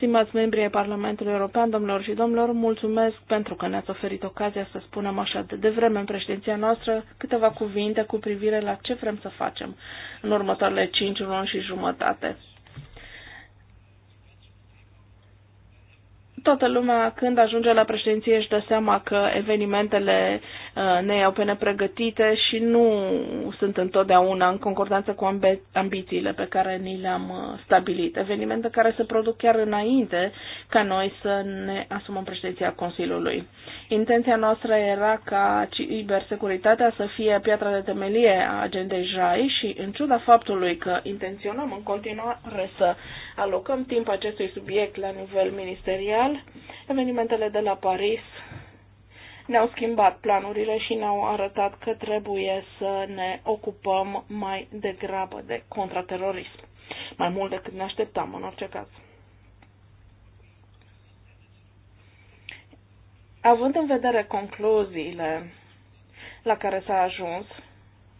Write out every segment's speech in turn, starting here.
Stimați membri ai Parlamentului European, domnilor și domnilor, mulțumesc pentru că ne-ați oferit ocazia să spunem așa de devreme în președinția noastră câteva cuvinte cu privire la ce vrem să facem în următoarele cinci luni și jumătate. toată lumea când ajunge la președinție își dă seama că evenimentele uh, ne iau pe nepregătite și nu sunt întotdeauna în concordanță cu ambițiile pe care ni le-am uh, stabilit. Evenimente care se produc chiar înainte ca noi să ne asumăm președinția Consiliului. Intenția noastră era ca cibersecuritatea să fie piatra de temelie a agendei JAI și în ciuda faptului că intenționăm în continuare să alocăm timp acestui subiect la nivel ministerial. Evenimentele de la Paris ne-au schimbat planurile și ne-au arătat că trebuie să ne ocupăm mai degrabă de contraterorism, mai mult decât ne așteptam în orice caz. Având în vedere concluziile la care s-a ajuns,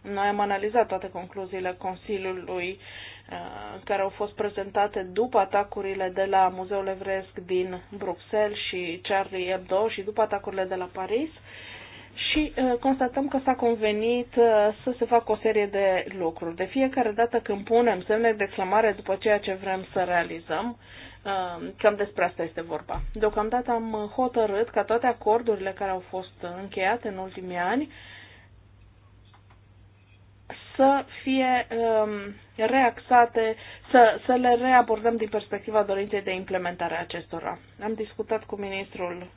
noi am analizat toate concluziile Consiliului Uh, care au fost prezentate după atacurile de la Muzeul Evresc din Bruxelles și Charlie Hebdo și după atacurile de la Paris și uh, constatăm că s-a convenit uh, să se facă o serie de lucruri. De fiecare dată când punem semne de exclamare după ceea ce vrem să realizăm, cam despre asta este vorba. Deocamdată am hotărât ca toate acordurile care au fost încheiate în ultimii ani să fie um, reaxate, să, să le reabordăm din perspectiva dorinței de implementare a acestora. Am discutat cu ministrul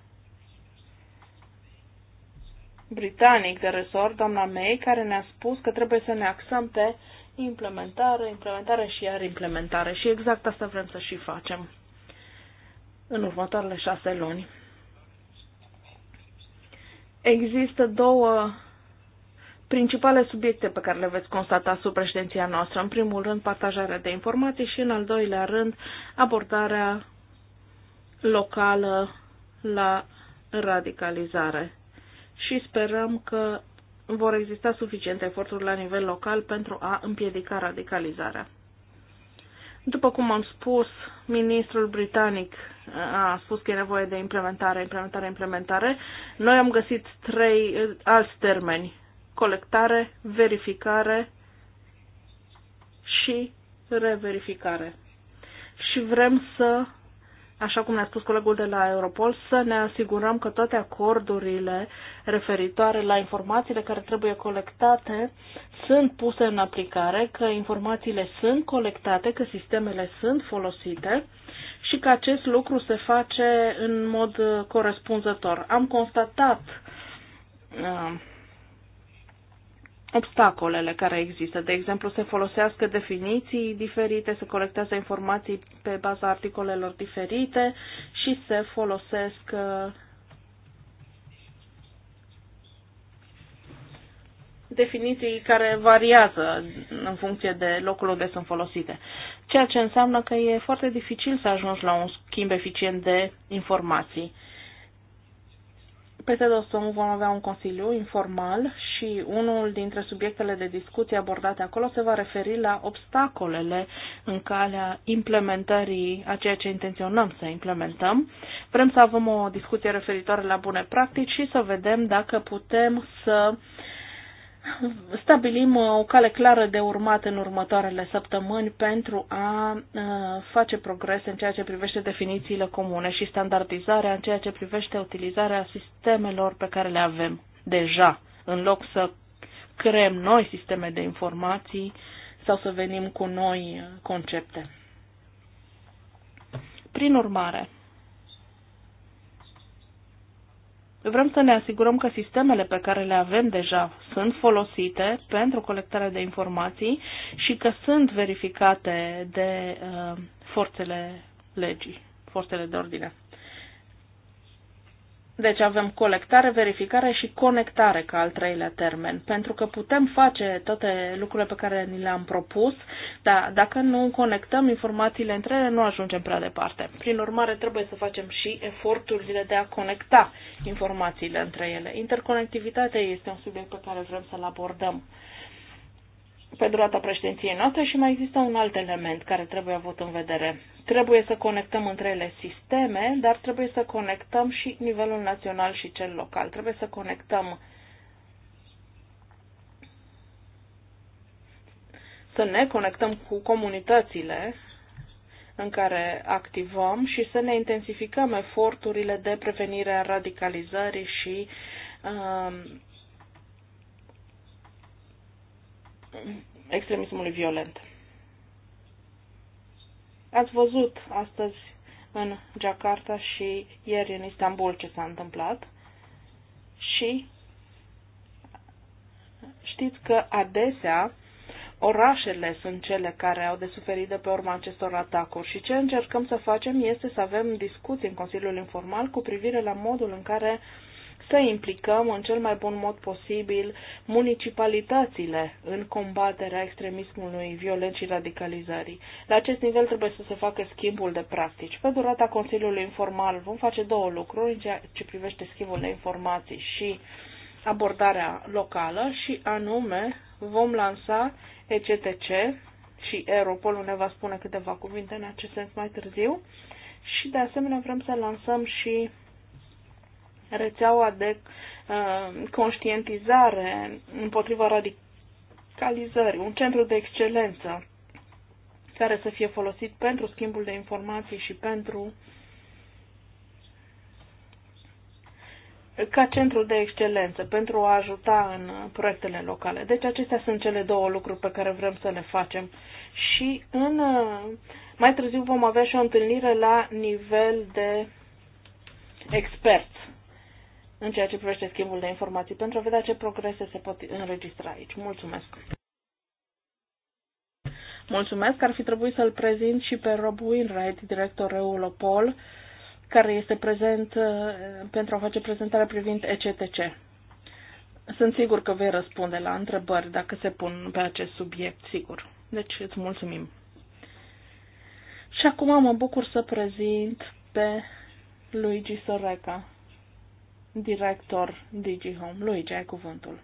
britanic de resort, doamna May, care ne-a spus că trebuie să ne axăm pe implementare, implementare și iar implementare. Și exact asta vrem să și facem în următoarele șase luni. Există două principale subiecte pe care le veți constata sub președinția noastră. În primul rând, partajarea de informații și, în al doilea rând, abordarea locală la radicalizare. Și sperăm că vor exista suficiente eforturi la nivel local pentru a împiedica radicalizarea. După cum am spus, ministrul britanic a spus că e nevoie de implementare, implementare, implementare. Noi am găsit trei eh, alți termeni colectare, verificare și reverificare. Și vrem să, așa cum ne-a spus colegul de la Europol, să ne asigurăm că toate acordurile referitoare la informațiile care trebuie colectate sunt puse în aplicare, că informațiile sunt colectate, că sistemele sunt folosite și că acest lucru se face în mod corespunzător. Am constatat uh, obstacolele care există. De exemplu, se folosească definiții diferite, se colectează informații pe baza articolelor diferite și se folosesc uh, definiții care variază în funcție de locul unde sunt folosite. Ceea ce înseamnă că e foarte dificil să ajungi la un schimb eficient de informații. Peste Dostom vom avea un consiliu informal și unul dintre subiectele de discuție abordate acolo se va referi la obstacolele în calea implementării a ceea ce intenționăm să implementăm. Vrem să avem o discuție referitoare la bune practici și să vedem dacă putem să uh, stabilim uh, o cale clară de urmat în următoarele săptămâni pentru a uh, face progrese în ceea ce privește definițiile comune și standardizarea în ceea ce privește utilizarea sistemelor pe care le avem deja, în loc să creăm noi sisteme de informații sau să venim cu noi concepte. Prin urmare, Vrem să ne asigurăm că sistemele pe care le avem deja sunt folosite pentru colectarea de informații și că sunt verificate de uh, forțele legii, forțele de ordine. Deci avem colectare, verificare și conectare ca al treilea termen, pentru că putem face toate lucrurile pe care ni le-am propus, dar dacă nu conectăm informațiile între ele, nu ajungem prea departe. Prin urmare, trebuie să facem și eforturile de a conecta informațiile între ele. Interconectivitatea este un subiect pe care vrem să-l abordăm pe durata președinției noastre și mai există un alt element care trebuie avut în vedere. Trebuie să conectăm între ele sisteme, dar trebuie să conectăm și nivelul național și cel local. Trebuie să conectăm să ne conectăm cu comunitățile în care activăm și să ne intensificăm eforturile de prevenire a radicalizării și uh, extremismului violent. Ați văzut astăzi în Jakarta și ieri în Istanbul ce s-a întâmplat și știți că adesea orașele sunt cele care au de suferit de pe urma acestor atacuri și ce încercăm să facem este să avem discuții în Consiliul Informal cu privire la modul în care uh, să implicăm în cel mai bun mod posibil municipalitățile în combaterea extremismului violent și radicalizării. La acest nivel trebuie să se facă schimbul de practici. Pe durata Consiliului Informal vom face două lucruri în ceea ce privește schimbul de informații și abordarea locală și anume vom lansa ECTC și Europolul ne va spune câteva cuvinte în acest sens mai târziu și de asemenea vrem să lansăm și rețeaua de uh, conștientizare împotriva radicalizării, un centru de excelență care să fie folosit pentru schimbul de informații și pentru ca centru de excelență pentru a ajuta în proiectele locale. Deci acestea sunt cele două lucruri pe care vrem să le facem. Și în, uh, mai târziu vom avea și o întâlnire la nivel de expert în ceea ce privește schimbul de informații pentru a vedea ce progrese se pot înregistra aici. Mulțumesc! Mulțumesc! Ar fi trebuit să-l prezint și pe Rob Winwright, director Europol, care este prezent uh, pentru a face prezentarea privind ECTC. Sunt sigur că vei răspunde la întrebări dacă se pun pe acest subiect, sigur. Deci îți mulțumim. Și acum mă bucur să prezint pe Luigi Soreca, director DigiHome. Luigi, ai cuvântul.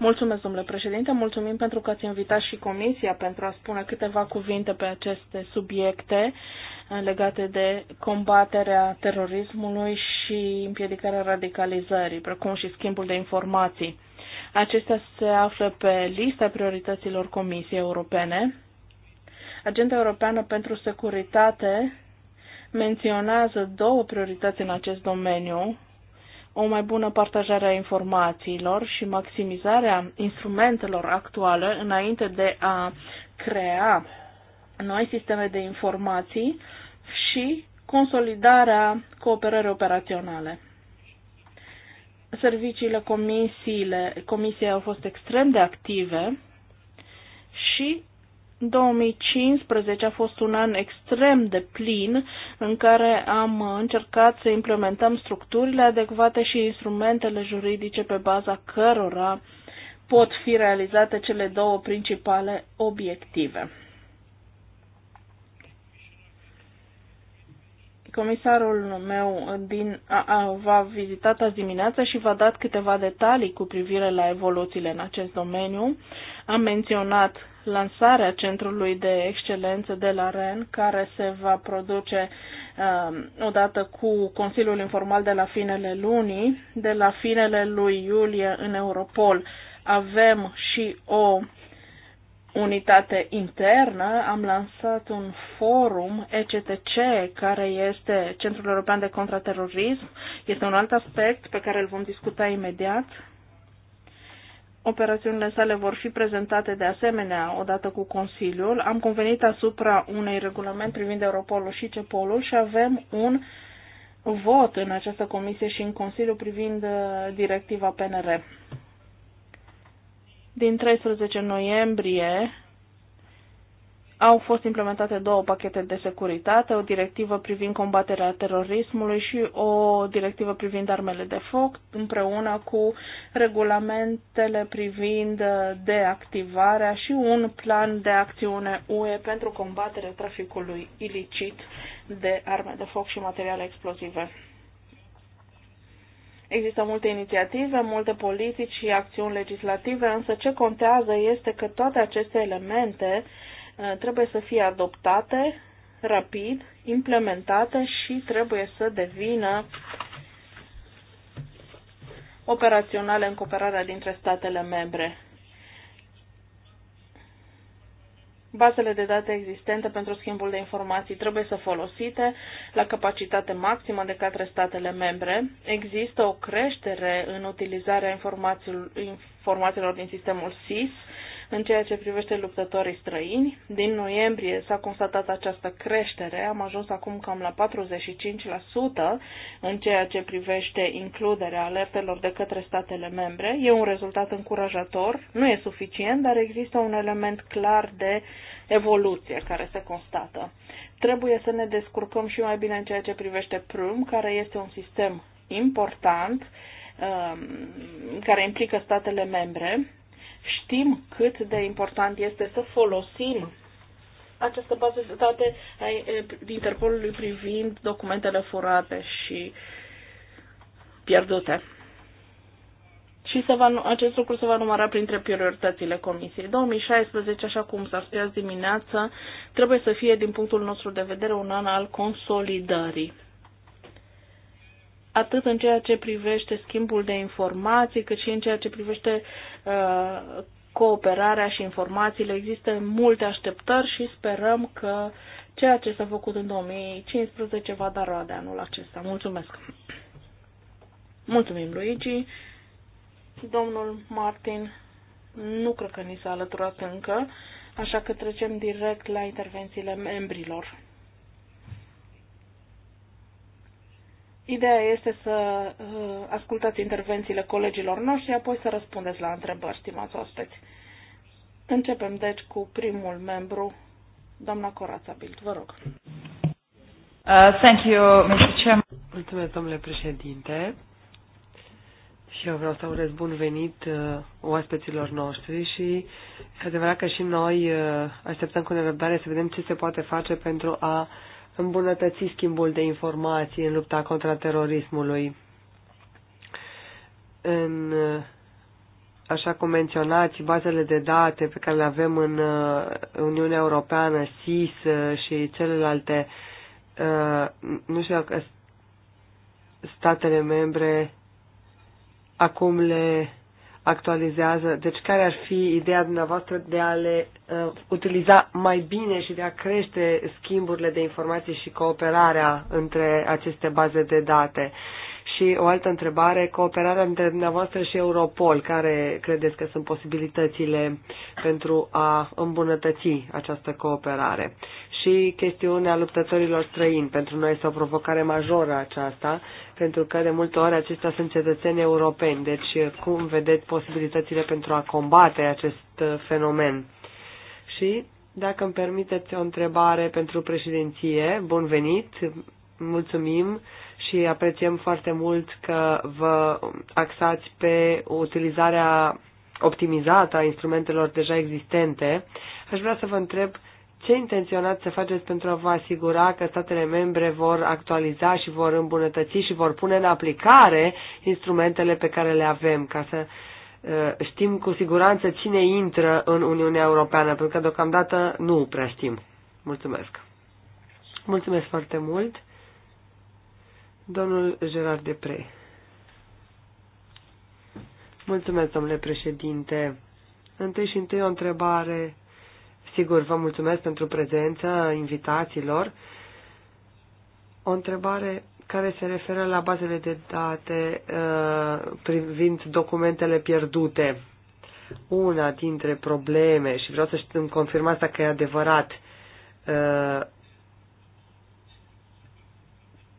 Mulțumesc, domnule președinte, mulțumim pentru că ați invitat și comisia pentru a spune câteva cuvinte pe aceste subiecte legate de combaterea terorismului și împiedicarea radicalizării, precum și schimbul de informații. Acestea se află pe lista priorităților Comisiei Europene. Agenda Europeană pentru Securitate menționează două priorități în acest domeniu, o mai bună partajare a informațiilor și maximizarea instrumentelor actuale înainte de a crea noi sisteme de informații și consolidarea cooperării operaționale. Serviciile, comisiile, comisiei au fost extrem de active și 2015 a fost un an extrem de plin în care am încercat să implementăm structurile adecvate și instrumentele juridice pe baza cărora pot fi realizate cele două principale obiective. Comisarul meu din, a, a, va vizitat azi dimineața și va dat câteva detalii cu privire la evoluțiile în acest domeniu. Am menționat lansarea Centrului de Excelență de la REN, care se va produce uh, odată cu Consiliul Informal de la finele lunii. De la finele lui iulie în Europol avem și o unitate internă, am lansat un forum ECTC, care este Centrul European de Contraterorism. Este un alt aspect pe care îl vom discuta imediat Operațiunile sale vor fi prezentate de asemenea odată cu Consiliul. Am convenit asupra unei regulament privind Europolul și Cepolul și avem un vot în această comisie și în Consiliu privind uh, directiva PNR. Din 13 noiembrie au fost implementate două pachete de securitate, o directivă privind combaterea terorismului și o directivă privind armele de foc, împreună cu regulamentele privind deactivarea și un plan de acțiune UE pentru combaterea traficului ilicit de arme de foc și materiale explozive. Există multe inițiative, multe politici și acțiuni legislative, însă ce contează este că toate aceste elemente Uh, trebuie să fie adoptate rapid, implementate și trebuie să devină operaționale în cooperarea dintre statele membre. Bazele de date existente pentru schimbul de informații trebuie să folosite la capacitate maximă de către statele membre. Există o creștere în utilizarea informațiilor din sistemul SIS în ceea ce privește luptătorii străini, din noiembrie s-a constatat această creștere, am ajuns acum cam la 45% în ceea ce privește includerea alertelor de către statele membre. E un rezultat încurajator, nu e suficient, dar există un element clar de evoluție care se constată. Trebuie să ne descurcăm și mai bine în ceea ce privește PRUM, care este un sistem important um, care implică statele membre Știm cât de important este să folosim această bază de date a Interpolului privind documentele furate și pierdute. Și se va, acest lucru se va număra printre prioritățile Comisiei. 2016, așa cum s-a spus dimineață, trebuie să fie, din punctul nostru de vedere, un an al consolidării atât în ceea ce privește schimbul de informații, cât și în ceea ce privește uh, cooperarea și informațiile. Există multe așteptări și sperăm că ceea ce s-a făcut în 2015 va da roade anul acesta. Mulțumesc! Mulțumim, Luigi! Domnul Martin nu cred că ni s-a alăturat încă, așa că trecem direct la intervențiile membrilor. Ideea este să uh, ascultați intervențiile colegilor noștri, apoi să răspundeți la întrebări, stimați oaspeți. Începem, deci, cu primul membru, doamna Corața Bild. Vă rog. Uh, thank you, Mr. Mulțumesc, domnule președinte. Și eu vreau să urez bun venit uh, oaspeților noștri și să adevărat că și noi uh, așteptăm cu nerăbdare să vedem ce se poate face pentru a uh, îmbunătăți schimbul de informații în lupta contra terorismului. În, așa cum menționați, bazele de date pe care le avem în uh, Uniunea Europeană, SIS uh, și celelalte, uh, nu știu dacă statele membre acum le actualizează. Deci care ar fi ideea dumneavoastră de a le uh, utiliza mai bine și de a crește schimburile de informații și cooperarea între aceste baze de date? Și o altă întrebare, cooperarea între dumneavoastră și Europol, care credeți că sunt posibilitățile pentru a îmbunătăți această cooperare? și chestiunea luptătorilor străini. Pentru noi este o provocare majoră aceasta, pentru că de multe ori acestea sunt cetățeni europeni. Deci cum vedeți posibilitățile pentru a combate acest uh, fenomen? Și dacă îmi permiteți o întrebare pentru președinție, bun venit, mulțumim și apreciem foarte mult că vă axați pe utilizarea optimizată a instrumentelor deja existente. Aș vrea să vă întreb ce intenționați să faceți pentru a vă asigura că statele membre vor actualiza și vor îmbunătăți și vor pune în aplicare instrumentele pe care le avem ca să uh, știm cu siguranță cine intră în Uniunea Europeană, pentru că deocamdată nu prea știm. Mulțumesc. Mulțumesc foarte mult. Domnul Gerard Depre. Mulțumesc, domnule președinte. Întâi și întâi o întrebare Sigur, vă mulțumesc pentru prezența invitațiilor. O întrebare care se referă la bazele de date uh, privind documentele pierdute. Una dintre probleme, și vreau să îmi confirmați dacă e adevărat, uh,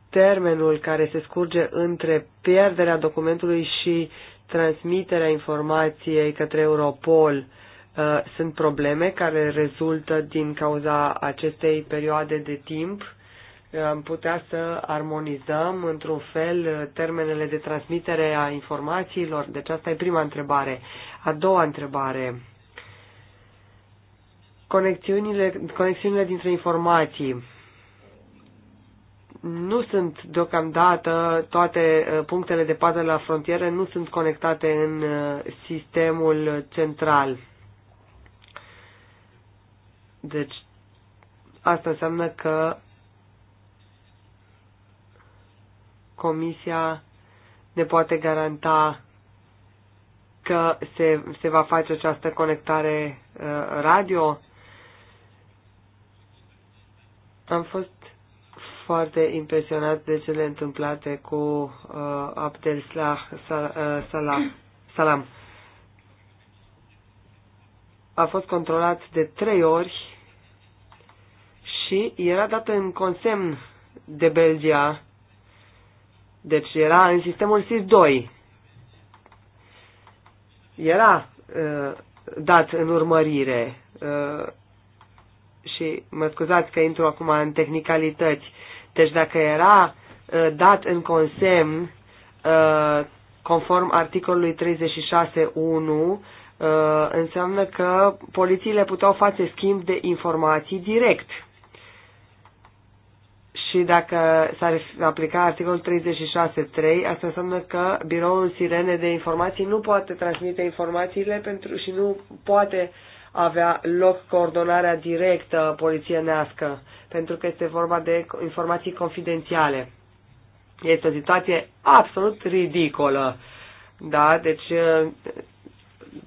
termenul care se scurge între pierderea documentului și transmiterea informației către Europol Uh, sunt probleme care rezultă din cauza acestei perioade de timp. Uh, am putea să armonizăm într-un fel uh, termenele de transmitere a informațiilor. Deci asta e prima întrebare. A doua întrebare. Conexiunile, conexiunile dintre informații. Nu sunt deocamdată toate punctele de pază la frontieră nu sunt conectate în sistemul central deci, asta înseamnă că Comisia ne poate garanta că se, se va face această conectare uh, radio. Am fost foarte impresionat de cele întâmplate cu uh, Abdel Salah, Salah, uh, Salam a fost controlat de trei ori și era dat în consemn de Belgia, deci era în sistemul SIS-2. Era uh, dat în urmărire uh, și mă scuzați că intru acum în tehnicalități. Deci dacă era uh, dat în consemn uh, conform articolului 36.1, Uh, înseamnă că polițiile puteau face schimb de informații direct. Și dacă s-ar aplica articolul 36.3, asta înseamnă că biroul sirene de informații nu poate transmite informațiile pentru și nu poate avea loc coordonarea directă polițienească, pentru că este vorba de informații confidențiale. Este o situație absolut ridicolă. Da, deci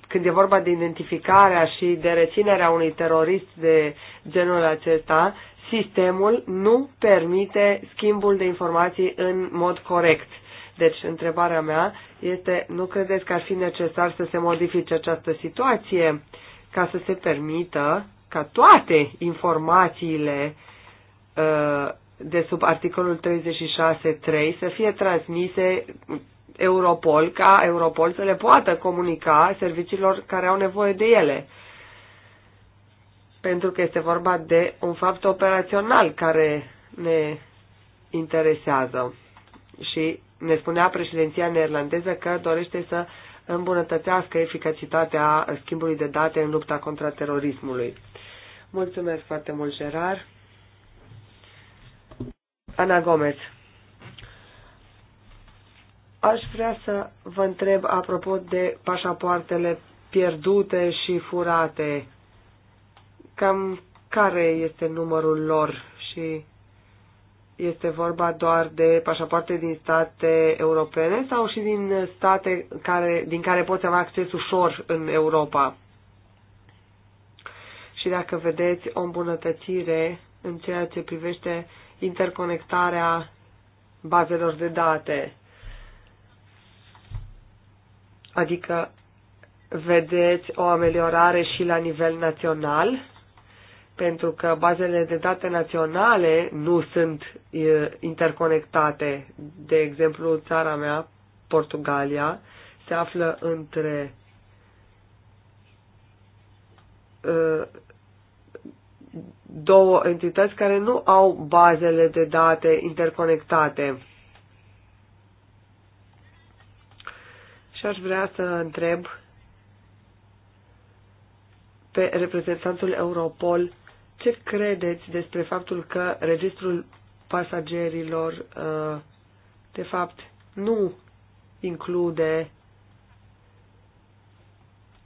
când e vorba de identificarea și de reținerea unui terorist de genul acesta, sistemul nu permite schimbul de informații în mod corect. Deci, întrebarea mea este, nu credeți că ar fi necesar să se modifice această situație ca să se permită ca toate informațiile uh, de sub articolul 36.3 să fie transmise Europol ca Europol să le poată comunica serviciilor care au nevoie de ele. Pentru că este vorba de un fapt operațional care ne interesează. Și ne spunea președinția neerlandeză că dorește să îmbunătățească eficacitatea schimbului de date în lupta contra terorismului. Mulțumesc foarte mult, Gerard. Ana Gomez. Aș vrea să vă întreb apropo de pașapoartele pierdute și furate. Cam care este numărul lor și este vorba doar de pașapoarte din state europene sau și din state care, din care poți avea acces ușor în Europa? Și dacă vedeți o îmbunătățire în ceea ce privește interconectarea bazelor de date. Adică vedeți o ameliorare și la nivel național, pentru că bazele de date naționale nu sunt interconectate. De exemplu, țara mea, Portugalia, se află între două entități care nu au bazele de date interconectate. Și aș vrea să întreb pe reprezentantul Europol ce credeți despre faptul că registrul pasagerilor uh, de fapt nu include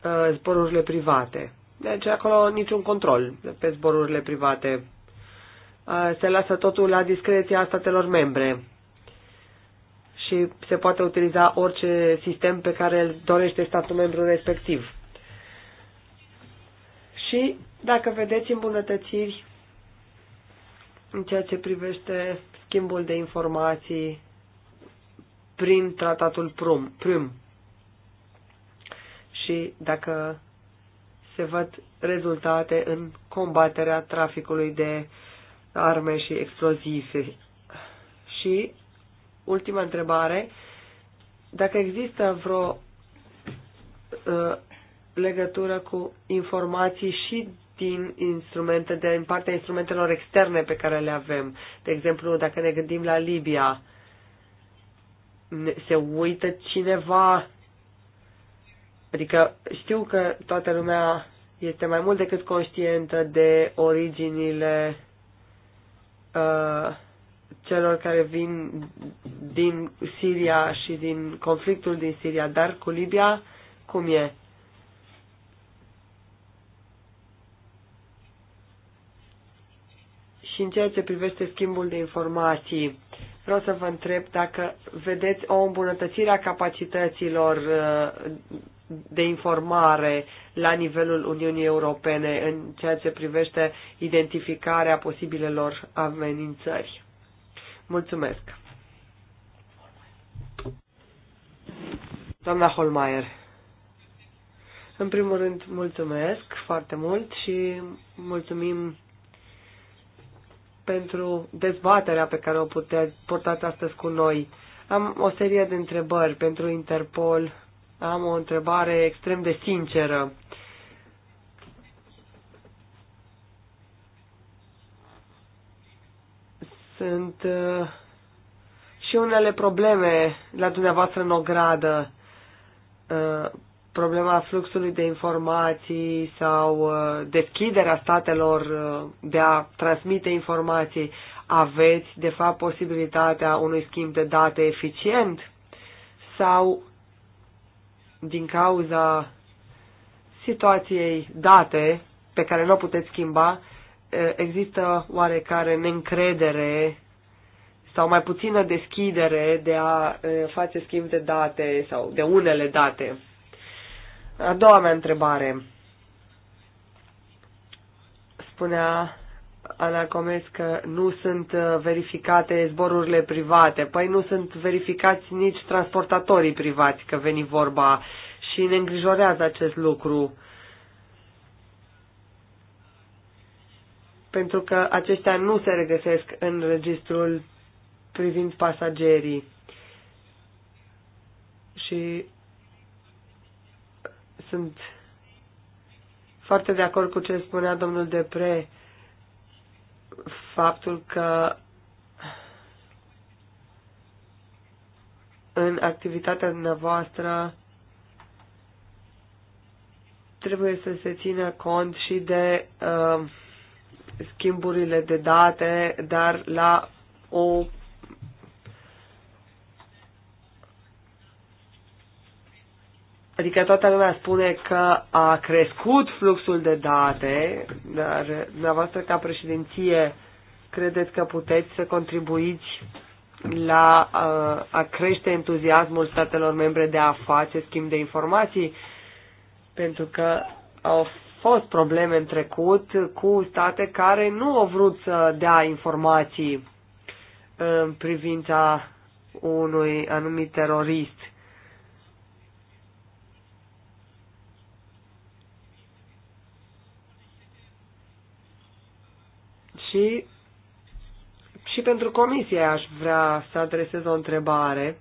uh, zborurile private. Deci acolo niciun control pe zborurile private. Uh, se lasă totul la discreția statelor membre și se poate utiliza orice sistem pe care îl dorește statul membru respectiv. Și dacă vedeți îmbunătățiri în ceea ce privește schimbul de informații prin tratatul PRUM, prim. și dacă se văd rezultate în combaterea traficului de arme și explozive și ultima întrebare, dacă există vreo uh, legătură cu informații și din instrumente, din partea instrumentelor externe pe care le avem. De exemplu, dacă ne gândim la Libia, se uită cineva, adică știu că toată lumea este mai mult decât conștientă de originile uh, celor care vin din Siria și din conflictul din Siria, dar cu Libia, cum e? Și în ceea ce privește schimbul de informații, vreau să vă întreb dacă vedeți o îmbunătățire a capacităților uh, de informare la nivelul Uniunii Europene în ceea ce privește identificarea posibilelor amenințări. Mulțumesc. Doamna Holmeier, în primul rând mulțumesc foarte mult și mulțumim pentru dezbaterea pe care o puteți portați astăzi cu noi. Am o serie de întrebări pentru Interpol. Am o întrebare extrem de sinceră. Sunt uh, și unele probleme la dumneavoastră în ogradă. Uh, problema fluxului de informații sau uh, deschiderea statelor uh, de a transmite informații. Aveți, de fapt, posibilitatea unui schimb de date eficient sau din cauza situației date pe care nu o puteți schimba, există oarecare neîncredere sau mai puțină deschidere de a face schimb de date sau de unele date. A doua mea întrebare. Spunea Ana Comes că nu sunt verificate zborurile private. Păi nu sunt verificați nici transportatorii privați, că veni vorba și ne îngrijorează acest lucru. pentru că aceștia nu se regăsesc în registrul privind pasagerii. Și sunt foarte de acord cu ce spunea domnul Depre, faptul că în activitatea dumneavoastră trebuie să se țină cont și de uh, schimburile de date, dar la o Adică toată lumea spune că a crescut fluxul de date, dar dumneavoastră ca președinție credeți că puteți să contribuiți la a, a crește entuziasmul statelor membre de a face schimb de informații? Pentru că au fost probleme în trecut cu state care nu au vrut să dea informații în privința unui anumit terorist. Și, și pentru comisie aș vrea să adresez o întrebare.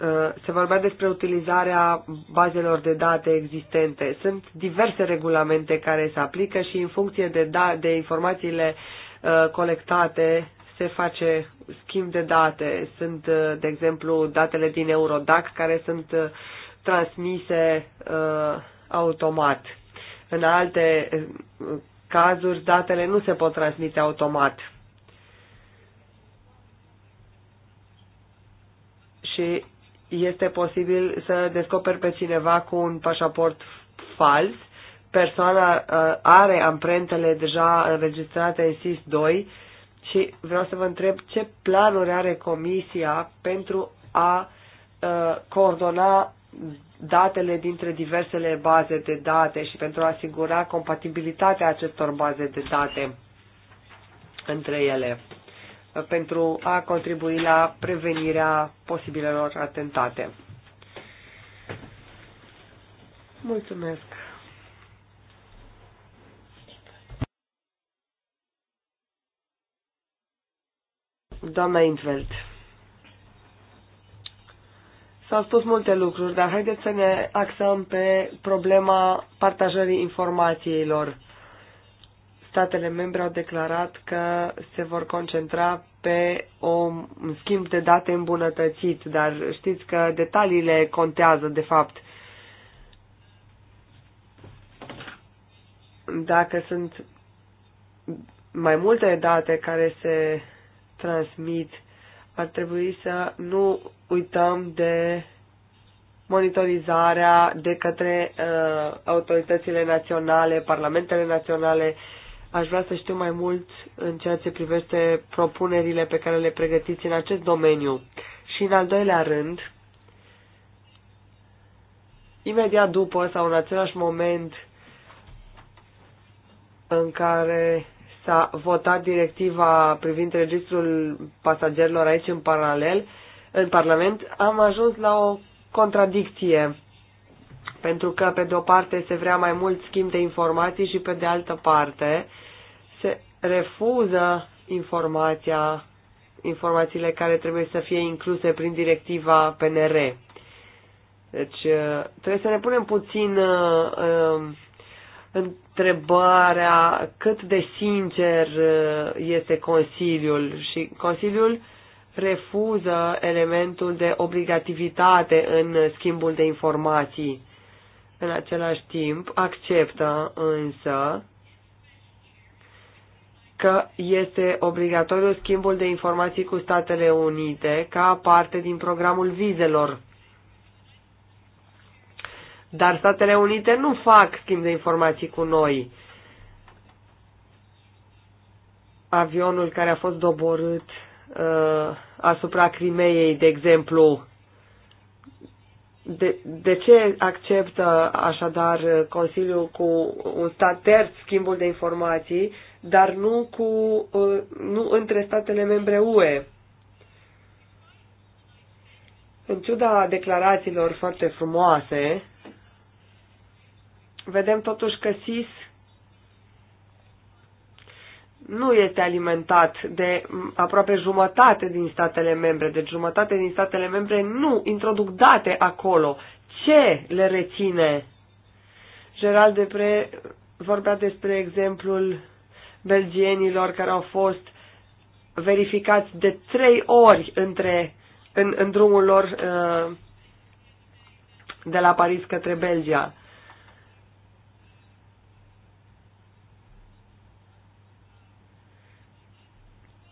Uh, se vorbea despre utilizarea bazelor de date existente. Sunt diverse regulamente care se aplică și în funcție de, da- de informațiile uh, colectate se face schimb de date. Sunt, uh, de exemplu, datele din Eurodac care sunt transmise automat. În alte cazuri, datele nu se pot transmite automat. Și este posibil să descoperi pe cineva cu un pașaport fals. Persoana uh, are amprentele deja înregistrate în SIS-2 și vreau să vă întreb ce planuri are Comisia pentru a uh, coordona datele dintre diversele baze de date și pentru a asigura compatibilitatea acestor baze de date între ele pentru a contribui la prevenirea posibilelor atentate. Mulțumesc! Doamna Intveld. S-au spus multe lucruri, dar haideți să ne axăm pe problema partajării informațiilor statele membre au declarat că se vor concentra pe un schimb de date îmbunătățit, dar știți că detaliile contează, de fapt. Dacă sunt mai multe date care se transmit, ar trebui să nu uităm de monitorizarea de către uh, autoritățile naționale, parlamentele naționale, Aș vrea să știu mai mult în ceea ce privește propunerile pe care le pregătiți în acest domeniu. Și în al doilea rând, imediat după sau în același moment în care s-a votat directiva privind registrul pasagerilor aici în paralel, în Parlament, am ajuns la o contradicție. Pentru că, pe de o parte, se vrea mai mult schimb de informații și, pe de altă parte, refuză informația, informațiile care trebuie să fie incluse prin directiva PNR. Deci uh, trebuie să ne punem puțin uh, um, întrebarea cât de sincer uh, este Consiliul și Consiliul refuză elementul de obligativitate în schimbul de informații. În același timp, acceptă însă că este obligatoriu schimbul de informații cu Statele Unite ca parte din programul vizelor. Dar Statele Unite nu fac schimb de informații cu noi. Avionul care a fost doborât uh, asupra Crimeei, de exemplu, de, de ce acceptă așadar Consiliul cu un stat terț schimbul de informații dar nu, cu, uh, nu între statele membre UE. În ciuda declarațiilor foarte frumoase, vedem totuși că SIS nu este alimentat de aproape jumătate din statele membre. Deci jumătate din statele membre nu introduc date acolo. Ce le reține? Gerald Depre vorbea despre exemplul belgienilor care au fost verificați de trei ori între, în, în drumul lor uh, de la Paris către Belgia.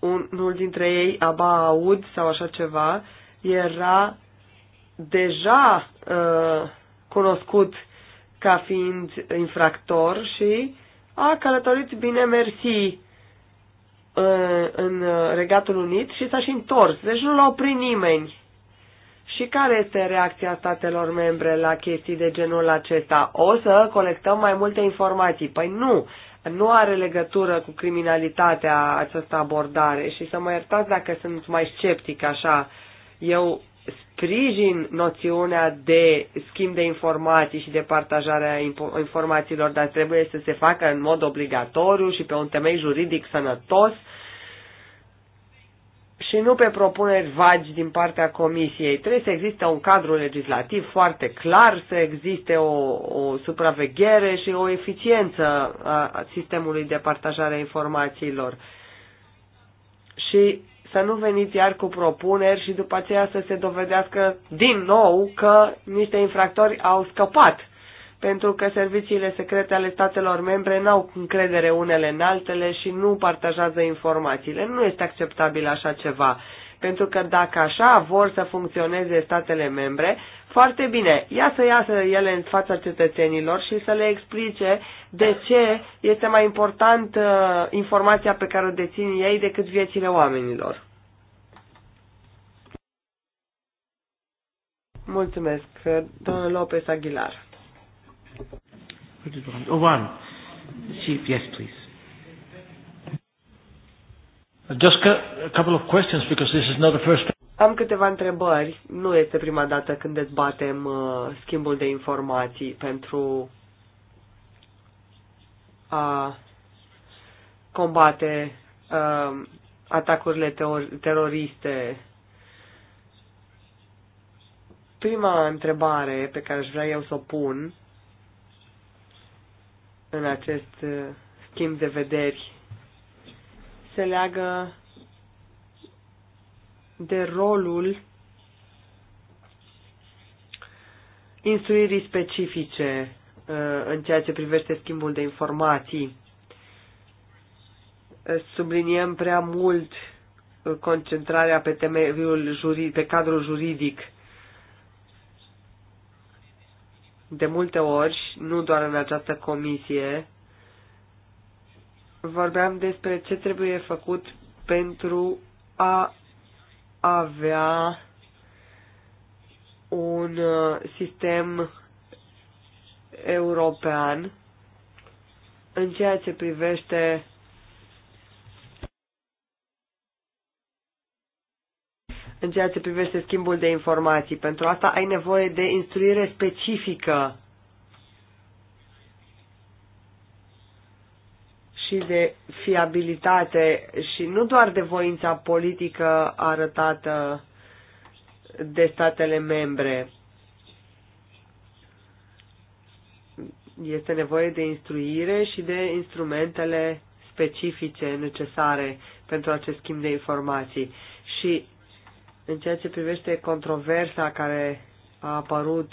Unul dintre ei, Aba Aud sau așa ceva, era deja uh, cunoscut ca fiind infractor și a călătorit bine mersi ă, în Regatul Unit și s-a și întors. Deci nu l-a oprit nimeni. Și care este reacția statelor membre la chestii de genul acesta? O să colectăm mai multe informații. Păi nu, nu are legătură cu criminalitatea această abordare și să mă iertați dacă sunt mai sceptic așa. Eu sprijin noțiunea de schimb de informații și de partajarea informațiilor, dar trebuie să se facă în mod obligatoriu și pe un temei juridic sănătos și nu pe propuneri vagi din partea Comisiei. Trebuie să existe un cadru legislativ foarte clar, să existe o, o supraveghere și o eficiență a sistemului de partajare a informațiilor. Și să nu veniți iar cu propuneri și după aceea să se dovedească din nou că niște infractori au scăpat, pentru că serviciile secrete ale statelor membre n-au încredere unele în altele și nu partajează informațiile. Nu este acceptabil așa ceva pentru că dacă așa vor să funcționeze statele membre, foarte bine, ia să iasă ele în fața cetățenilor și să le explice de ce este mai important uh, informația pe care o dețin ei decât viețile oamenilor. Mulțumesc. Domnul Lopez Aguilar. Oh, yes, please. Just a couple of questions because this is not the first Am câteva întrebări. Nu este prima dată când dezbatem uh, schimbul de informații pentru a combate uh, atacurile teroriste Prima întrebare pe care aș vrea eu să o pun în acest uh, schimb de vederi se leagă de rolul instruirii specifice uh, în ceea ce privește schimbul de informații. Uh, subliniem prea mult concentrarea pe temeiul juridic, pe cadrul juridic de multe ori, nu doar în această comisie, vorbeam despre ce trebuie făcut pentru a avea un uh, sistem european în ceea ce privește în ceea ce privește schimbul de informații. Pentru asta ai nevoie de instruire specifică și de fiabilitate și nu doar de voința politică arătată de statele membre. Este nevoie de instruire și de instrumentele specifice necesare pentru acest schimb de informații. Și în ceea ce privește controversa care a apărut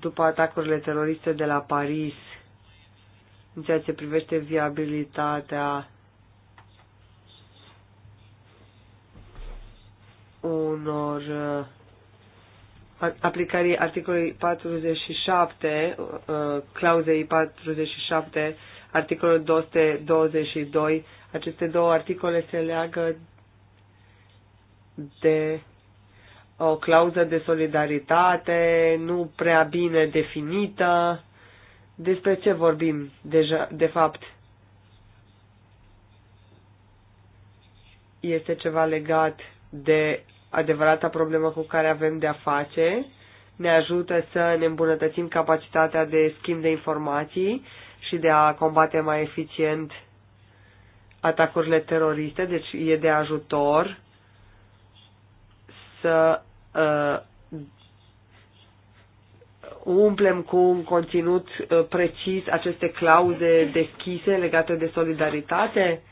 după atacurile teroriste de la Paris, în ceea ce privește viabilitatea unor uh, aplicării articolului 47, uh, clauzei 47, articolul 222. Aceste două articole se leagă de o clauză de solidaritate nu prea bine definită. Despre ce vorbim deja, de fapt? Este ceva legat de adevărata problemă cu care avem de-a face, ne ajută să ne îmbunătățim capacitatea de schimb de informații și de a combate mai eficient atacurile teroriste, deci e de ajutor să uh, umplem cu un conținut uh, precis aceste clauze deschise legate de solidaritate,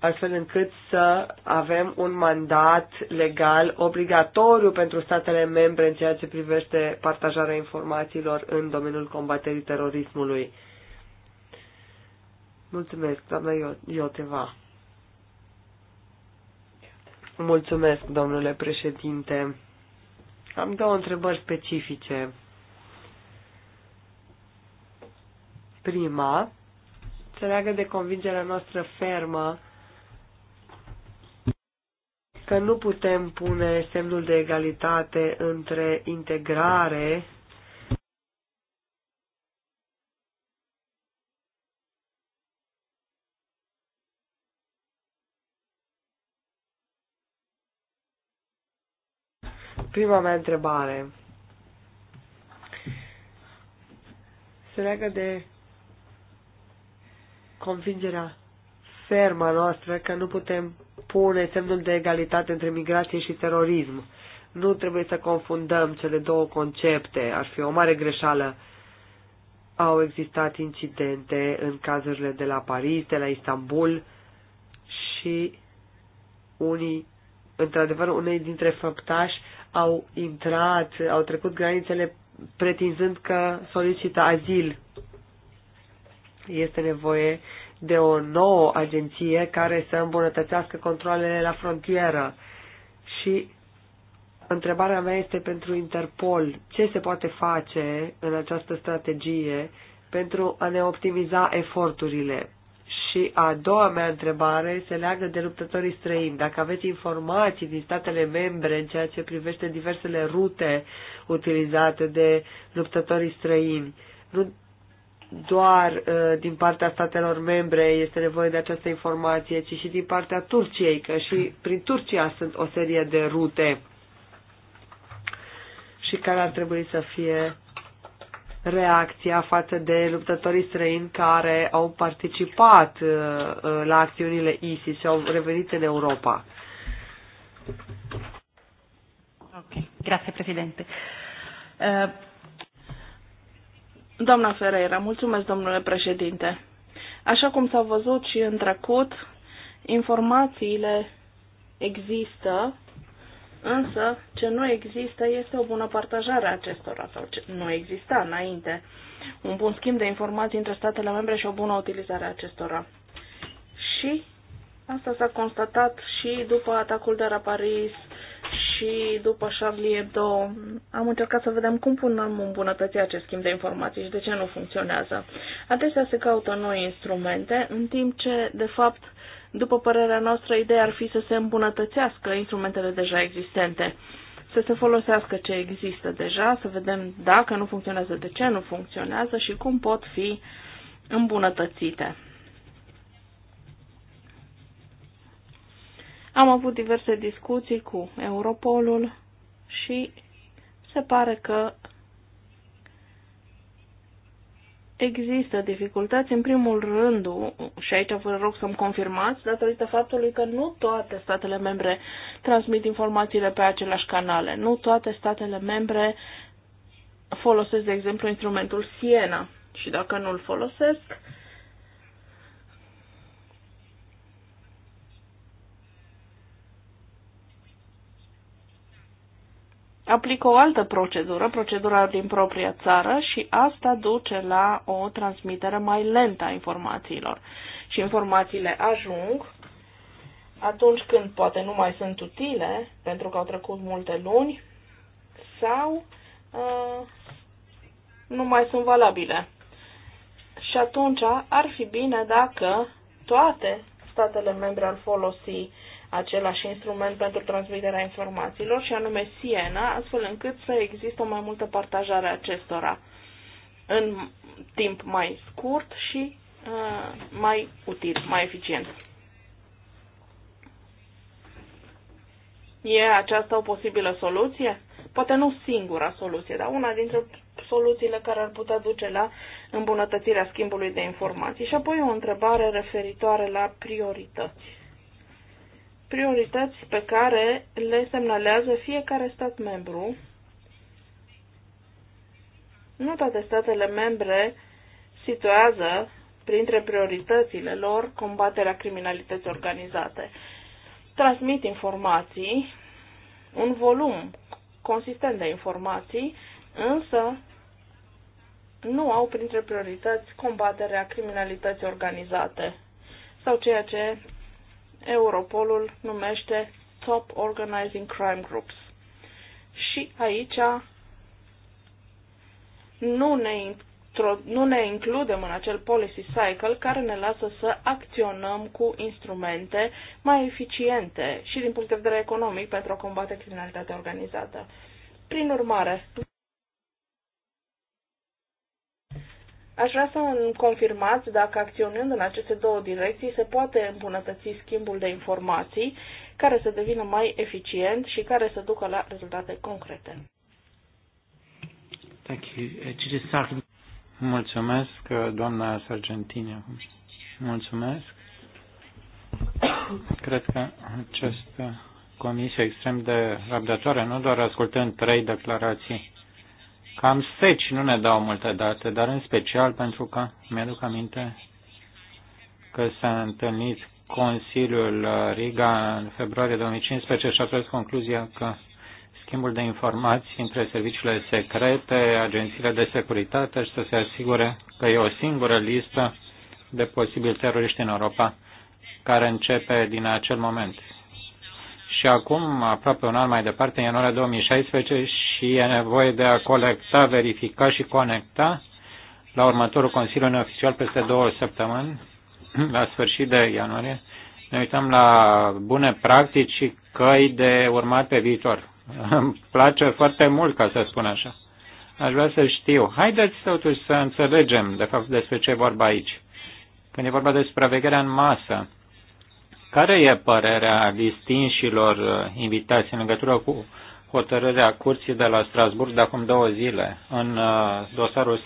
astfel încât să avem un mandat legal obligatoriu pentru statele membre în ceea ce privește partajarea informațiilor în domeniul combaterii terorismului. Mulțumesc, doamna Ioteva. Mulțumesc, domnule președinte. Am două întrebări specifice. Prima se leagă de convingerea noastră fermă că nu putem pune semnul de egalitate între integrare prima mea întrebare se leagă de convingerea fermă noastră că nu putem pune semnul de egalitate între migrație și terorism. Nu trebuie să confundăm cele două concepte, ar fi o mare greșeală. Au existat incidente în cazurile de la Paris, de la Istanbul și unii, într-adevăr, unei dintre făptași au intrat, au trecut granițele pretinzând că solicită azil. Este nevoie de o nouă agenție care să îmbunătățească controlele la frontieră. Și întrebarea mea este pentru Interpol. Ce se poate face în această strategie pentru a ne optimiza eforturile? Și a doua mea întrebare se leagă de luptătorii străini. Dacă aveți informații din statele membre în ceea ce privește diversele rute utilizate de luptătorii străini, nu doar uh, din partea statelor membre este nevoie de această informație, ci și din partea Turciei, că și prin Turcia sunt o serie de rute și care ar trebui să fie reacția față de luptătorii străini care au participat uh, la acțiunile ISIS și au revenit în Europa. Ok, grazie președinte. Uh... Doamna Ferreira, mulțumesc domnule președinte. Așa cum s-a văzut și în trecut, informațiile există Însă, ce nu există este o bună partajare a acestora, sau ce nu exista înainte, un bun schimb de informații între statele membre și o bună utilizare a acestora. Și asta s-a constatat și după atacul de la Paris și după Charlie Hebdo am încercat să vedem cum punem îmbunătăți acest schimb de informații și de ce nu funcționează. Adesea se caută noi instrumente, în timp ce, de fapt, după părerea noastră, ideea ar fi să se îmbunătățească instrumentele deja existente, să se folosească ce există deja, să vedem dacă nu funcționează, de ce nu funcționează și cum pot fi îmbunătățite. Am avut diverse discuții cu Europolul și se pare că există dificultăți, în primul rând, și aici vă rog să-mi confirmați, datorită faptului că nu toate statele membre transmit informațiile pe aceleași canale, nu toate statele membre folosesc, de exemplu, instrumentul Siena și dacă nu-l folosesc, aplică o altă procedură, procedura din propria țară și asta duce la o transmitere mai lentă a informațiilor. Și informațiile ajung atunci când poate nu mai sunt utile, pentru că au trecut multe luni, sau uh, nu mai sunt valabile. Și atunci ar fi bine dacă toate statele membre ar folosi același instrument pentru transmiterea informațiilor, și anume Siena, astfel încât să există o mai multă partajare a acestora în timp mai scurt și uh, mai util, mai eficient. E aceasta o posibilă soluție? Poate nu singura soluție, dar una dintre soluțiile care ar putea duce la îmbunătățirea schimbului de informații. Și apoi o întrebare referitoare la priorități priorități pe care le semnalează fiecare stat membru. Nu toate statele membre situează printre prioritățile lor combaterea criminalității organizate. Transmit informații, un volum consistent de informații, însă nu au printre priorități combaterea criminalității organizate sau ceea ce Europolul numește Top Organizing Crime Groups. Și aici nu ne, nu ne includem în acel policy cycle care ne lasă să acționăm cu instrumente mai eficiente și din punct de vedere economic pentru a combate criminalitatea organizată. Prin urmare, Aș vrea să îmi confirmați dacă acționând în aceste două direcții se poate îmbunătăți schimbul de informații care să devină mai eficient și care să ducă la rezultate concrete. Uh, Mulțumesc, uh, doamna Sargentini. Mulțumesc. Cred că această comisie extrem de răbdătoare, nu doar ascultând trei declarații Cam speci, nu ne dau multe date, dar în special pentru că mi-aduc aminte că s-a întâlnit Consiliul Riga în februarie 2015 și a tras concluzia că schimbul de informații între serviciile secrete, agențiile de securitate și să se asigure că e o singură listă de posibili teroriști în Europa care începe din acel moment și acum, aproape un an mai departe, în ianuarie 2016, și e nevoie de a colecta, verifica și conecta la următorul Consiliu Neoficial peste două săptămâni, la sfârșit de ianuarie, ne uităm la bune practici și căi de urmat pe viitor. Îmi place foarte mult, ca să spun așa. Aș vrea să știu. Haideți totuși să înțelegem, de fapt, despre ce e vorba aici. Când e vorba de supravegherea în masă, care e părerea distinșilor uh, invitați în legătură cu hotărârea curții de la Strasburg de acum două zile în uh, dosarul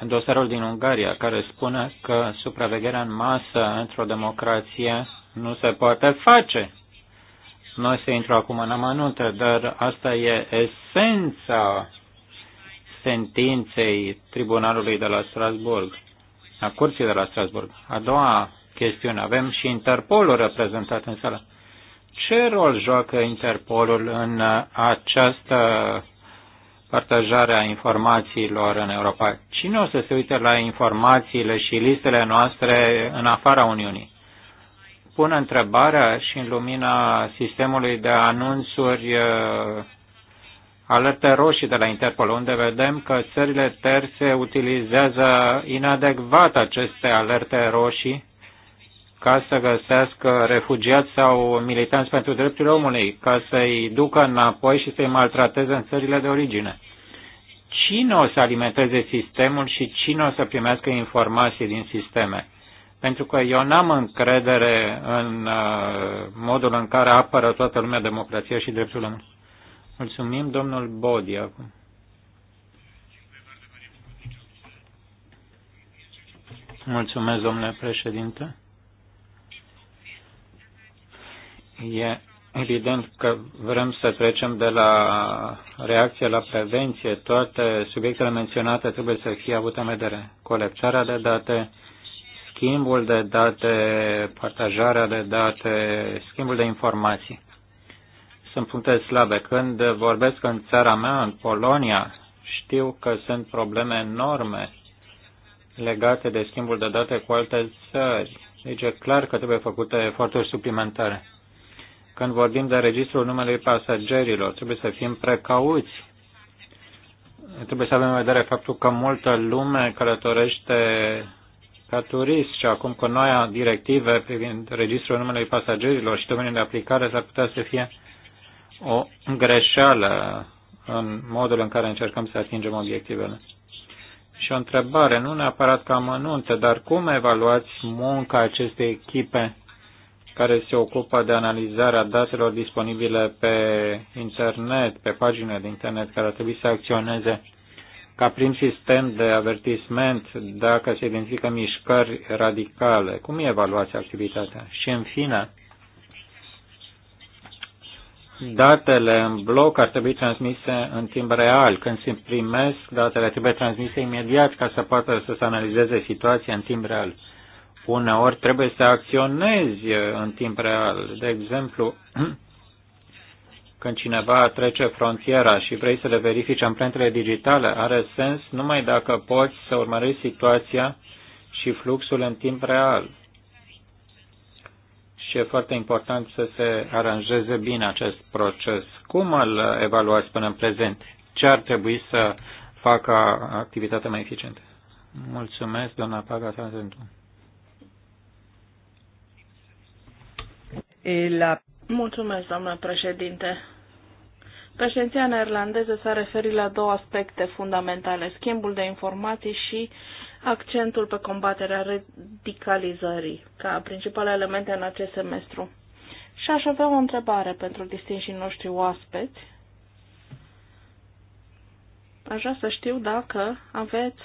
în dosarul din Ungaria, care spune că supravegherea în masă într-o democrație nu se poate face. Noi se intru acum în amănunte, dar asta e esența sentinței Tribunalului de la Strasburg, a Curții de la Strasburg. A doua chestiune. Avem și Interpolul reprezentat în sală. Ce rol joacă Interpolul în uh, această partajare a informațiilor în Europa? Cine o să se uite la informațiile și listele noastre în afara Uniunii? Pun întrebarea și în lumina sistemului de anunțuri uh, alerte roșii de la Interpol, unde vedem că țările terțe utilizează inadecvat aceste alerte roșii ca să găsească refugiați sau militanți pentru drepturile omului, ca să-i ducă înapoi și să-i maltrateze în țările de origine. Cine o să alimenteze sistemul și cine o să primească informații din sisteme? Pentru că eu n-am încredere în uh, modul în care apără toată lumea democrația și drepturile omului. Mulțumim, domnul Bodi, acum. Mulțumesc, domnule președinte. E evident că vrem să trecem de la reacție la prevenție. Toate subiectele menționate trebuie să fie avute în vedere. Colectarea de date, schimbul de date, partajarea de date, schimbul de informații. Sunt puncte slabe. Când vorbesc în țara mea, în Polonia, știu că sunt probleme enorme legate de schimbul de date cu alte țări. Deci e clar că trebuie făcute eforturi suplimentare. Când vorbim de registrul numelui pasagerilor, trebuie să fim precauți. Trebuie să avem în vedere faptul că multă lume călătorește ca turist și acum cu noua directive privind registrul numelui pasagerilor și domeniul de aplicare s-ar putea să fie o greșeală în modul în care încercăm să atingem obiectivele. Și o întrebare, nu neapărat ca amănunte, dar cum evaluați munca acestei echipe care se ocupă de analizarea datelor disponibile pe internet, pe paginile de internet, care ar trebui să acționeze ca prim sistem de avertisment dacă se identifică mișcări radicale. Cum evaluați activitatea? Și în fine, datele în bloc ar trebui transmise în timp real. Când se primesc, datele trebuie transmise imediat ca să poată să se analizeze situația în timp real uneori trebuie să acționezi în timp real. De exemplu, când cineva trece frontiera și vrei să le verifici amprentele digitale, are sens numai dacă poți să urmărești situația și fluxul în timp real. Și e foarte important să se aranjeze bine acest proces. Cum îl evaluați până în prezent? Ce ar trebui să facă activitatea mai eficientă? Mulțumesc, doamna Paga să la... Mulțumesc, doamnă președinte. Președinția neerlandeză s-a referit la două aspecte fundamentale, schimbul de informații și accentul pe combaterea radicalizării, ca principale elemente în acest semestru. Și aș avea o întrebare pentru distinșii noștri oaspeți. Aș vrea să știu dacă aveți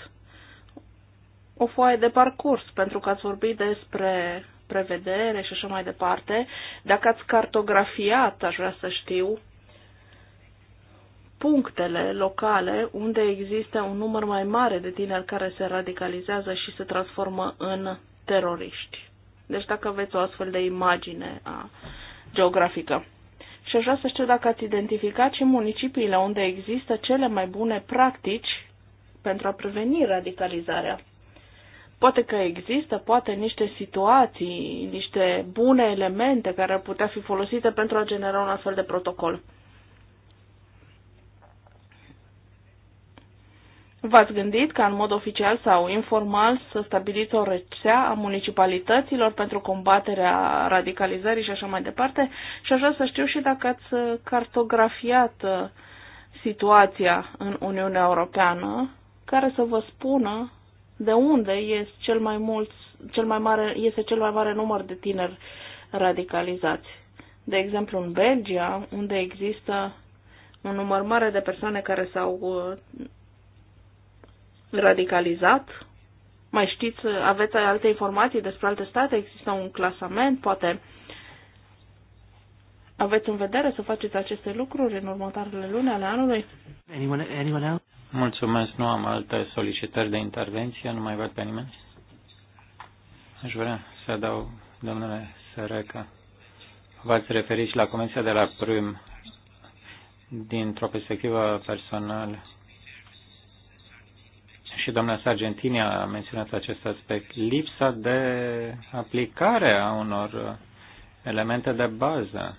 o foaie de parcurs, pentru că ați vorbit despre prevedere și așa mai departe. Dacă ați cartografiat, aș vrea să știu, punctele locale unde există un număr mai mare de tineri care se radicalizează și se transformă în teroriști. Deci dacă aveți o astfel de imagine a geografică. Și aș vrea să știu dacă ați identificat și municipiile unde există cele mai bune practici pentru a preveni radicalizarea. Poate că există, poate niște situații, niște bune elemente care ar putea fi folosite pentru a genera un astfel de protocol. V-ați gândit ca în mod oficial sau informal să stabiliți o rețea a municipalităților pentru combaterea radicalizării și așa mai departe? Și așa să știu și dacă ați cartografiat uh, situația în Uniunea Europeană, care să vă spună de unde este cel mai mult, cel mai mare, este cel mai mare număr de tineri radicalizați. De exemplu, în Belgia, unde există un număr mare de persoane care s-au uh, radicalizat. Mai știți, aveți alte informații despre alte state? Există un clasament? Poate aveți în vedere să faceți aceste lucruri în următoarele luni ale anului? Anyone, anyone else? Mulțumesc, nu am alte solicitări de intervenție, nu mai văd pe nimeni. Aș vrea să dau, domnule Săreca, v-ați referit și la Comisia de la prim dintr-o perspectivă personală. Și doamna Sargentini a menționat acest aspect, lipsa de aplicare a unor elemente de bază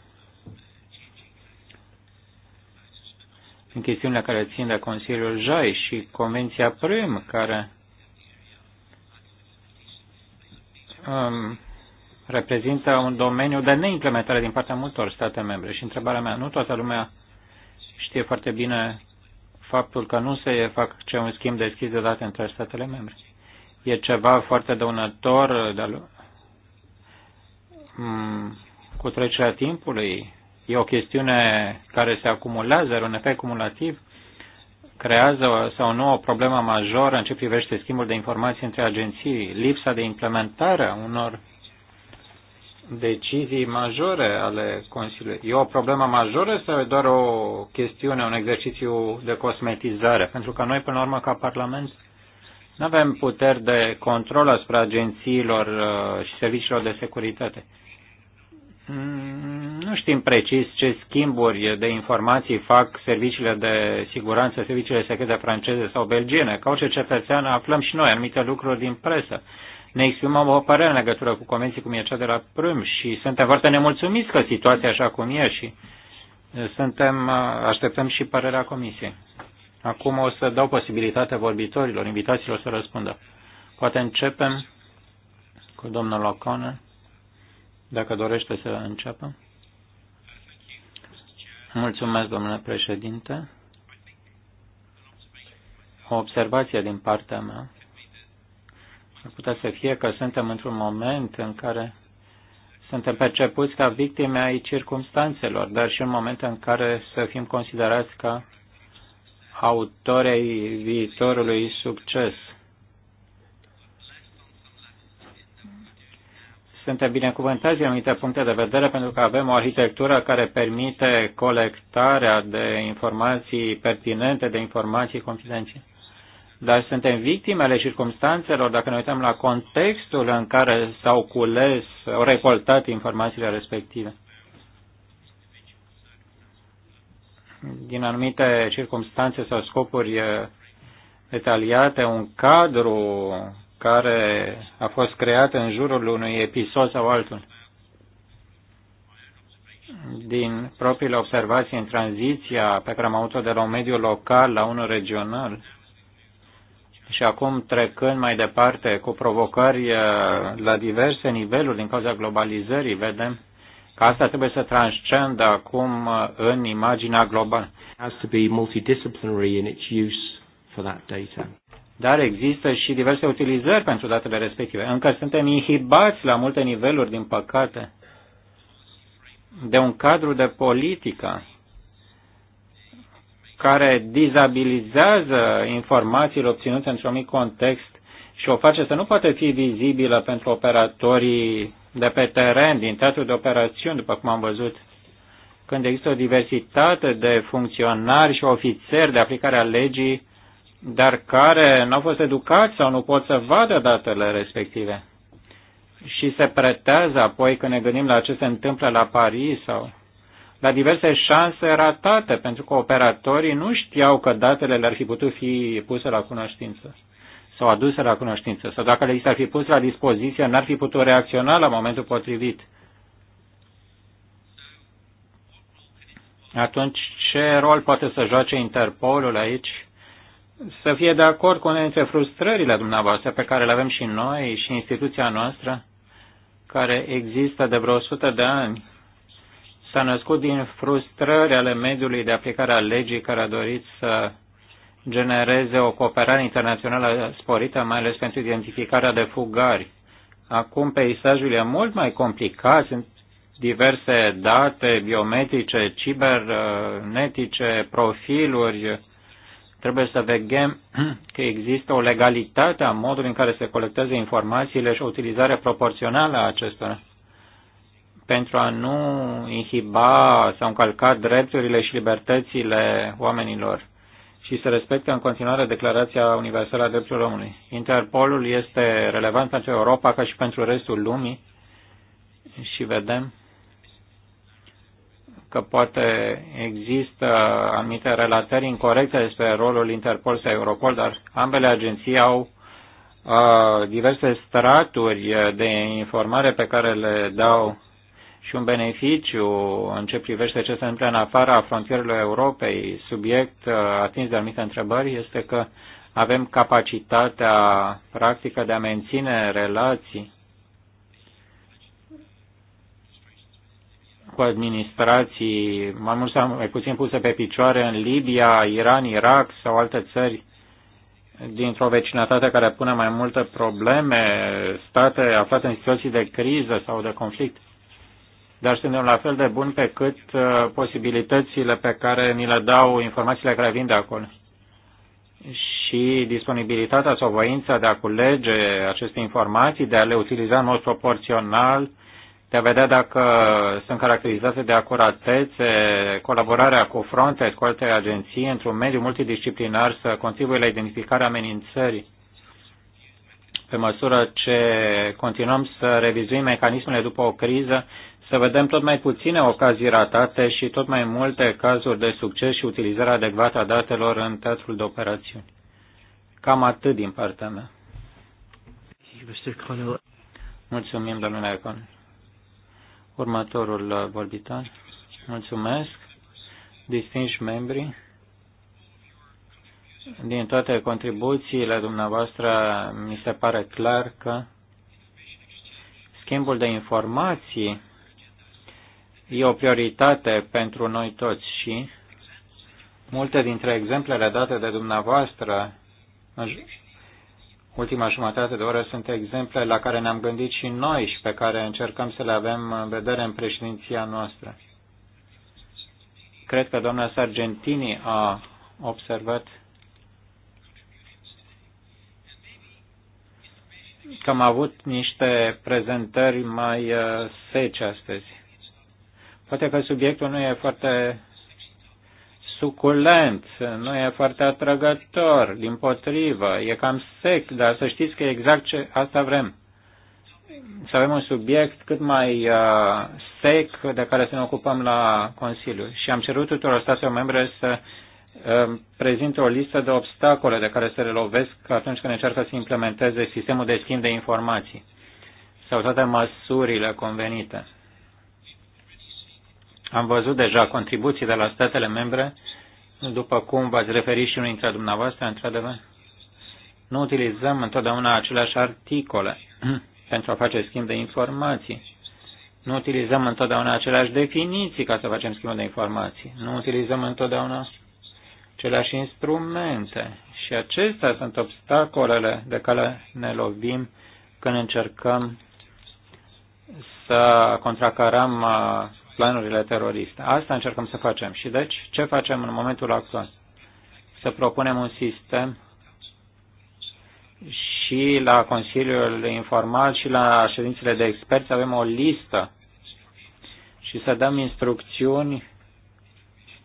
în chestiunile care țin de Consiliul JAI și Convenția PRIM, care um, reprezintă un domeniu de neimplementare din partea multor state membre. Și întrebarea mea, nu toată lumea știe foarte bine faptul că nu se ce un schimb deschis de date între statele membre. E ceva foarte dăunător de cu trecerea timpului e o chestiune care se acumulează, are un efect cumulativ, creează sau nu o problemă majoră în ce privește schimbul de informații între agenții, lipsa de implementare a unor decizii majore ale Consiliului. E o problemă majoră sau e doar o chestiune, un exercițiu de cosmetizare? Pentru că noi, până la urmă, ca Parlament, nu avem puteri de control asupra agențiilor uh, și serviciilor de securitate. Mm, nu știm precis ce schimburi de informații fac serviciile de siguranță, serviciile secrete franceze sau belgiene. Ca orice cetățean aflăm și noi anumite lucruri din presă. Ne exprimăm o părere în legătură cu convenții cum e cea de la Prâm și suntem foarte nemulțumiți că situația așa cum e și suntem, așteptăm și părerea Comisiei. Acum o să dau posibilitatea vorbitorilor, invitațiilor să răspundă. Poate începem cu domnul O'Connor dacă dorește să înceapă. Mulțumesc, domnule președinte. O observație din partea mea ar putea să fie că suntem într-un moment în care suntem percepuți ca victime ai circumstanțelor, dar și în moment în care să fim considerați ca autorei viitorului succes. suntem binecuvântați din anumite puncte de vedere pentru că avem o arhitectură care permite colectarea de informații pertinente, de informații confidențiale. Dar suntem victimele circumstanțelor dacă ne uităm la contextul în care s-au cules, au recoltat informațiile respective. Din anumite circumstanțe sau scopuri eh, detaliate, un cadru care a fost creată în jurul unui episod sau altul. Din propriile observații în tranziția pe care am avut-o de la un mediu local la unul regional și acum trecând mai departe cu provocări uh, la diverse niveluri din cauza globalizării, vedem că asta trebuie să transcendă acum uh, în imaginea globală dar există și diverse utilizări pentru datele respective. Încă suntem inhibați la multe niveluri, din păcate, de un cadru de politică care dizabilizează informațiile obținute într-un mic context și o face să nu poate fi vizibilă pentru operatorii de pe teren, din teatru de operațiuni, după cum am văzut, când există o diversitate de funcționari și ofițeri de aplicare a legii dar care n-au fost educați sau nu pot să vadă datele respective. Și se pretează apoi când ne gândim la ce se întâmplă la Paris sau la diverse șanse ratate, pentru că operatorii nu știau că datele le-ar fi putut fi puse la cunoștință sau aduse la cunoștință, sau dacă le s-ar fi pus la dispoziție, n-ar fi putut reacționa la momentul potrivit. Atunci, ce rol poate să joace Interpolul aici? să fie de acord cu unele dintre frustrările dumneavoastră pe care le avem și noi și instituția noastră, care există de vreo 100 de ani, s-a născut din frustrări ale mediului de aplicare a legii care a dorit să genereze o cooperare internațională sporită, mai ales pentru identificarea de fugari. Acum peisajul e mult mai complicat, sunt diverse date biometrice, cibernetice, uh, profiluri, Trebuie să vegem că există o legalitate a modului în care se colectează informațiile și o utilizare proporțională a acestora pentru a nu inhiba sau încalca drepturile și libertățile oamenilor și să respecte în continuare Declarația Universală a Drepturilor Omului. Interpolul este relevant pentru Europa ca și pentru restul lumii și vedem că poate există anumite relatări incorrecte despre rolul Interpol sau Europol, dar ambele agenții au uh, diverse straturi de informare pe care le dau și un beneficiu în ce privește ce se întâmplă în afara frontierelor Europei, subiect uh, atins de anumite întrebări, este că avem capacitatea practică de a menține relații cu administrații mai mult sau mai puțin puse pe picioare în Libia, Iran, Irak sau alte țări dintr-o vecinătate care pune mai multe probleme, state aflate în situații de criză sau de conflict. Dar suntem la fel de buni pe cât uh, posibilitățile pe care ni le dau informațiile care vin de acolo. Și disponibilitatea sau voința de a culege aceste informații, de a le utiliza în mod proporțional, de a vedea dacă sunt caracterizate de acuratețe, colaborarea cu Frontex, cu alte agenții, într-un mediu multidisciplinar, să contribuie la identificarea amenințării. Pe măsură ce continuăm să revizuim mecanismele după o criză, să vedem tot mai puține ocazii ratate și tot mai multe cazuri de succes și utilizarea adecvată a datelor în teatrul de operațiuni. Cam atât din partea mea. Mulțumim, domnule Econ. Următorul uh, vorbitor. Mulțumesc. Distinși membri, din toate contribuțiile dumneavoastră, mi se pare clar că schimbul de informații e o prioritate pentru noi toți și multe dintre exemplele date de dumneavoastră ultima jumătate de oră sunt exemple la care ne-am gândit și noi și pe care încercăm să le avem în vedere în președinția noastră. Cred că doamna Sargentini a observat că am avut niște prezentări mai uh, sece astăzi. Poate că subiectul nu e foarte suculent, nu e foarte atrăgător, din potrivă, e cam sec, dar să știți că exact ce asta vrem. Să avem un subiect cât mai uh, sec de care să ne ocupăm la Consiliu. Și am cerut tuturor statelor membre să uh, prezintă o listă de obstacole de care se relovesc atunci când încearcă să implementeze sistemul de schimb de informații sau toate măsurile convenite am văzut deja contribuții de la statele membre, după cum v-ați referit și unul dintre dumneavoastră, într-adevăr. Nu utilizăm întotdeauna aceleași articole pentru a face schimb de informații. Nu utilizăm întotdeauna aceleași definiții ca să facem schimb de informații. Nu utilizăm întotdeauna aceleași instrumente. Și acestea sunt obstacolele de care ne lovim când încercăm să contracarăm uh, planurile teroriste. Asta încercăm să facem. Și deci, ce facem în momentul actual? Să propunem un sistem și la Consiliul Informal și la ședințele de experți avem o listă și să dăm instrucțiuni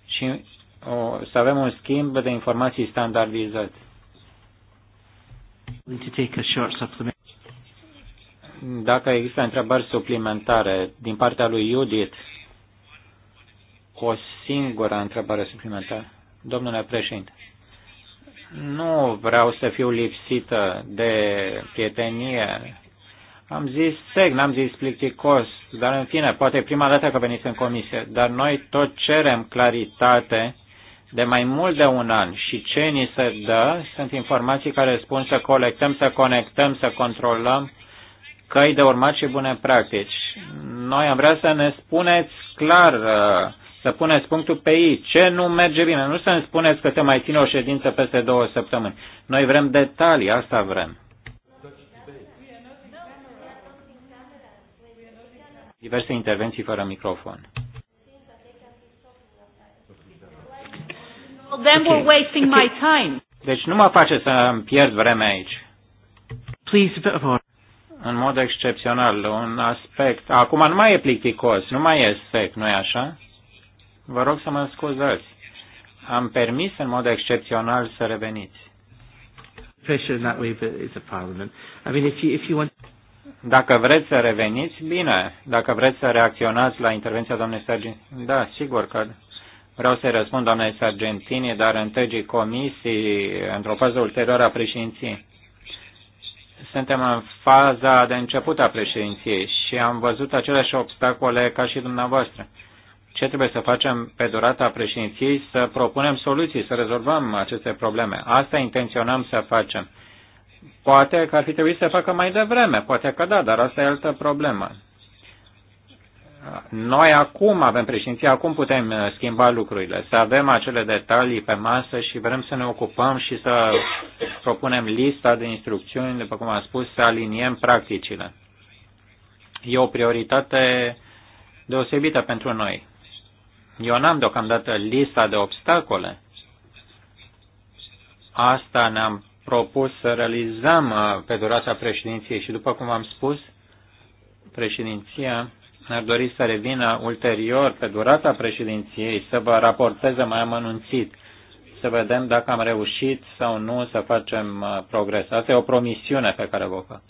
și o, să avem un schimb de informații standardizat. Dacă există întrebări suplimentare din partea lui Judith, o singură întrebare suplimentară. Domnule președinte, nu vreau să fiu lipsită de prietenie. Am zis seg, n-am zis plicticos, dar în fine, poate prima dată că veniți în comisie, dar noi tot cerem claritate de mai mult de un an și ce ni se dă sunt informații care spun să colectăm, să conectăm, să controlăm căi de urmat și bune practici. Noi am vrea să ne spuneți clar uh, să puneți punctul pe ei. Ce nu merge bine? Nu să-mi spuneți că te mai ține o ședință peste două săptămâni. Noi vrem detalii, asta vrem. Diverse intervenții fără microfon. Then we're wasting my time. Deci nu mă face să îmi pierd vremea aici. Please, în mod excepțional, un aspect. Acum nu mai e plicticos, nu mai e sec, nu e așa? Vă rog să mă scuzați. Am permis în mod excepțional să reveniți. Dacă vreți să reveniți, bine. Dacă vreți să reacționați la intervenția doamnei Sargentini, da, sigur că vreau să-i răspund doamnei Sargentini, dar întregii comisii, într-o fază ulterioară a președinției. Suntem în faza de început a președinției și am văzut aceleași obstacole ca și dumneavoastră ce trebuie să facem pe durata președinției, să propunem soluții, să rezolvăm aceste probleme. Asta intenționăm să facem. Poate că ar fi trebuit să facă mai devreme, poate că da, dar asta e altă problemă. Noi acum avem președinția, acum putem uh, schimba lucrurile, să avem acele detalii pe masă și vrem să ne ocupăm și să propunem lista de instrucțiuni, după cum am spus, să aliniem practicile. E o prioritate deosebită pentru noi. Eu n-am deocamdată lista de obstacole. Asta ne-am propus să realizăm uh, pe durata președinției și, după cum am spus, președinția ar dori să revină ulterior pe durata președinției, să vă raporteze mai amănunțit, să vedem dacă am reușit sau nu să facem uh, progres. Asta e o promisiune pe care vă fac.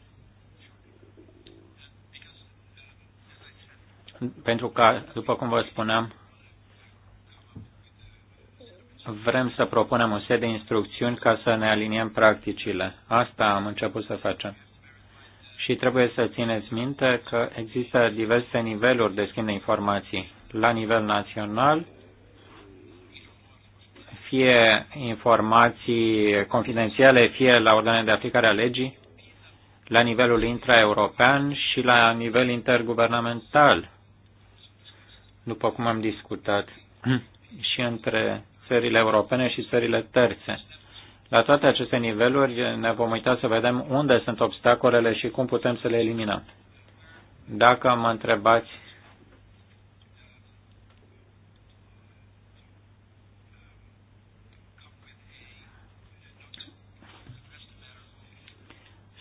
Pentru că, după cum vă spuneam, vrem să propunem un set de instrucțiuni ca să ne aliniem practicile. Asta am început să facem. Și trebuie să țineți minte că există diverse niveluri de schimb de informații. La nivel național, fie informații confidențiale, fie la organele de aplicare a legii, la nivelul intraeuropean și la nivel interguvernamental, după cum am discutat, și între țările europene și țările terțe. La toate aceste niveluri ne vom uita să vedem unde sunt obstacolele și cum putem să le eliminăm. Dacă mă întrebați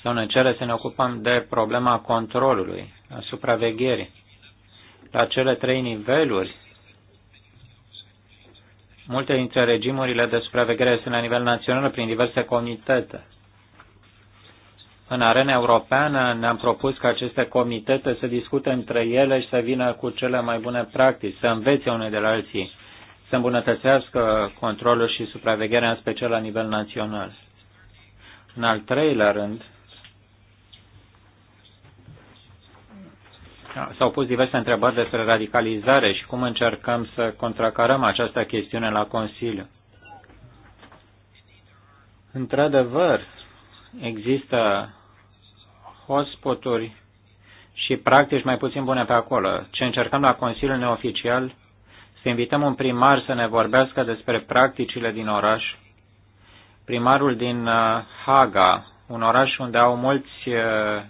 sau ne cere să ne ocupăm de problema controlului, a supravegherii. La cele trei niveluri Multe dintre regimurile de supraveghere sunt la nivel național prin diverse comitete. În arena europeană ne-am propus ca aceste comitete să discute între ele și să vină cu cele mai bune practici, să învețe unei de la alții, să îmbunătățească controlul și supravegherea, în special la nivel național. În al treilea rând, S-au pus diverse întrebări despre radicalizare și cum încercăm să contracarăm această chestiune la Consiliu. Într-adevăr, există hotspoturi și practici mai puțin bune pe acolo. Ce încercăm la Consiliul Neoficial, să invităm un primar să ne vorbească despre practicile din oraș. Primarul din uh, Haga un oraș unde au mulți uh,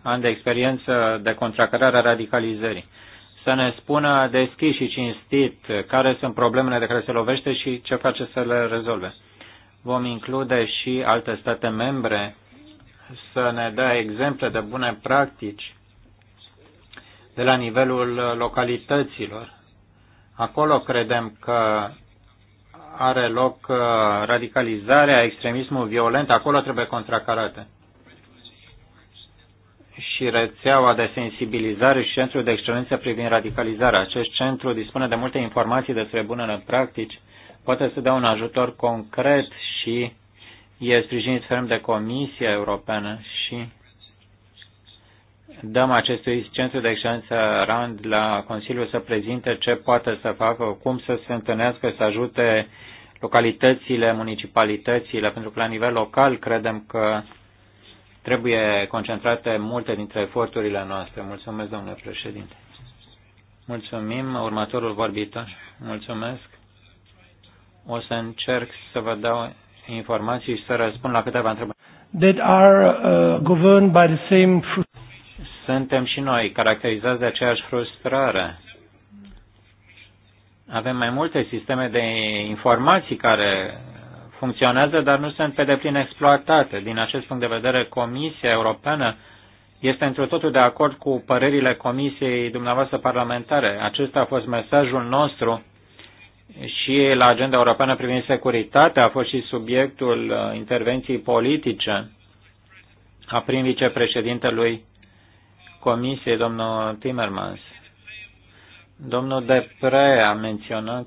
ani de experiență de contracărare a radicalizării. Să ne spună deschis și cinstit uh, care sunt problemele de care se lovește și ce face să le rezolve. Vom include și alte state membre să ne dea exemple de bune practici de la nivelul uh, localităților. Acolo credem că are loc radicalizarea, extremismul violent, acolo trebuie contracarate și rețeaua de sensibilizare și centrul de excelență privind radicalizarea. Acest centru dispune de multe informații despre bunele practici, poate să dea un ajutor concret și e sprijinit ferm de Comisia Europeană și dăm acestui centru de excelență RAND la Consiliu să prezinte ce poate să facă, cum să se întâlnească, să ajute localitățile, municipalitățile, pentru că la nivel local credem că trebuie concentrate multe dintre eforturile noastre. Mulțumesc, domnule președinte. Mulțumim. Următorul vorbitor. Mulțumesc. O să încerc să vă dau informații și să răspund la câteva întrebări. That are uh, governed by the same Suntem și noi caracterizați de aceeași frustrare. Avem mai multe sisteme de informații care funcționează, dar nu sunt pe deplin exploatate. Din acest punct de vedere, Comisia Europeană este într totul de acord cu părerile Comisiei dumneavoastră parlamentare. Acesta a fost mesajul nostru și la agenda europeană privind securitatea a fost și subiectul uh, intervenției politice a prim vicepreședintelui Comisiei, domnul Timmermans. Domnul Depre a menționat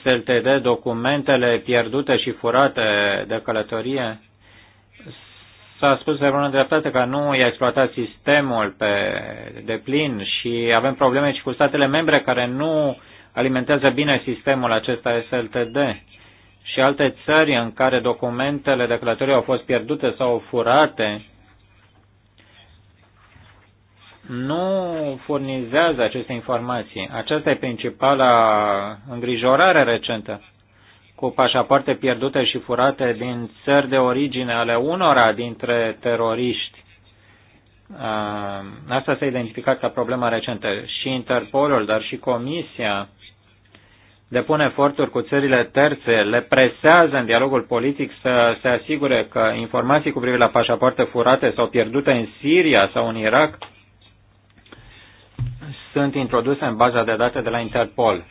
SLTD, documentele pierdute și furate de călătorie, s-a spus de bună dreptate că nu i-a exploatat sistemul pe deplin și avem probleme și cu statele membre care nu alimentează bine sistemul acesta SLTD și alte țări în care documentele de călătorie au fost pierdute sau furate nu furnizează aceste informații. Aceasta e principala îngrijorare recentă cu pașapoarte pierdute și furate din țări de origine ale unora dintre teroriști. Uh, asta s-a identificat ca problema recentă. Și Interpolul, dar și Comisia depune eforturi cu țările terțe, le presează în dialogul politic să se asigure că informații cu privire la pașapoarte furate sau pierdute în Siria sau în Irak sunt introduse în baza de date de la Interpol.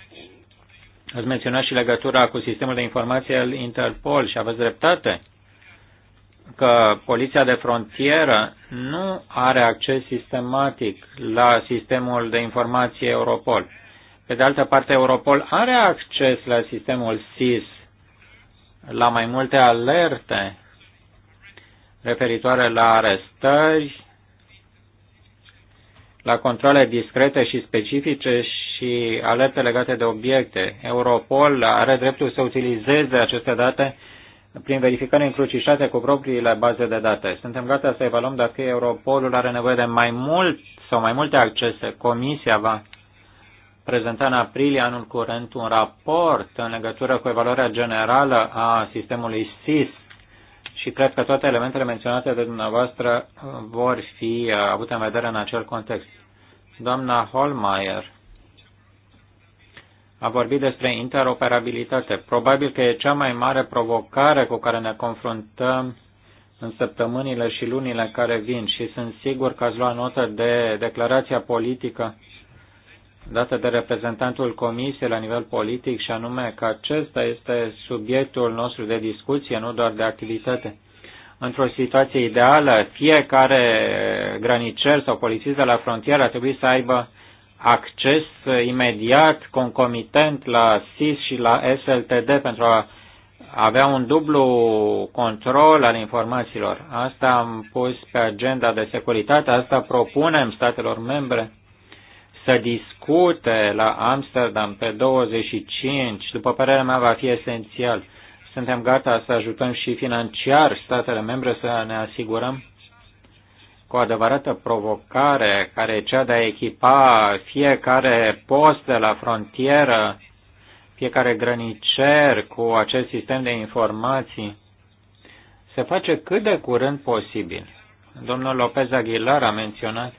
Ați menționat și legătura cu sistemul de informație al Interpol și aveți dreptate că poliția de frontieră nu are acces sistematic la sistemul de informație Europol. Pe de altă parte, Europol are acces la sistemul SIS, la mai multe alerte referitoare la arestări, la controle discrete și specifice și alerte legate de obiecte. Europol are dreptul să utilizeze aceste date prin verificări încrucișate cu propriile baze de date. Suntem gata să evaluăm dacă Europolul are nevoie de mai mult sau mai multe accese. Comisia va prezenta în aprilie anul curent un raport în legătură cu evaluarea generală a sistemului SIS și cred că toate elementele menționate de dumneavoastră uh, vor fi uh, avute în vedere în acel context. Doamna Holmeier a vorbit despre interoperabilitate. Probabil că e cea mai mare provocare cu care ne confruntăm în săptămânile și lunile care vin și sunt sigur că ați luat notă de declarația politică dată de reprezentantul Comisiei la nivel politic și anume că acesta este subiectul nostru de discuție, nu doar de activitate. Într-o situație ideală, fiecare granicer sau polițist de la frontieră ar trebui să aibă acces imediat, concomitent la SIS și la SLTD pentru a avea un dublu control al informațiilor. Asta am pus pe agenda de securitate, asta propunem statelor membre să discute la Amsterdam pe 25, după părerea mea, va fi esențial. Suntem gata să ajutăm și financiar statele membre să ne asigurăm cu adevărată provocare, care e cea de a echipa fiecare post de la frontieră, fiecare grănicer cu acest sistem de informații, se face cât de curând posibil. Domnul Lopez Aguilar a menționat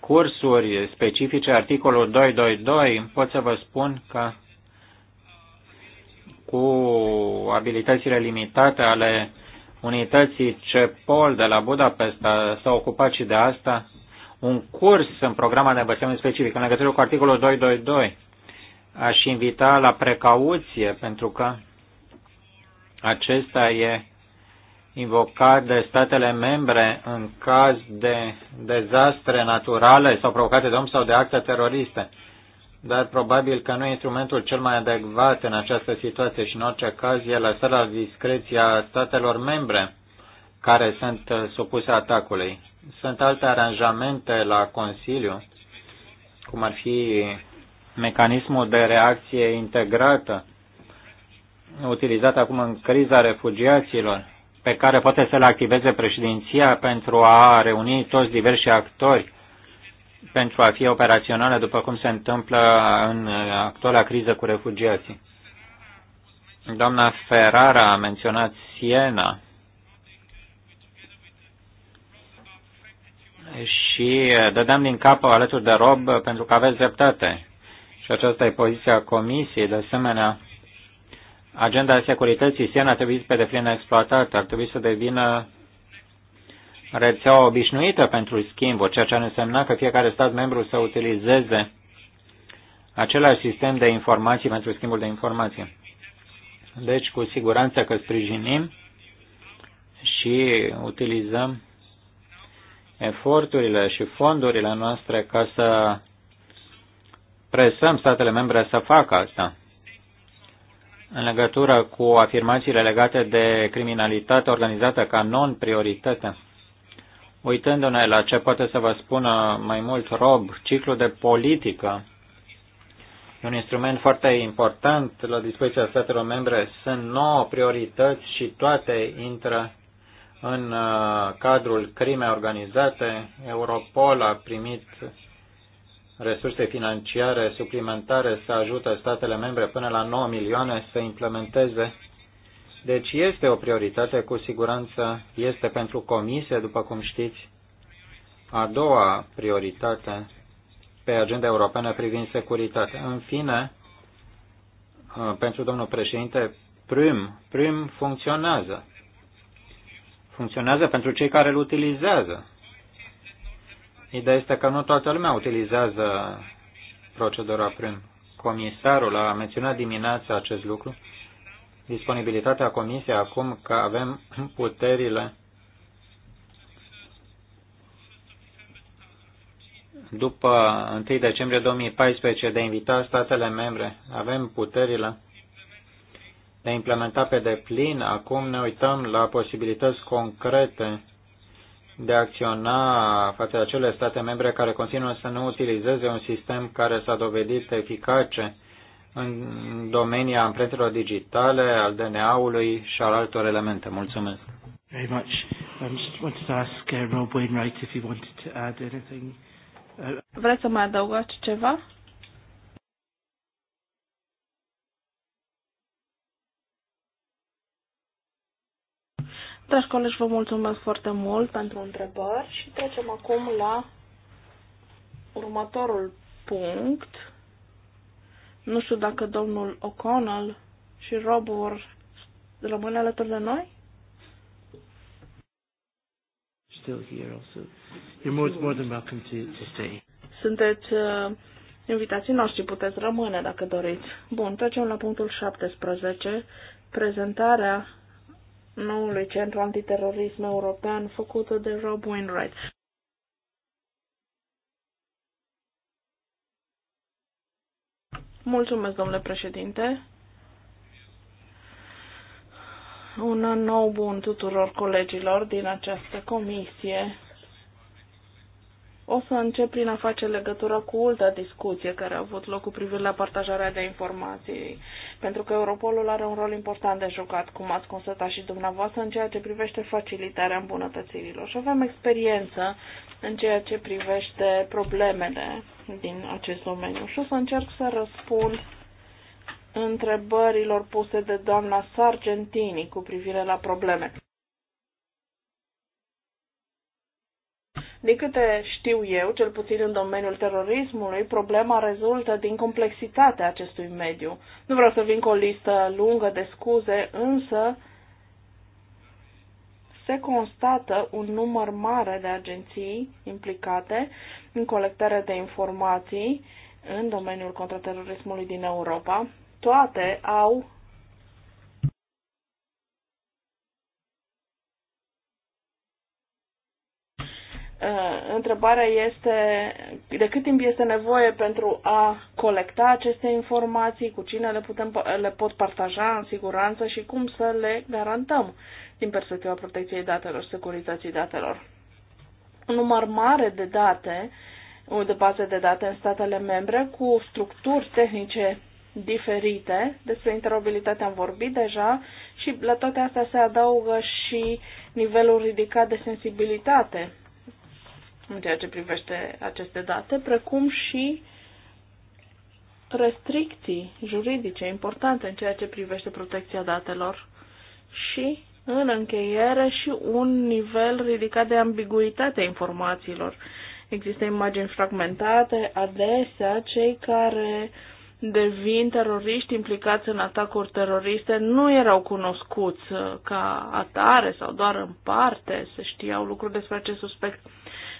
cursuri specifice, articolul 222, pot să vă spun că cu abilitățile limitate ale unității CEPOL de la Budapesta s-a ocupat și de asta un curs în programa de învățământ specific în legătură cu articolul 222. Aș invita la precauție pentru că acesta e invocat de statele membre în caz de dezastre naturale sau provocate de om sau de acte teroriste. Dar probabil că nu e instrumentul cel mai adecvat în această situație și în orice caz e lăsat la discreția statelor membre care sunt uh, supuse atacului. Sunt alte aranjamente la Consiliu, cum ar fi mecanismul de reacție integrată utilizat acum în criza refugiaților pe care poate să le activeze președinția pentru a reuni toți diversi actori pentru a fi operaționale, după cum se întâmplă în actuala criză cu refugiații. Doamna Ferrara a menționat Siena și dădeam din cap alături de rob pentru că aveți dreptate. Și aceasta e poziția comisiei, de asemenea, agenda securității Siena ar trebui pe deplin exploatată, ar trebui să devină rețeaua obișnuită pentru schimburi, ceea ce ar însemna că fiecare stat membru să utilizeze același sistem de informații pentru schimbul de informații. Deci, cu siguranță că sprijinim și utilizăm eforturile și fondurile noastre ca să presăm statele membre să facă asta în legătură cu afirmațiile legate de criminalitate organizată ca non-prioritate. Uitându-ne la ce poate să vă spună mai mult Rob, ciclul de politică e un instrument foarte important la dispoziția statelor membre. Sunt nouă priorități și toate intră în uh, cadrul crimei organizate. Europol a primit resurse financiare suplimentare să ajute statele membre până la 9 milioane să implementeze. Deci este o prioritate, cu siguranță este pentru comisie, după cum știți, a doua prioritate pe agenda europeană privind securitatea. În fine, uh, pentru domnul președinte, prim, prim funcționează. Funcționează pentru cei care îl utilizează. Ideea este că nu toată lumea utilizează procedura prim. Comisarul a menționat dimineața acest lucru. Disponibilitatea comisiei acum că avem puterile după 1 decembrie 2014 de a invita statele membre. Avem puterile de a implementa pe deplin. Acum ne uităm la posibilități concrete de a acționa față de acele state membre care continuă să nu utilizeze un sistem care s-a dovedit eficace în domenia amprentelor digitale, al DNA-ului și al altor elemente. Mulțumesc. Very much. I um, just wanted to ask uh, Rob Wainwright if he wanted to add anything. Uh, Vreți să mai adăugați ceva? Dragi colegi, vă mulțumesc foarte mult pentru întrebări și trecem acum la următorul punct. Nu știu dacă domnul O'Connell și Rob vor rămâne alături de noi. Still here also. You're more, more than welcome to, to stay. Sunteți uh, invitații noștri, puteți rămâne dacă doriți. Bun, trecem la punctul 17, prezentarea noului centru antiterorism european făcută de Rob Wainwright. Mulțumesc, domnule președinte. Un an nou bun tuturor colegilor din această comisie o să încep prin a face legătură cu ultima discuție care a avut loc cu privire la partajarea de informații, pentru că Europolul are un rol important de jucat, cum ați constatat și dumneavoastră, în ceea ce privește facilitarea îmbunătățirilor. Și avem experiență în ceea ce privește problemele din acest domeniu. Și o să încerc să răspund întrebărilor puse de doamna Sargentini cu privire la probleme. Din câte știu eu, cel puțin în domeniul terorismului, problema rezultă din complexitatea acestui mediu. Nu vreau să vin cu o listă lungă de scuze, însă se constată un număr mare de agenții implicate în colectarea de informații în domeniul contraterorismului din Europa. Toate au Uh, întrebarea este de cât timp este nevoie pentru a colecta aceste informații, cu cine le, putem, le pot partaja în siguranță și cum să le garantăm din perspectiva protecției datelor securității datelor. Un număr mare de date, de baze de date în statele membre cu structuri tehnice diferite, despre interoperabilitate am vorbit deja și la toate astea se adaugă și nivelul ridicat de sensibilitate în ceea ce privește aceste date, precum și restricții juridice importante în ceea ce privește protecția datelor și, în încheiere, și un nivel ridicat de ambiguitate a informațiilor. Există imagini fragmentate, adesea cei care devin teroriști implicați în atacuri teroriste nu erau cunoscuți uh, ca atare sau doar în parte, se știau lucruri despre acest suspect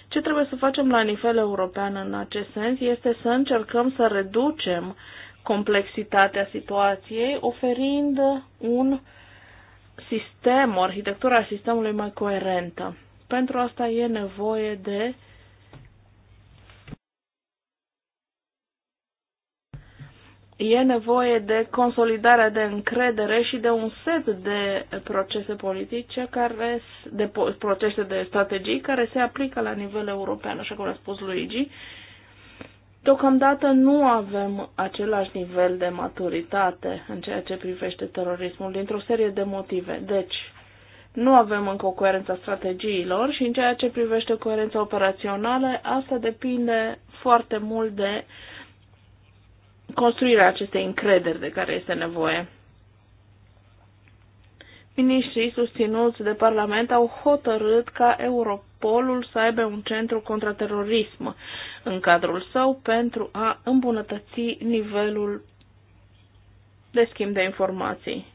ce trebuie să facem la nivel european în acest sens este să încercăm să reducem complexitatea situației, oferind un sistem, o arhitectură a sistemului mai coerentă. Pentru asta e nevoie de e nevoie de consolidarea de încredere și de un set de procese politice, care, de procese de strategii care se aplică la nivel european, așa cum a spus Luigi. Deocamdată nu avem același nivel de maturitate în ceea ce privește terorismul, dintr-o serie de motive. Deci, nu avem încă o coerență a strategiilor și în ceea ce privește coerența operațională, asta depinde foarte mult de uh, construirea acestei încrederi de care este nevoie. Ministrii susținuți de Parlament au hotărât ca Europolul să aibă un centru contraterorism în cadrul său pentru a îmbunătăți nivelul de schimb de informații.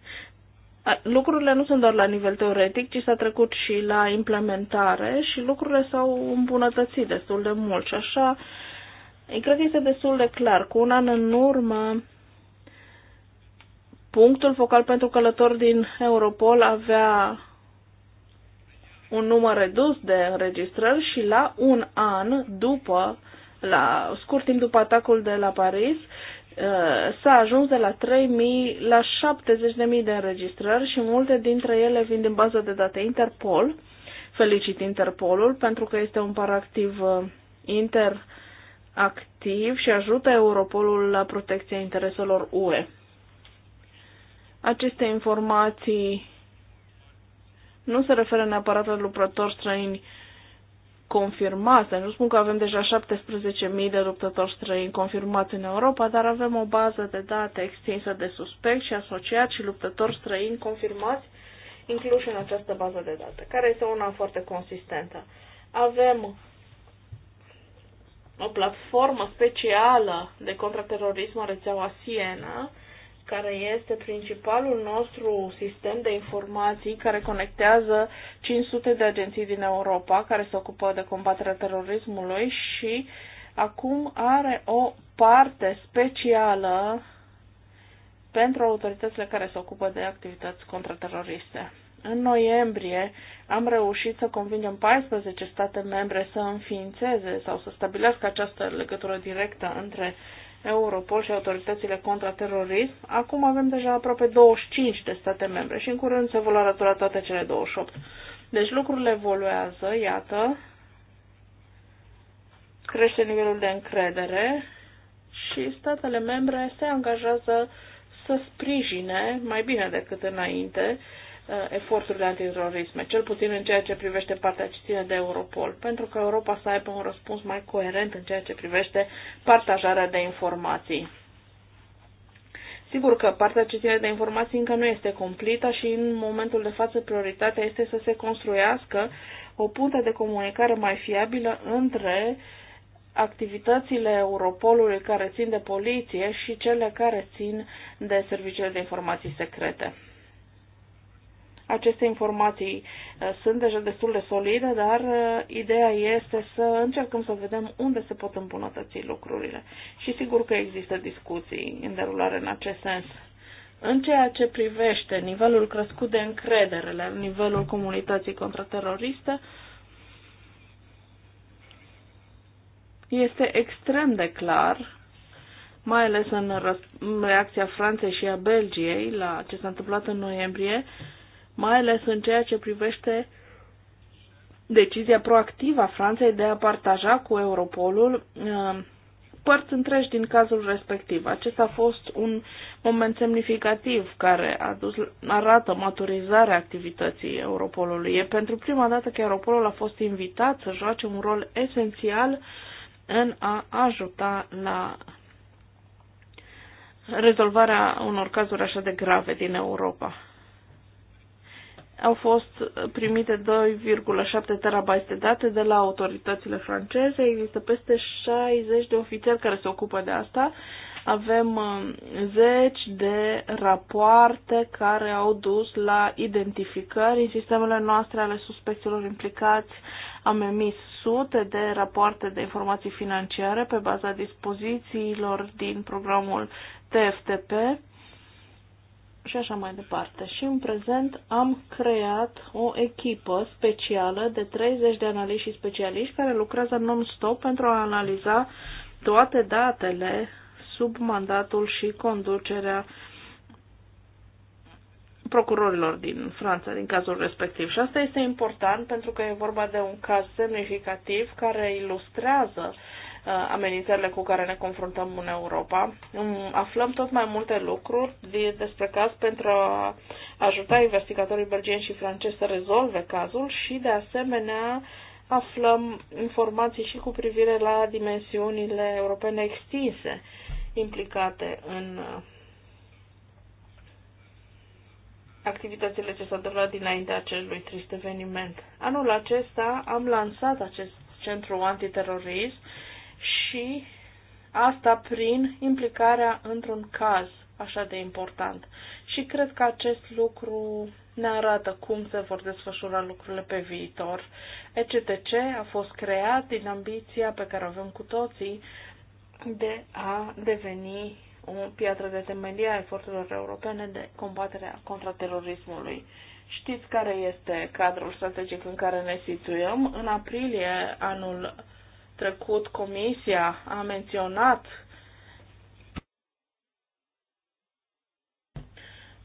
Lucrurile nu sunt doar la nivel teoretic, ci s-a trecut și la implementare și lucrurile s-au îmbunătățit destul de mult și așa cred că este destul de clar. Cu un an în urmă, punctul focal pentru călători din Europol avea un număr redus de înregistrări și la un an după, la scurt timp după atacul de la Paris, uh, s-a ajuns de la 3.000 la 70.000 de înregistrări și multe dintre ele vin din bază de date Interpol. Felicit Interpolul pentru că este un paractiv uh, inter activ și ajută Europolul la protecția intereselor UE. Aceste informații nu se referă neapărat la luptători străini confirmați. Nu spun că avem deja 17.000 de luptători străini confirmați în Europa, dar avem o bază de date extinsă de suspecți și asociați și luptători străini confirmați incluși în această bază de date, care este una foarte consistentă. Avem o platformă specială de contraterorism în rețeaua Siena, care este principalul nostru sistem de informații care conectează 500 de agenții din Europa care se ocupă de combaterea terorismului și acum are o parte specială pentru autoritățile care se ocupă de activități contrateroriste. În noiembrie am reușit să convingem 14 state membre să înființeze sau să stabilească această legătură directă între Europol și autoritățile contra terorism. Acum avem deja aproape 25 de state membre și în curând se vor arătura toate cele 28. Deci lucrurile evoluează, iată, crește nivelul de încredere și statele membre se angajează să sprijine mai bine decât înainte Uh, eforturile antiterorisme, cel puțin în ceea ce privește partea ce ține de Europol, pentru că Europa să aibă un răspuns mai coerent în ceea ce privește partajarea de informații. Sigur că partea ce ține de informații încă nu este completă și în momentul de față prioritatea este să se construiască o punte de comunicare mai fiabilă între activitățile Europolului care țin de poliție și cele care țin de serviciile de informații secrete. Aceste informații uh, sunt deja destul de solide, dar uh, ideea este să încercăm să vedem unde se pot îmbunătăți lucrurile. Și sigur că există discuții în derulare în acest sens. În ceea ce privește nivelul crescut de încredere la nivelul comunității contrateroriste, este extrem de clar, mai ales în reacția Franței și a Belgiei la ce s-a întâmplat în noiembrie, mai ales în ceea ce privește decizia proactivă a Franței de a partaja cu Europolul uh, părți întregi din cazul respectiv. Acesta a fost un moment semnificativ care a dus, arată maturizarea activității Europolului. E pentru prima dată că Europolul a fost invitat să joace un rol esențial în a ajuta la rezolvarea unor cazuri așa de grave din Europa. Au fost primite 2,7 terabyte de date de la autoritățile franceze. Există peste 60 de ofițeri care se ocupă de asta. Avem uh, zeci de rapoarte care au dus la identificări în sistemele noastre ale suspecților implicați. Am emis sute de rapoarte de informații financiare pe baza dispozițiilor din programul TFTP și așa mai departe. Și în prezent am creat o echipă specială de 30 de analiști și specialiști care lucrează non-stop pentru a analiza toate datele sub mandatul și conducerea procurorilor din Franța, din cazul respectiv. Și asta este important pentru că e vorba de un caz semnificativ care ilustrează uh, Uh, amenințările cu care ne confruntăm în Europa. Aflăm tot mai multe lucruri despre caz pentru a ajuta investigatorii belgieni și francezi să rezolve cazul și, de asemenea, aflăm informații și cu privire la dimensiunile europene extinse implicate în uh, activitățile ce s-au întâmplat dinaintea acelui trist eveniment. Anul acesta am lansat acest centru antiterorism și asta prin implicarea într-un caz așa de important. Și cred că acest lucru ne arată cum se vor desfășura lucrurile pe viitor. ECTC a fost creat din ambiția pe care o avem cu toții de a deveni o piatră de temelie a eforturilor europene de combatere a contraterorismului. Știți care este cadrul strategic în care ne situăm? În aprilie anul trecut Comisia a menționat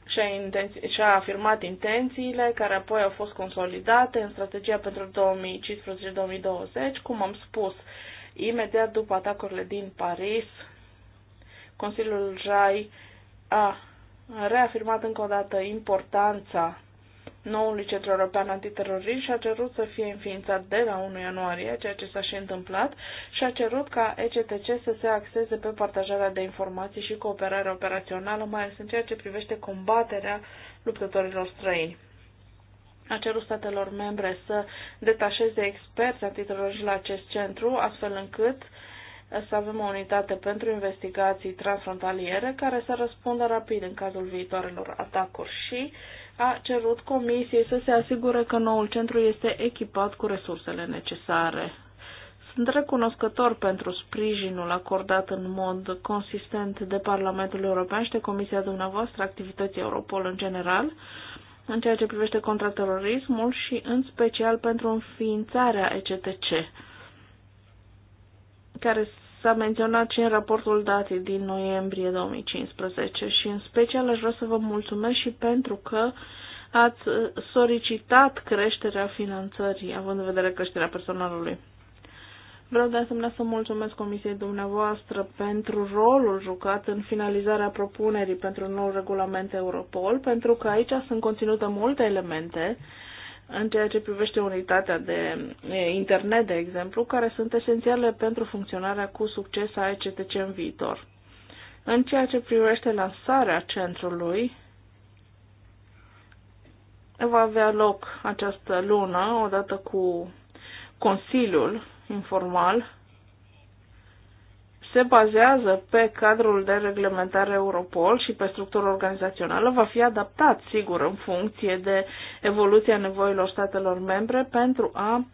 și-a, intenț- și-a afirmat intențiile care apoi au fost consolidate în strategia pentru 2015-2020, cum am spus, imediat după atacurile din Paris, Consiliul JAI a reafirmat încă o dată importanța noului Centru European Antiterorist și a cerut să fie înființat de la 1 ianuarie, ceea ce s-a și întâmplat, și a cerut ca ECTC să se axeze pe partajarea de informații și cooperarea operațională, mai ales în ceea ce privește combaterea luptătorilor străini. A cerut statelor membre să detașeze experți antiterorici la acest centru, astfel încât să avem o unitate pentru investigații transfrontaliere care să răspundă rapid în cazul viitoarelor atacuri și uh, a cerut comisiei să se asigure că noul centru este echipat cu resursele necesare. Sunt recunoscător pentru sprijinul acordat în mod consistent de Parlamentul European și de Comisia dumneavoastră activității Europol în general, în ceea ce privește contraterorismul și în special pentru înființarea ECTC, care s-a menționat și în raportul datii din noiembrie 2015 și în special aș vrea să vă mulțumesc și pentru că ați solicitat creșterea finanțării, având în vedere creșterea personalului. Vreau de asemenea să mulțumesc Comisiei dumneavoastră pentru rolul jucat în finalizarea propunerii pentru nou regulament Europol, pentru că aici sunt conținute multe elemente în ceea ce privește unitatea de internet, de exemplu, care sunt esențiale pentru funcționarea cu succes a ECTC în viitor. În ceea ce privește lansarea centrului, va avea loc această lună, odată cu Consiliul informal se bazează pe cadrul de reglementare Europol și pe structura organizațională, va fi adaptat, sigur, în funcție de evoluția nevoilor statelor membre pentru a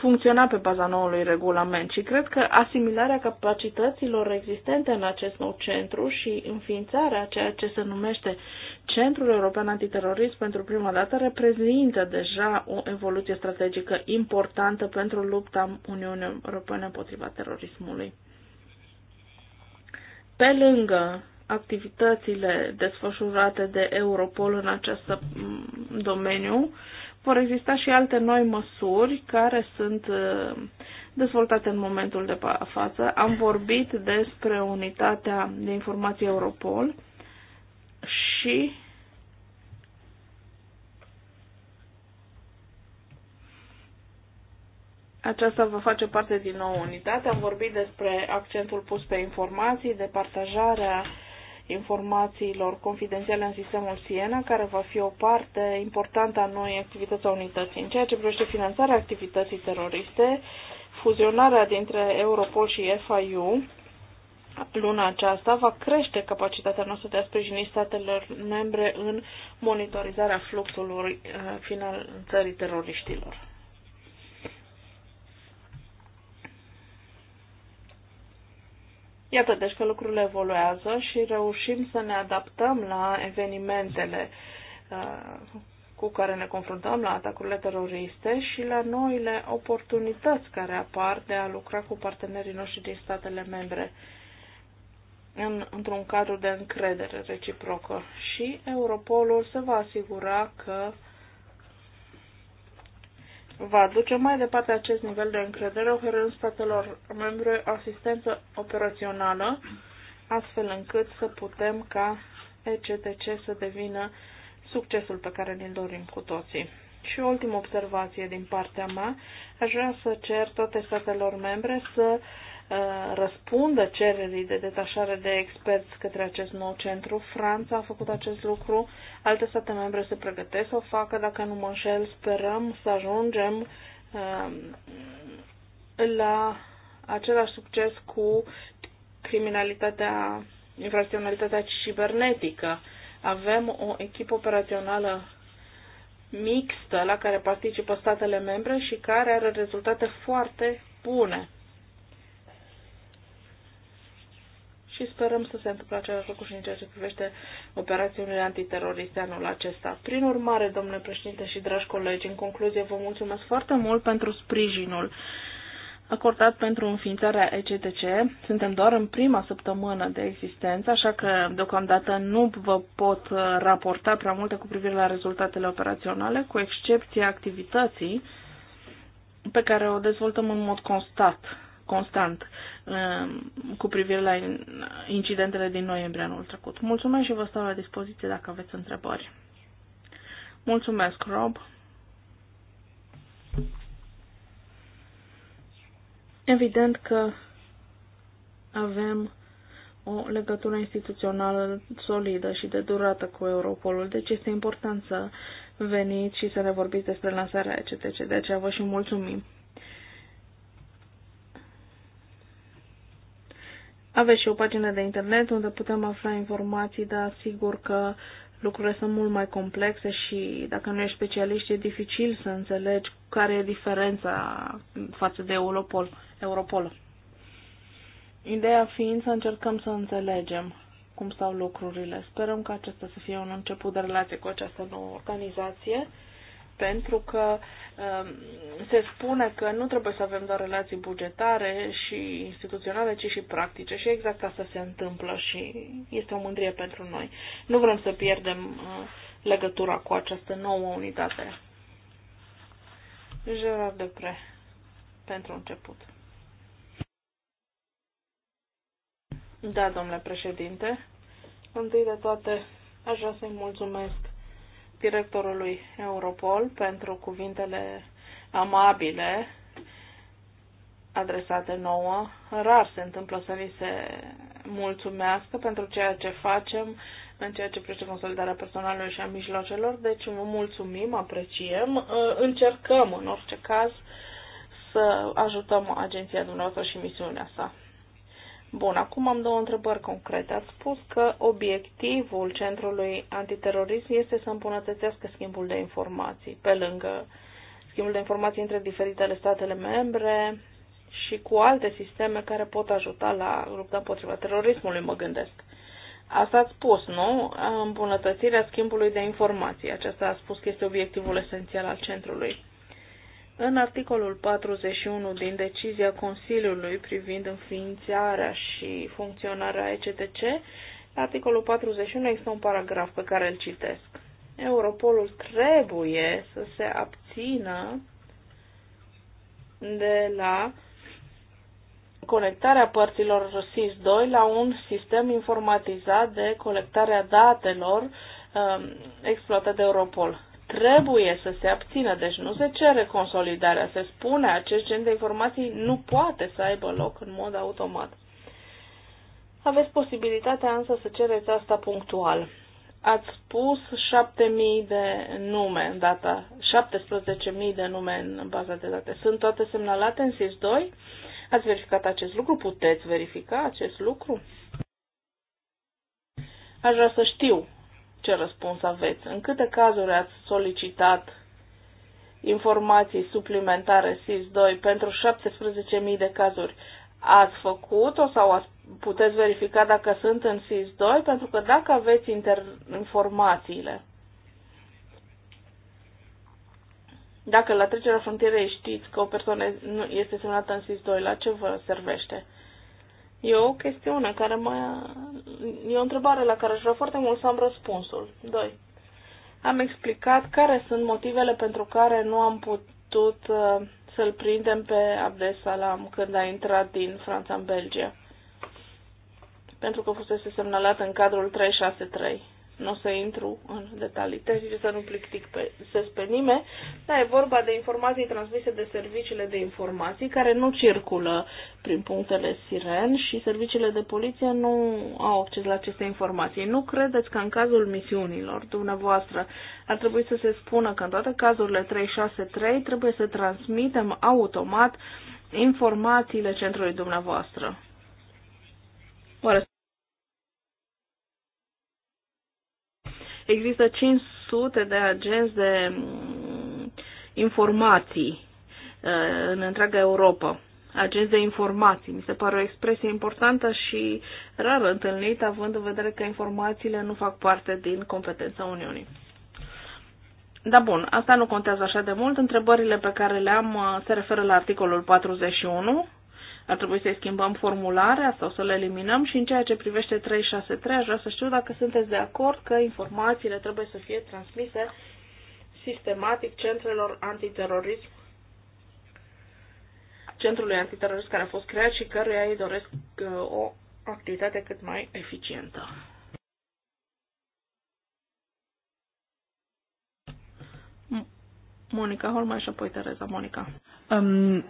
funcționa pe baza noului regulament și cred că asimilarea capacităților existente în acest nou centru și înființarea ceea ce se numește Centrul European Antiterorism pentru prima dată reprezintă deja o evoluție strategică importantă pentru lupta Uniunii Europene împotriva terorismului. Pe lângă activitățile desfășurate de Europol în acest domeniu, vor exista și alte noi măsuri care sunt uh, dezvoltate în momentul de față. Am vorbit despre unitatea de informații Europol, și aceasta va face parte din nou unitate. Am vorbit despre accentul pus pe informații, de partajarea informațiilor confidențiale în sistemul Siena, care va fi o parte importantă a noi activități a unității. În ceea ce privește finanțarea activității teroriste, fuzionarea dintre Europol și FIU luna aceasta va crește capacitatea noastră de a sprijini statelor membre în monitorizarea fluxului uh, finanțării teroriștilor. Iată deci că lucrurile evoluează și reușim să ne adaptăm la evenimentele uh, cu care ne confruntăm, la atacurile teroriste și la noile oportunități care apar de a lucra cu partenerii noștri din statele membre în, într-un cadru de încredere reciprocă și Europolul se va asigura că va duce mai departe acest nivel de încredere oferând statelor membre asistență operațională, astfel încât să putem ca ECTC să devină succesul pe care ne-l dorim cu toții. Și o ultimă observație din partea mea, aș vrea să cer toate statelor membre să uh, Uh, răspundă cererii de detașare de experți către acest nou centru. Franța a făcut acest lucru, alte state membre se pregătesc să o facă, dacă nu mă înșel, sperăm să ajungem um, la același succes cu criminalitatea, infracționalitatea cibernetică. Avem o echipă operațională mixtă la care participă statele membre și care are rezultate foarte bune. și sperăm să se întâmple același lucru și în ceea ce privește operațiunile antiteroriste anul acesta. Prin urmare, domnule președinte și dragi colegi, în concluzie vă mulțumesc foarte mult pentru sprijinul acordat pentru înființarea ECTC. Suntem doar în prima săptămână de existență, așa că deocamdată nu vă pot uh, raporta prea multe cu privire la rezultatele operaționale, cu excepția activității pe care o dezvoltăm în mod constat constant um, cu privire la incidentele din noiembrie anul trecut. Mulțumesc și vă stau la dispoziție dacă aveți întrebări. Mulțumesc, Rob. Evident că avem o legătură instituțională solidă și de durată cu Europolul, deci este important să veniți și să ne vorbiți despre lansarea ECTC. De aceea vă și mulțumim. Aveți și o pagină de internet unde putem afla informații, dar sigur că lucrurile sunt mult mai complexe și dacă nu ești specialist e dificil să înțelegi care e diferența față de Europol. Europol. Ideea fiind să încercăm să înțelegem cum stau lucrurile. Sperăm că acesta să fie un început de relație cu această nouă organizație pentru că um, se spune că nu trebuie să avem doar relații bugetare și instituționale, ci și practice și exact asta se întâmplă și este o mândrie pentru noi. Nu vrem să pierdem uh, legătura cu această nouă unitate. Gerard pre pentru început. Da, domnule președinte. Întâi de toate, aș vrea să-i mulțumesc directorului Europol pentru cuvintele amabile adresate nouă. Rar se întâmplă să ni se mulțumească pentru ceea ce facem în ceea ce privește consolidarea personalului și a mijloacelor, deci vă mulțumim, apreciem, încercăm în orice caz să ajutăm agenția dumneavoastră și misiunea sa. Bun, acum am două întrebări concrete. Ați spus că obiectivul Centrului Antiterorism este să îmbunătățească schimbul de informații, pe lângă schimbul de informații între diferitele statele membre și cu alte sisteme care pot ajuta la lupta împotriva terorismului, mă gândesc. Asta ați spus, nu? Îmbunătățirea schimbului de informații. Acesta a spus că este obiectivul esențial al centrului. În articolul 41 din decizia Consiliului privind înființarea și funcționarea ECTC, articolul 41 există un paragraf pe care îl citesc. Europolul trebuie să se abțină de la colectarea părților SIS-2 la un sistem informatizat de colectarea datelor um, exploatat de Europol trebuie să se abțină, deci nu se cere consolidarea, se spune acest gen de informații nu poate să aibă loc în mod automat. Aveți posibilitatea însă să cereți asta punctual. Ați spus 7.000 de nume în data, 17.000 de nume în baza de date. Sunt toate semnalate în SIS-2? Ați verificat acest lucru? Puteți verifica acest lucru? Aș vrea să știu ce răspuns aveți. În câte cazuri ați solicitat informații suplimentare SIS-2 pentru 17.000 de cazuri? Ați făcut-o sau ați, puteți verifica dacă sunt în SIS-2? Pentru că dacă aveți inter- informațiile, dacă la trecerea frontierei știți că o persoană este semnată în SIS-2, la ce vă servește? E o chestiune care mă... E o întrebare la care aș vrea foarte mult să am răspunsul. 2. Am explicat care sunt motivele pentru care nu am putut uh, să-l prindem pe Abdesalam când a intrat din Franța în Belgia. Pentru că fusese semnalat în cadrul 363. Nu o să intru în detalii tehnice, să nu plictic pe, să pe nimeni, dar e vorba de informații transmise de serviciile de informații care nu circulă prin punctele siren și serviciile de poliție nu au acces la aceste informații. Nu credeți că în cazul misiunilor dumneavoastră ar trebui să se spună că în toate cazurile 363 trebuie să transmitem automat informațiile centrului dumneavoastră? Oare Există 500 de agenți de mm, informații uh, în întreaga Europa. Agenți de informații. Mi se pare o expresie importantă și rar întâlnită, având în vedere că informațiile nu fac parte din competența Uniunii. Da, bun, asta nu contează așa de mult. Întrebările pe care le am uh, se referă la articolul 41 ar trebui să-i schimbăm formularea sau să le eliminăm și în ceea ce privește 363 aș vrea să știu dacă sunteți de acord că informațiile trebuie să fie transmise sistematic centrelor antiterorism centrului antiterorist care a fost creat și căruia ei doresc uh, o activitate cât mai eficientă. Monica Holma și apoi Tereza Monica. Um,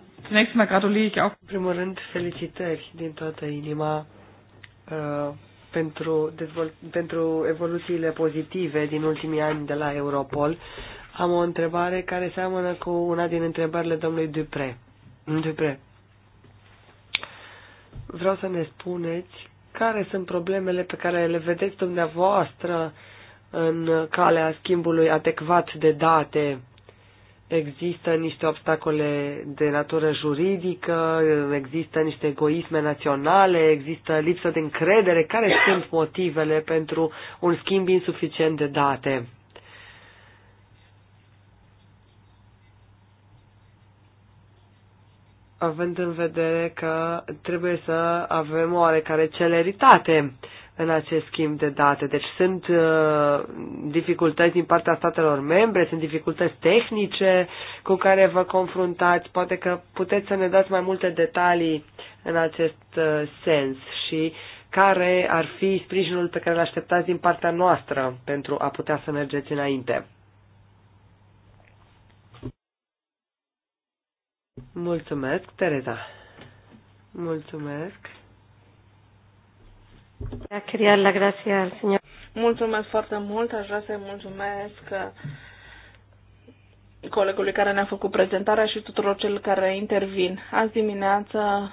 În primul rând, felicitări din toată inima uh, pentru, dezvol- pentru evoluțiile pozitive din ultimii ani de la Europol. Am o întrebare care seamănă cu una din întrebările domnului Dupre. Dupre. Vreau să ne spuneți care sunt problemele pe care le vedeți dumneavoastră în calea schimbului adecvat de date există niște obstacole de natură juridică, există niște egoisme naționale, există lipsă de încredere. Care sunt motivele pentru un schimb insuficient de date? Având în vedere că trebuie să avem oarecare celeritate uh, în acest schimb de date. Deci sunt uh, dificultăți din partea statelor membre, sunt dificultăți tehnice cu care vă confruntați. Poate că puteți să ne dați mai multe detalii în acest uh, sens și care ar fi sprijinul pe care îl așteptați din partea noastră pentru a putea să mergeți înainte. Mulțumesc, Tereza. Mulțumesc. Mulțumesc foarte mult. Aș vrea să-i mulțumesc uh, colegului care ne-a făcut prezentarea și tuturor celor care intervin. Azi dimineață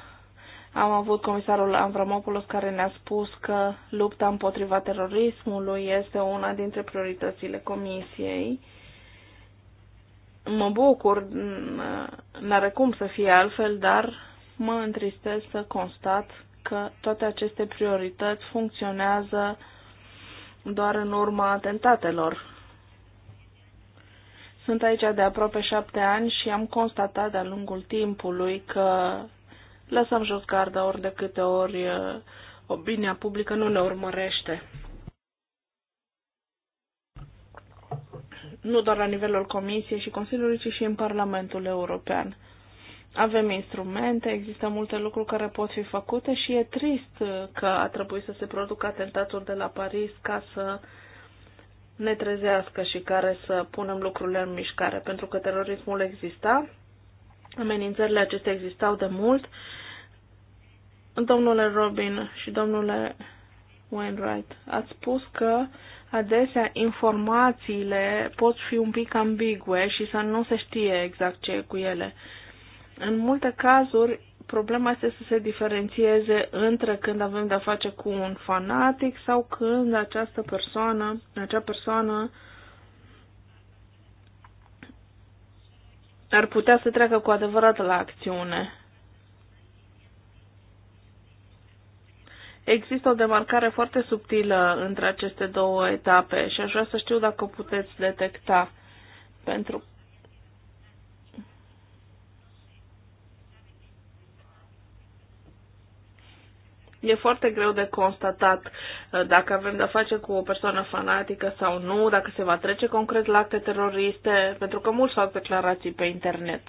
am avut comisarul Avramopoulos care ne-a spus că lupta împotriva terorismului este una dintre prioritățile comisiei. Mă bucur, n-are cum să fie altfel, dar mă întristez să constat că toate aceste priorități funcționează doar în urma atentatelor. Sunt aici de aproape șapte ani și am constatat de-a lungul timpului că lăsăm jos garda ori de câte ori uh, opinia publică nu ne urmărește. Nu doar la nivelul Comisiei și Consiliului, ci și în Parlamentul European. Avem instrumente, există multe lucruri care pot fi făcute și e trist că a trebuit să se producă atentatul de la Paris ca să ne trezească și care să punem lucrurile în mișcare, pentru că terorismul exista, amenințările acestea existau de mult. Domnule Robin și domnule Wainwright, ați spus că adesea informațiile pot fi un pic ambigue și să nu se știe exact ce e cu ele. În multe cazuri, problema este să se diferențieze între când avem de-a face cu un fanatic sau când această persoană, acea persoană ar putea să treacă cu adevărat la acțiune. Există o demarcare foarte subtilă între aceste două etape și aș vrea să știu dacă o puteți detecta, pentru E foarte greu de constatat uh, dacă avem de-a face cu o persoană fanatică sau nu, dacă se va trece concret la acte teroriste, pentru că mulți fac declarații pe internet.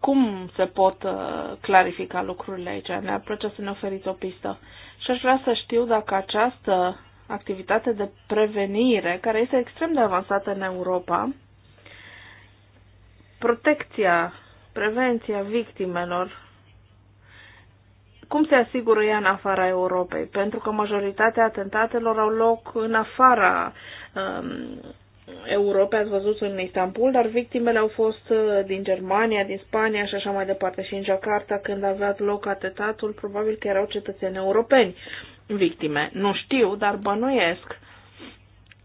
Cum se pot uh, clarifica lucrurile aici? Ne-ar plăcea să ne oferiți o pistă. Și aș vrea să știu dacă această activitate de prevenire, care este extrem de avansată în Europa, protecția, prevenția victimelor cum se asigură ea în afara Europei? Pentru că majoritatea atentatelor au loc în afara um, Europei, ați văzut în Istanbul, dar victimele au fost uh, din Germania, din Spania și așa mai departe. Și în Jakarta, când avea loc atentatul, probabil că erau cetățeni europeni victime. Nu știu, dar bănuiesc.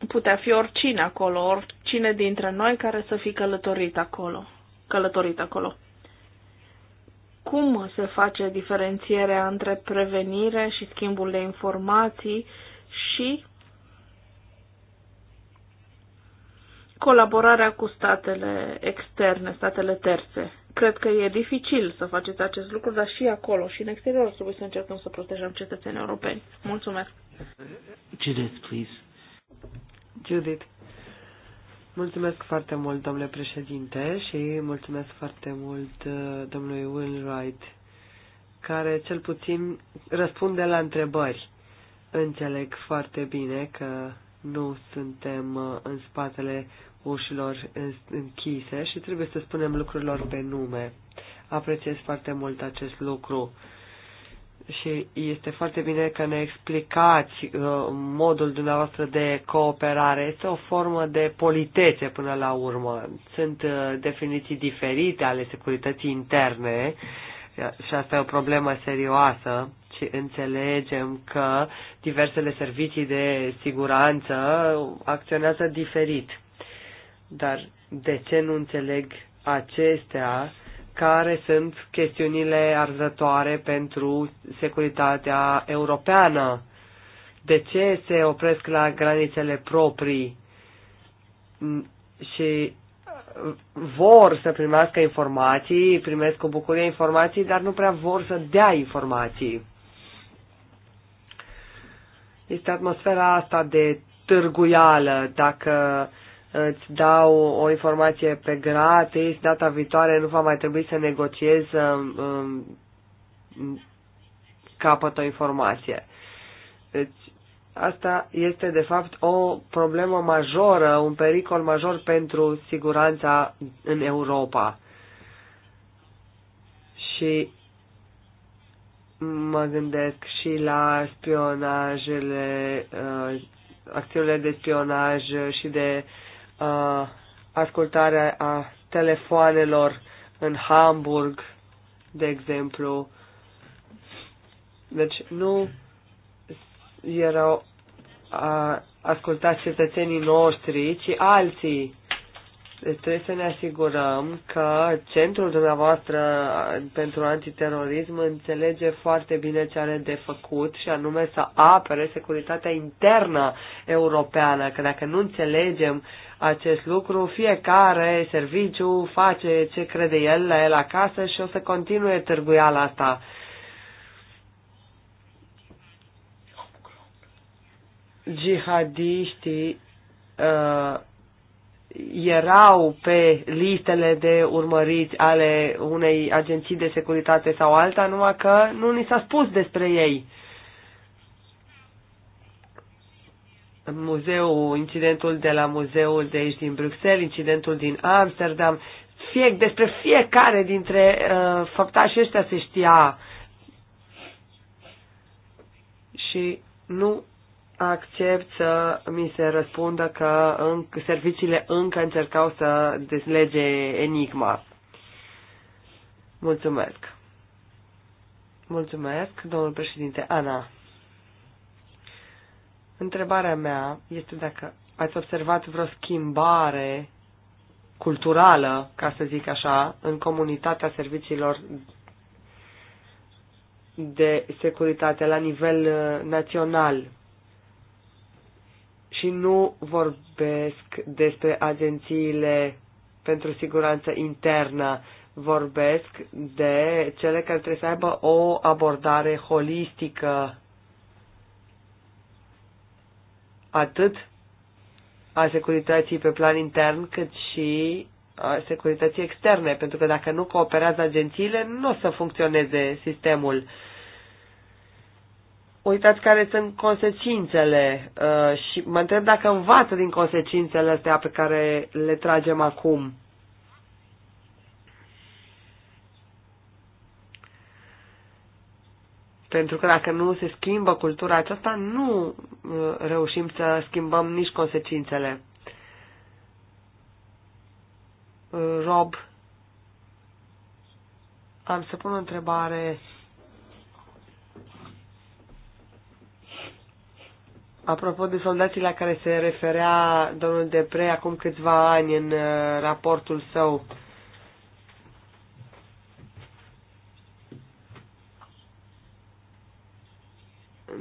Putea fi oricine acolo, oricine dintre noi care să fi călătorit acolo. Călătorit acolo cum se face diferențierea între prevenire și schimbul de informații și colaborarea cu statele externe, statele terțe. Cred că e dificil să faceți acest lucru, dar și acolo, și în exterior, trebuie să încercăm să protejăm cetățenii europeni. Mulțumesc! Judith, please. Judith. Mulțumesc foarte mult, domnule președinte, și mulțumesc foarte mult uh, domnului Wright, care cel puțin răspunde la întrebări. Înțeleg foarte bine că nu suntem uh, în spatele ușilor închise și trebuie să spunem lucrurilor pe nume. Apreciez foarte mult acest lucru și este foarte bine că ne explicați uh, modul dumneavoastră de cooperare. Este o formă de politețe până la urmă. Sunt uh, definiții diferite ale securității interne uh, și asta e o problemă serioasă și înțelegem că diversele servicii de siguranță acționează diferit. Dar de ce nu înțeleg acestea care sunt chestiunile arzătoare pentru securitatea europeană. De ce se opresc la granițele proprii și uh, vor să primească informații, primesc cu bucurie informații, dar nu prea vor să dea informații. Este atmosfera asta de târguială, dacă îți dau o informație pe gratis, data viitoare nu va mai trebui să negociez um, um, capăt o informație. Deci, asta este de fapt o problemă majoră, un pericol major pentru siguranța în Europa. Și mă gândesc și la spionajele, uh, acțiunile de spionaj și de uh, ascultarea a telefoanelor în Hamburg, de exemplu. Deci nu erau a, ascultați cetățenii noștri, ci alții. Deci trebuie să ne asigurăm că centrul dumneavoastră pentru antiterorism înțelege foarte bine ce are de făcut și anume să apere securitatea internă europeană, că dacă nu înțelegem uh, acest lucru. Fiecare serviciu face ce crede el la el acasă și o să continue târguiala asta. Jihadiștii uh, erau pe listele de urmăriți ale unei agenții de securitate sau alta, numai că nu ni s-a spus despre ei. Uh, muzeul, incidentul de la muzeul de aici din Bruxelles, incidentul din Amsterdam, fie, despre fiecare dintre uh, făptașii ăștia se știa și nu accept să mi se răspundă că în, serviciile încă încercau să deslege enigma. Mulțumesc. Mulțumesc, domnul președinte Ana. Întrebarea mea este dacă ați observat vreo schimbare culturală, ca să zic așa, în comunitatea serviciilor de securitate la nivel uh, național. Și nu vorbesc despre agențiile pentru siguranță internă, vorbesc de cele care trebuie să aibă o abordare holistică atât a securității pe plan intern, cât și a securității externe, pentru că dacă nu cooperează agențiile, nu o să funcționeze sistemul. Uitați care sunt consecințele uh, și mă întreb dacă învață din consecințele astea pe care le tragem acum. Pentru că dacă nu se schimbă cultura aceasta, nu uh, reușim să schimbăm nici consecințele. Uh, Rob, am să pun o întrebare Apropo de soldații la care se referea domnul Depre acum câțiva ani în uh, raportul său, uh,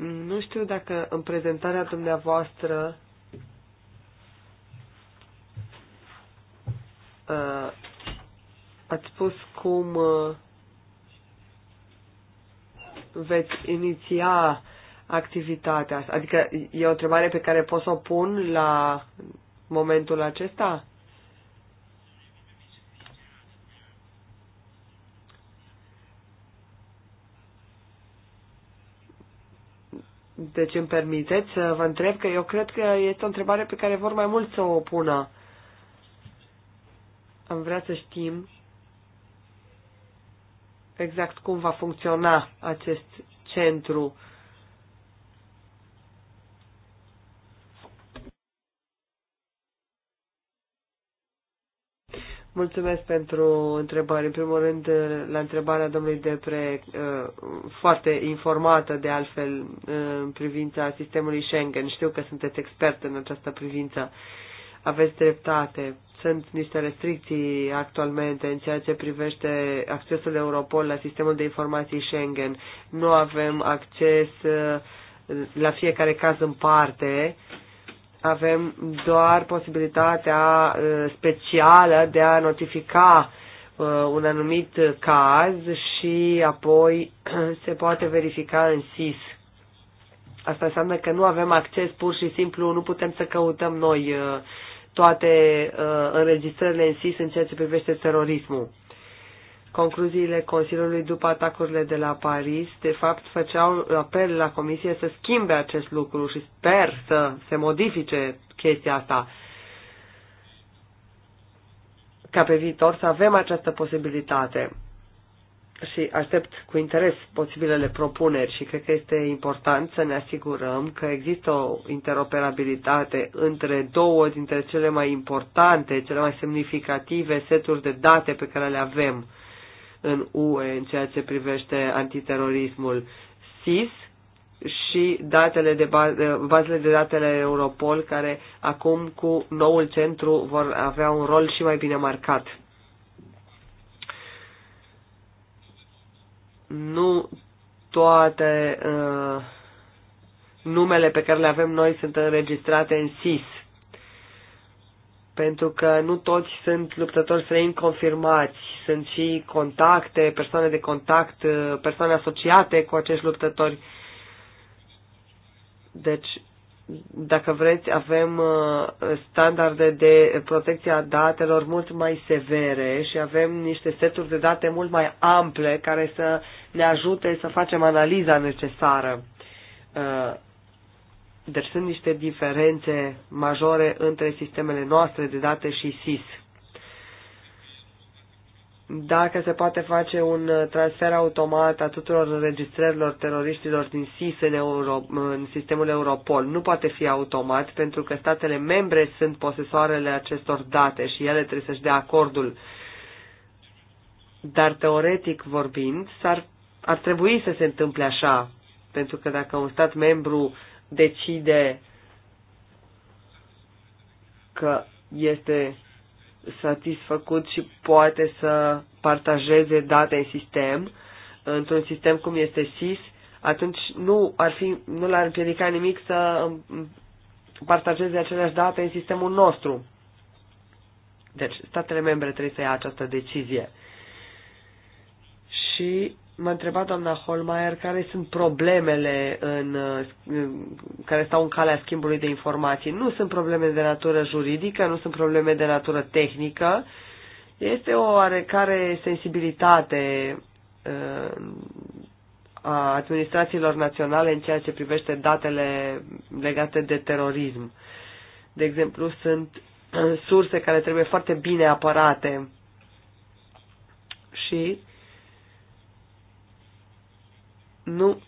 Nu știu dacă în prezentarea dumneavoastră uh, ați spus cum uh, veți iniția activitatea. Adică e o întrebare pe care pot să o pun la momentul acesta? deci îmi permiteți să vă întreb că eu cred că este o întrebare pe care vor mai mult să o pună. Am vrea să știm exact cum va funcționa acest centru Mulțumesc pentru întrebări. În primul rând, la întrebarea domnului Depre, uh, foarte informată de altfel uh, în privința sistemului Schengen. Știu că sunteți expert în această privință. Aveți dreptate. Sunt niște restricții actualmente în ceea ce privește accesul Europol la sistemul de informații Schengen. Nu avem acces uh, la fiecare caz în parte avem doar posibilitatea uh, specială de a notifica uh, un anumit caz și apoi se poate verifica în SIS. Asta înseamnă că nu avem acces pur și simplu, nu putem să căutăm noi uh, toate înregistrările în SIS în ceea ce privește terorismul concluziile Consiliului după atacurile de la Paris, de fapt, făceau apel la Comisie să schimbe acest lucru și sper să se modifice chestia asta. Ca pe viitor să avem această posibilitate și aștept cu interes posibilele propuneri și cred că este important să ne asigurăm că există o interoperabilitate între două dintre cele mai importante, cele mai semnificative seturi de date pe care le avem în UE în ceea ce privește antiterorismul SIS și datele de bază, bazele de datele Europol, care acum cu noul centru vor avea un rol și mai bine marcat. Nu toate uh, numele pe care le avem noi sunt înregistrate în SIS pentru că nu toți sunt luptători străini confirmați, sunt și contacte, persoane de contact, uh, persoane asociate cu acești luptători. Deci, dacă vreți, avem uh, standarde de protecție a datelor mult mai severe și avem niște seturi de date mult mai ample care să ne ajute să facem analiza necesară uh, deci sunt niște diferențe majore între sistemele noastre de date și SIS. Dacă se poate face un transfer automat a tuturor înregistrărilor teroriștilor din SIS în, Euro, în sistemul Europol, nu poate fi automat pentru că statele membre sunt posesoarele acestor date și ele trebuie să-și dea acordul. Dar teoretic vorbind, s-ar, ar trebui să se întâmple așa, pentru că dacă un stat membru decide că este satisfăcut și poate să partajeze date în sistem, într-un sistem cum este SIS, atunci nu ar fi, nu l-ar împiedica nimic să partajeze aceleași date în sistemul nostru. Deci, statele membre trebuie să ia această decizie. Și m-a întrebat doamna Holmeier care sunt problemele în, care stau în calea schimbului de informații. Nu sunt probleme de natură juridică, nu sunt probleme de natură tehnică. Este o oarecare sensibilitate uh, a administrațiilor naționale în ceea ce privește datele legate de terorism. De exemplu, sunt surse care trebuie foarte bine apărate și nu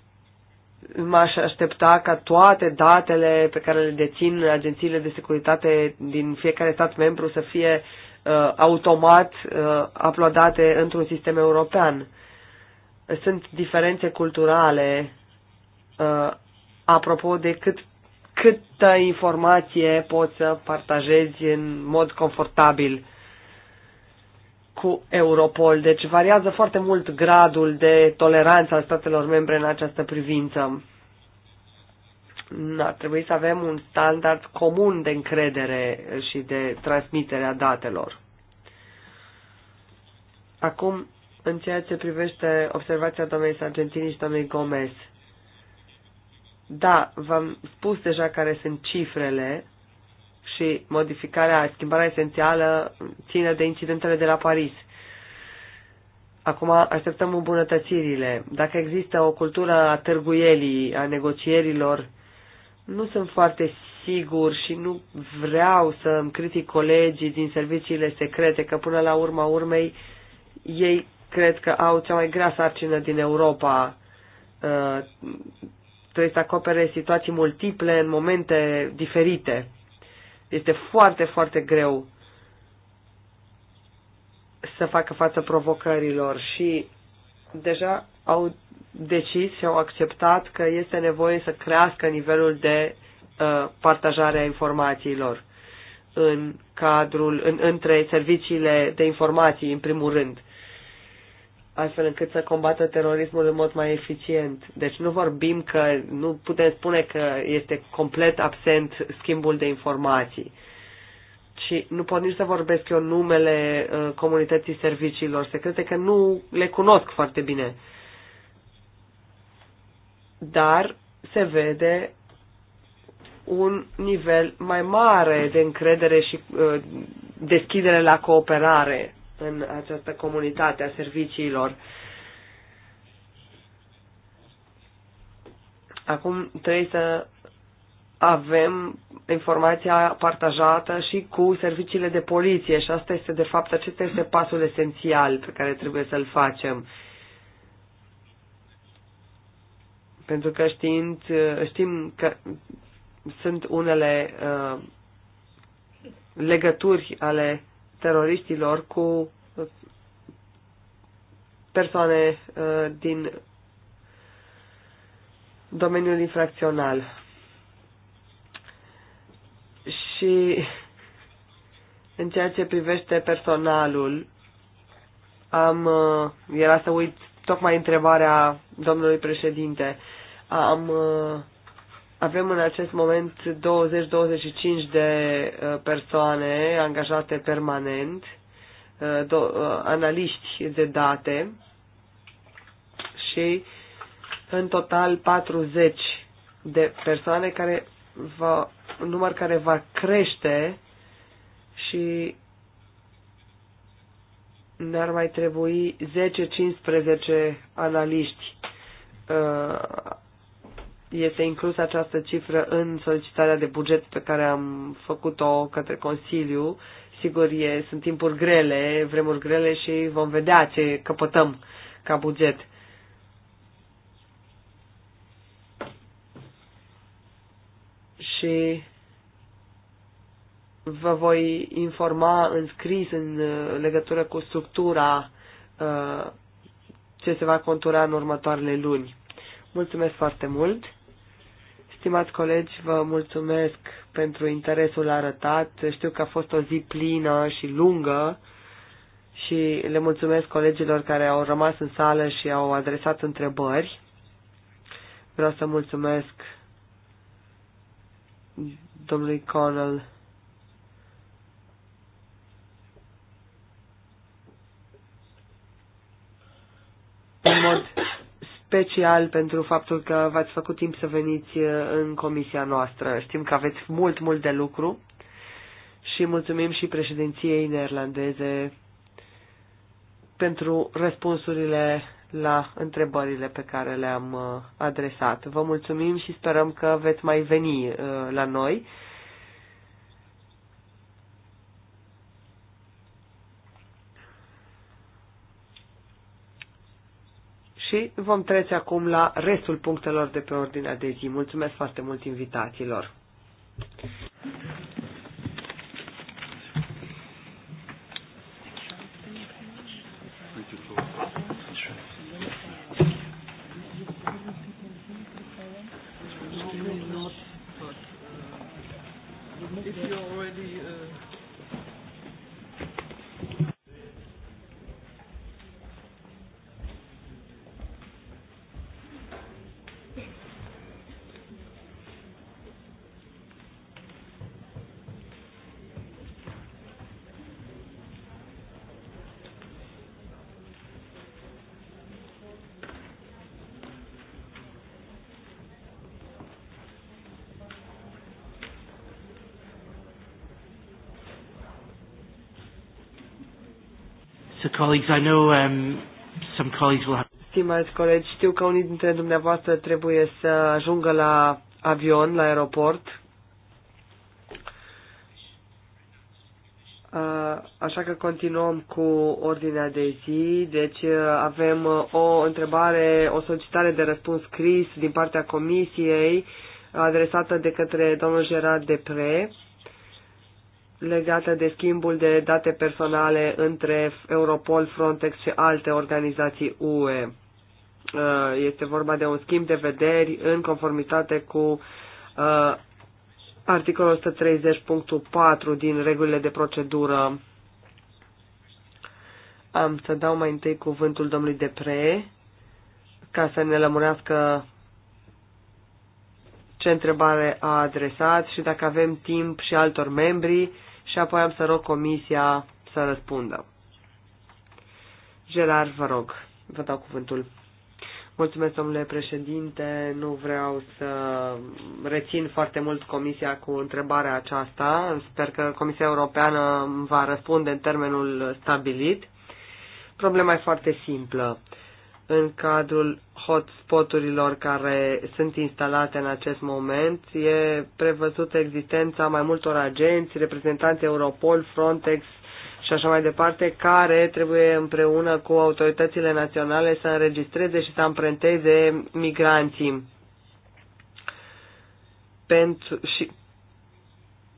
m-aș aștepta ca toate datele pe care le dețin agențiile de securitate din fiecare stat membru să fie uh, automat uh, aplodate într-un sistem european. Sunt diferențe culturale uh, apropo de cât, câtă informație poți să partajezi în mod confortabil uh, cu Europol, deci variază foarte mult gradul de toleranță al statelor membre în această privință. Na, trebuie să avem un standard comun de încredere și de transmitere a datelor. Acum, în ceea ce privește observația domnului Sargentini și domnului Gomez, da, v-am spus deja care sunt cifrele și modificarea, schimbarea esențială ține de incidentele de la Paris. Acum așteptăm îmbunătățirile. Dacă există o cultură a târguielii, a negocierilor, nu sunt foarte sigur și nu vreau să îmi critic colegii din serviciile secrete, că până la urma urmei ei cred că au cea mai grea sarcină din Europa. Uh, trebuie să acopere situații multiple în momente diferite. Este foarte, foarte greu să facă față provocărilor și deja au decis și au acceptat că este nevoie să crească nivelul de uh, partajare a informațiilor în cadrul, în, între serviciile de informații, în primul rând astfel încât să combată terorismul în mod mai eficient. Deci nu vorbim că, nu putem spune că este complet absent schimbul de informații. Și nu pot nici să vorbesc eu numele uh, comunității serviciilor secrete, că nu le cunosc foarte bine. Dar se vede un nivel mai mare de încredere și uh, deschidere la cooperare în această comunitate a serviciilor. Acum trebuie să avem informația partajată și cu serviciile de poliție și asta este de fapt, acesta este pasul esențial pe care trebuie să-l facem. Pentru că știind, știm că sunt unele uh, legături ale teroriștilor cu uh, persoane uh, din domeniul infracțional. Și în ceea ce privește personalul, am, uh, era să uit tocmai întrebarea domnului președinte, am avem în acest moment 20-25 de uh, persoane angajate permanent, uh, uh, analiști de date și în total 40 de persoane care va, număr care va crește și ne-ar mai trebui 10-15 analiști uh, este inclusă această cifră în solicitarea de buget pe care am făcut-o către Consiliu. Sigur, e, sunt timpuri grele, vremuri grele și vom vedea ce căpătăm ca buget. Și vă voi informa în scris în uh, legătură cu structura uh, ce se va contura în următoarele luni. Mulțumesc foarte mult! Stimați colegi, vă mulțumesc pentru interesul arătat. Știu că a fost o zi plină și lungă și le mulțumesc colegilor care au rămas în sală și au adresat întrebări. Vreau să mulțumesc domnului Connell în mod special pentru faptul că v-ați făcut timp să veniți uh, în comisia noastră. Știm că aveți mult, mult de lucru și mulțumim și președinției neerlandeze pentru răspunsurile la întrebările pe care le-am uh, adresat. Vă mulțumim și sperăm că veți mai veni uh, la noi și vom trece acum la restul punctelor de pe ordinea de zi. Mulțumesc foarte mult invitațiilor! colleagues, I know um, some colleagues will have... Stimați colegi, știu că unii dintre dumneavoastră trebuie să ajungă la avion, la aeroport. Așa că continuăm cu ordinea de zi. Deci avem uh, o întrebare, o solicitare de răspuns scris din partea comisiei adresată de către domnul Gerard Depre legată de schimbul de date personale între Europol, Frontex și alte organizații UE. Uh, este vorba de un schimb de vederi în conformitate cu uh, articolul 130.4 din regulile de procedură. Am să dau mai întâi cuvântul domnului Depre ca să ne lămurească ce întrebare a adresat și dacă avem timp și altor membri și apoi am să rog comisia să răspundă. Gerard, vă rog, vă dau cuvântul. Mulțumesc, domnule președinte. Nu vreau să rețin foarte mult comisia cu întrebarea aceasta. Sper că Comisia Europeană va răspunde în termenul stabilit. Problema e foarte simplă. Uh, în cadrul hotspoturilor care sunt instalate în acest moment. E prevăzută existența mai multor agenți, reprezentanți Europol, Frontex și așa mai departe, care trebuie împreună cu autoritățile naționale să înregistreze și să amprenteze migranții. Pentru, și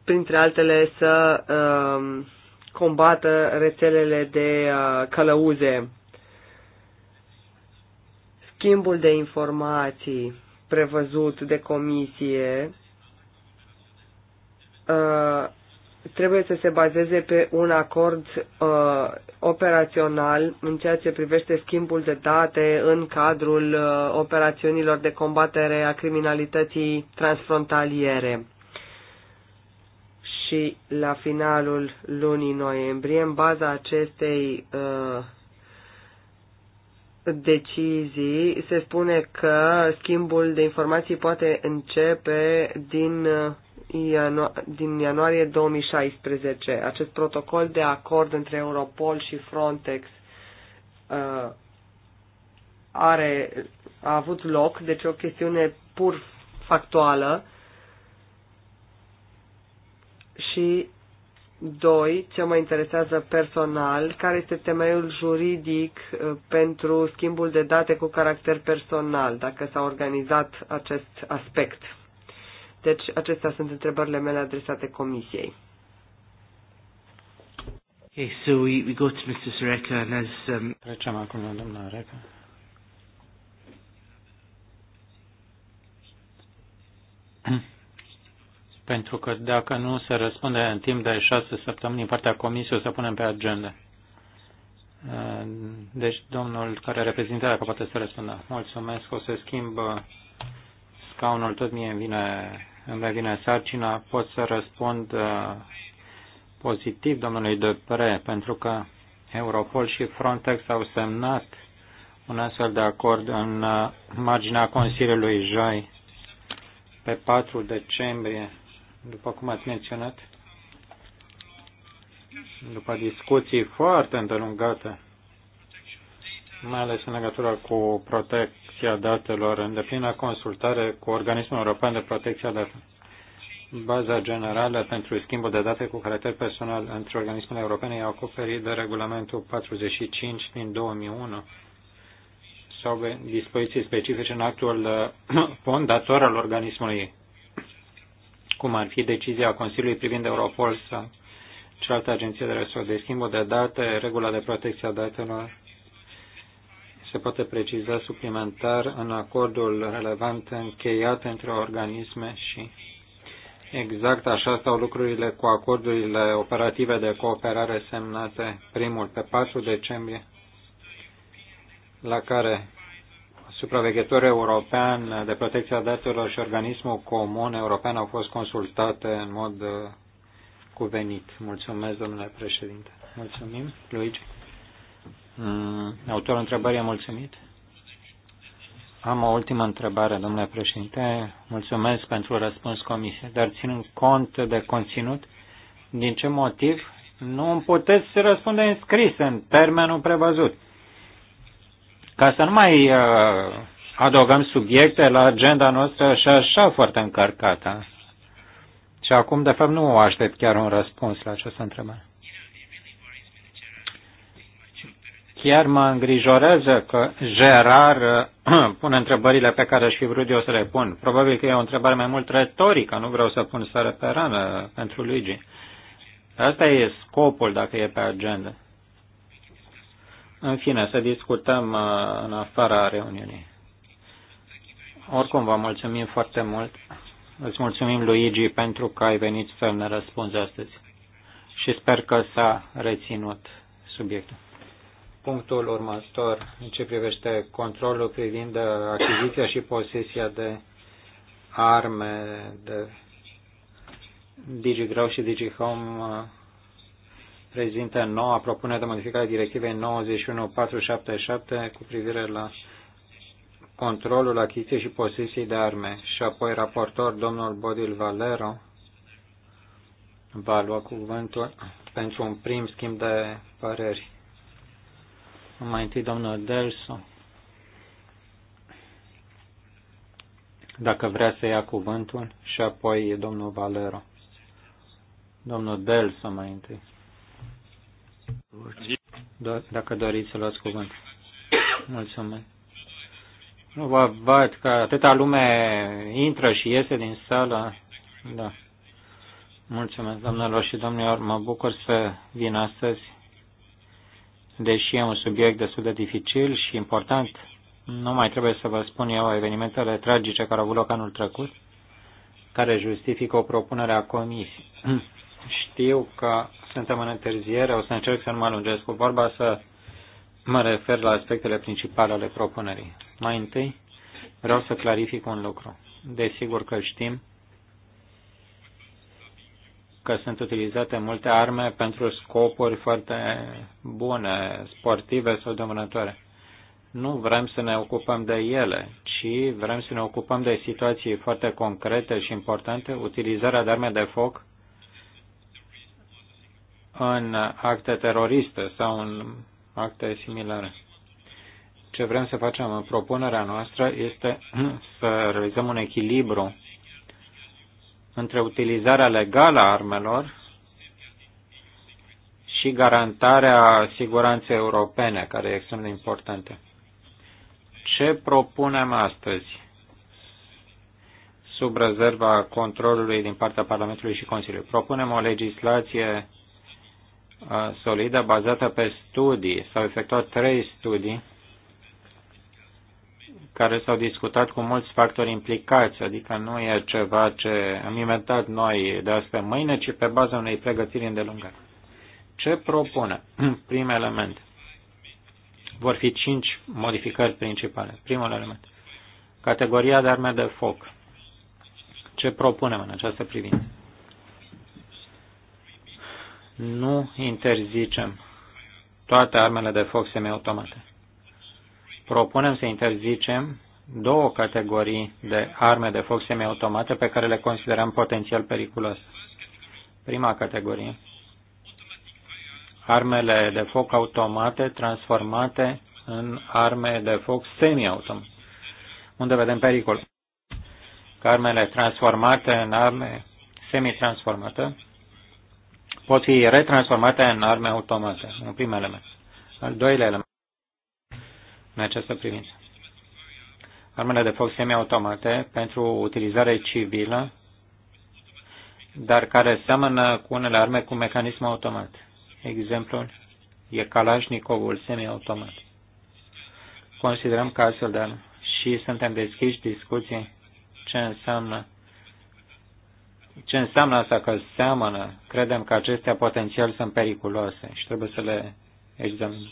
printre altele să uh, combată rețelele de uh, călăuze schimbul de informații prevăzut de comisie uh, trebuie să se bazeze pe un acord uh, operațional în ceea ce privește schimbul de date în cadrul uh, operațiunilor de combatere a criminalității transfrontaliere. Și la finalul lunii noiembrie, în baza acestei uh, decizii se spune că schimbul de informații poate începe din, uh, ianu- din ianuarie 2016. Acest protocol de acord între Europol și Frontex uh, are, a avut loc, deci o chestiune pur factuală și 2. Ce mă interesează personal, care este temeiul juridic uh, pentru schimbul de date cu caracter personal, dacă s-a organizat acest aspect. Deci, acestea sunt întrebările mele adresate Comisiei. Okay, so we, we go to Mr. Sureka and as... Um... Trecem acum la doamna Reca. pentru că dacă nu se răspunde în timp de șase săptămâni din partea comisiei, o să punem pe agenda. Uh, deci, domnul care reprezintă dacă poate să răspundă. Mulțumesc, o să schimb uh, scaunul, tot mie îmi vine, îmi vine sarcina. Pot să răspund uh, pozitiv domnului Depre, pentru că Europol și Frontex au semnat un astfel de acord în marginea Consiliului Joi pe 4 decembrie după cum ați menționat, după discuții foarte îndelungate, mai ales în legătură cu protecția datelor, în deplină consultare cu Organismul European de Protecție a Datelor, baza generală pentru schimbul de date cu caracter personal între organismele europene e acoperit de regulamentul 45 din 2001 sau dispoziții specifice în actul eh, fondator al organismului cum ar fi decizia Consiliului privind Europol sau cealaltă agenție de resort de deci, schimb, de date, regula de protecție a datelor se poate preciza suplimentar în acordul relevant încheiat între organisme și exact așa stau lucrurile cu acordurile operative de cooperare semnate primul pe 4 decembrie la care supraveghetor european de protecția datelor și organismul comun european au fost consultate în mod uh, cuvenit. Mulțumesc, domnule președinte. Mulțumim, Luigi. Mm, autorul întrebării a mulțumit. Am o ultimă întrebare, domnule președinte. Mulțumesc pentru răspuns comisie, dar ținând cont de conținut, din ce motiv nu îmi puteți răspunde în scris în termenul prevăzut? Ca să nu mai uh, adăugăm subiecte la agenda noastră și așa foarte încărcată. Și acum, de fapt, nu aștept chiar un răspuns la această întrebare. Chiar mă îngrijorează că Gerard uh, pune întrebările pe care aș fi vrut eu să le pun. Probabil că e o întrebare mai mult retorică, nu vreau să pun sare pe rană pentru Luigi. Asta e scopul dacă e pe agenda. În fine, să discutăm uh, în afara reuniunii. Oricum, vă mulțumim foarte mult. Îți mulțumim, Luigi, pentru că ai venit să ne răspunzi astăzi. Și sper că s-a reținut subiectul. Punctul următor, în ce privește controlul privind uh, achiziția și posesia de arme de DigiGrow și DigiHome uh, prezintă noua propunere de modificare a directivei 91477 cu privire la controlul achiziției și posesiei de arme și apoi raportor domnul Bodil Valero va lua cuvântul pentru un prim schimb de păreri. Mai întâi domnul Delso. Dacă vrea să ia cuvântul și apoi domnul Valero. Domnul Delso mai întâi. Do- dacă doriți să luați cuvânt. Mulțumesc. Nu vă văd că atâta lume intră și iese din sală. Da. Mulțumesc, domnilor și domnilor. Mă bucur să vin astăzi, deși e un subiect destul de dificil și important. Nu mai trebuie să vă spun eu evenimentele tragice care au avut loc anul trecut, care justifică o propunere a comisiei. Știu că suntem în întârziere, o să încerc să nu mă alungesc cu vorba, să mă refer la aspectele principale ale propunerii. Mai întâi, vreau să clarific un lucru. Desigur că știm că sunt utilizate multe arme pentru scopuri foarte bune, sportive sau dămânătoare. Nu vrem să ne ocupăm de ele, ci vrem să ne ocupăm de situații foarte concrete și importante, utilizarea de arme de foc în acte teroriste sau în acte similare. Ce vrem să facem în propunerea noastră este să realizăm un echilibru între utilizarea legală a armelor și garantarea siguranței europene, care e extrem de importantă. Ce propunem astăzi? Sub rezerva controlului din partea Parlamentului și Consiliului. Propunem o legislație solidă bazată pe studii. S-au efectuat trei studii care s-au discutat cu mulți factori implicați, adică nu e ceva ce am inventat noi de azi pe mâine, ci pe baza unei pregătiri îndelungate. Ce propune? Prim element. Vor fi cinci modificări principale. Primul element. Categoria de arme de foc. Ce propunem în această privință? nu interzicem toate armele de foc semiautomate. Propunem să interzicem două categorii de arme de foc semiautomate pe care le considerăm potențial periculoase. Prima categorie, armele de foc automate transformate în arme de foc semiautomate. unde vedem pericol. Că armele transformate în arme semi-transformate pot fi retransformate în arme automate. Un prim element. Al doilea element în această privință. Armele de foc automate pentru utilizare civilă, dar care seamănă cu unele arme cu mecanism automat. Exemplul e Kalashnikovul semi-automat. Considerăm că astfel de arme și suntem deschiși discuții ce înseamnă ce înseamnă asta că seamănă? Credem că acestea potențial sunt periculoase și trebuie să le examinăm.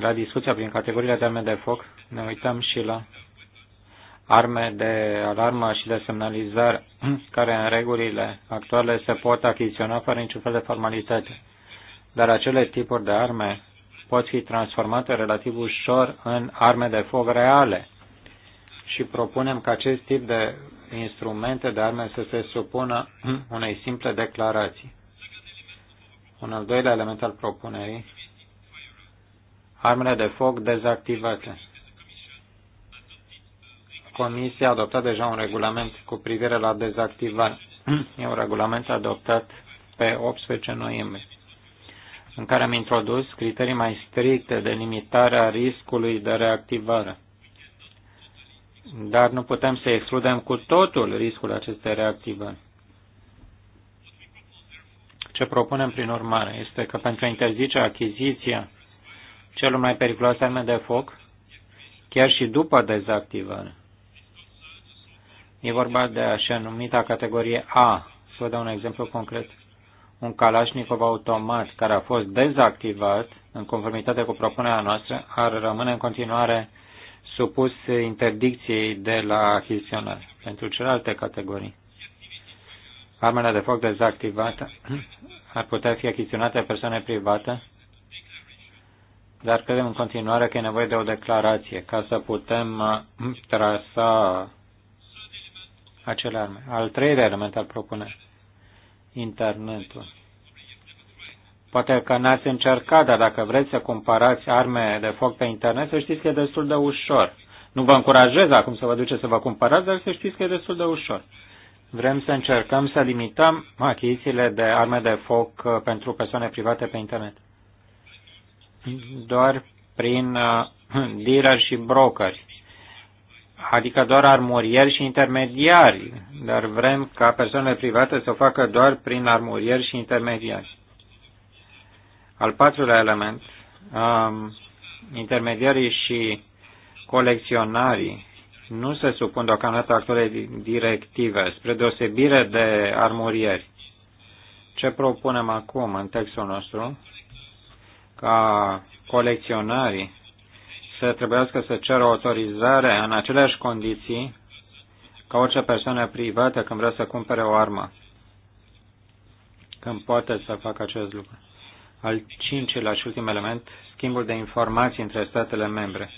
La discuția prin categoriile de arme de foc ne uităm și la arme de alarmă și de semnalizare care în regulile actuale se pot achiziționa fără niciun fel de formalitate. Dar acele tipuri de arme pot fi transformate relativ ușor în arme de foc reale și propunem că acest tip de instrumente de arme să se supună unei simple declarații. Un al doilea element al propunerii, armele de foc dezactivate. Comisia a adoptat deja un regulament cu privire la dezactivare. E un regulament adoptat pe 18 noiembrie, în care am introdus criterii mai stricte de limitare a riscului de reactivare dar nu putem să excludem cu totul riscul acestei reactivări. Ce propunem prin urmare este că pentru a interzice achiziția celor mai periculoase arme de foc, chiar și după dezactivare. E vorba de așa numita categorie A. Să vă dau un exemplu concret. Un Kalashnikov automat care a fost dezactivat în conformitate cu propunerea noastră ar rămâne în continuare supus interdicției de la achiziționare. Pentru celelalte categorii, armele de foc dezactivate ar putea fi achiziționate persoane private, dar credem în continuare că e nevoie de o declarație ca să putem uh, trasa acele arme. Al treilea element al propunerii, internetul. Poate că n-ați încercat, dar dacă vreți să cumpărați arme de foc pe internet, să știți că e destul de ușor. Nu vă încurajez acum să vă duceți să vă cumpărați, dar să știți că e destul de ușor. Vrem să încercăm să limităm achizițiile de arme de foc uh, pentru persoane private pe internet. Doar prin uh, dealer și brokeri, adică doar armurieri și intermediari, dar vrem ca persoanele private să o facă doar prin armurieri și intermediari. Al patrulea element, um, intermediarii și colecționarii nu se supun deocamdată actuale directive, spre deosebire de armurieri. Ce propunem acum în textul nostru? Ca colecționarii să trebuiască să ceră autorizare în aceleași condiții ca orice persoană privată când vrea să cumpere o armă, când poate să facă acest lucru. Al cincilea și ultim element, schimbul de informații între statele membre.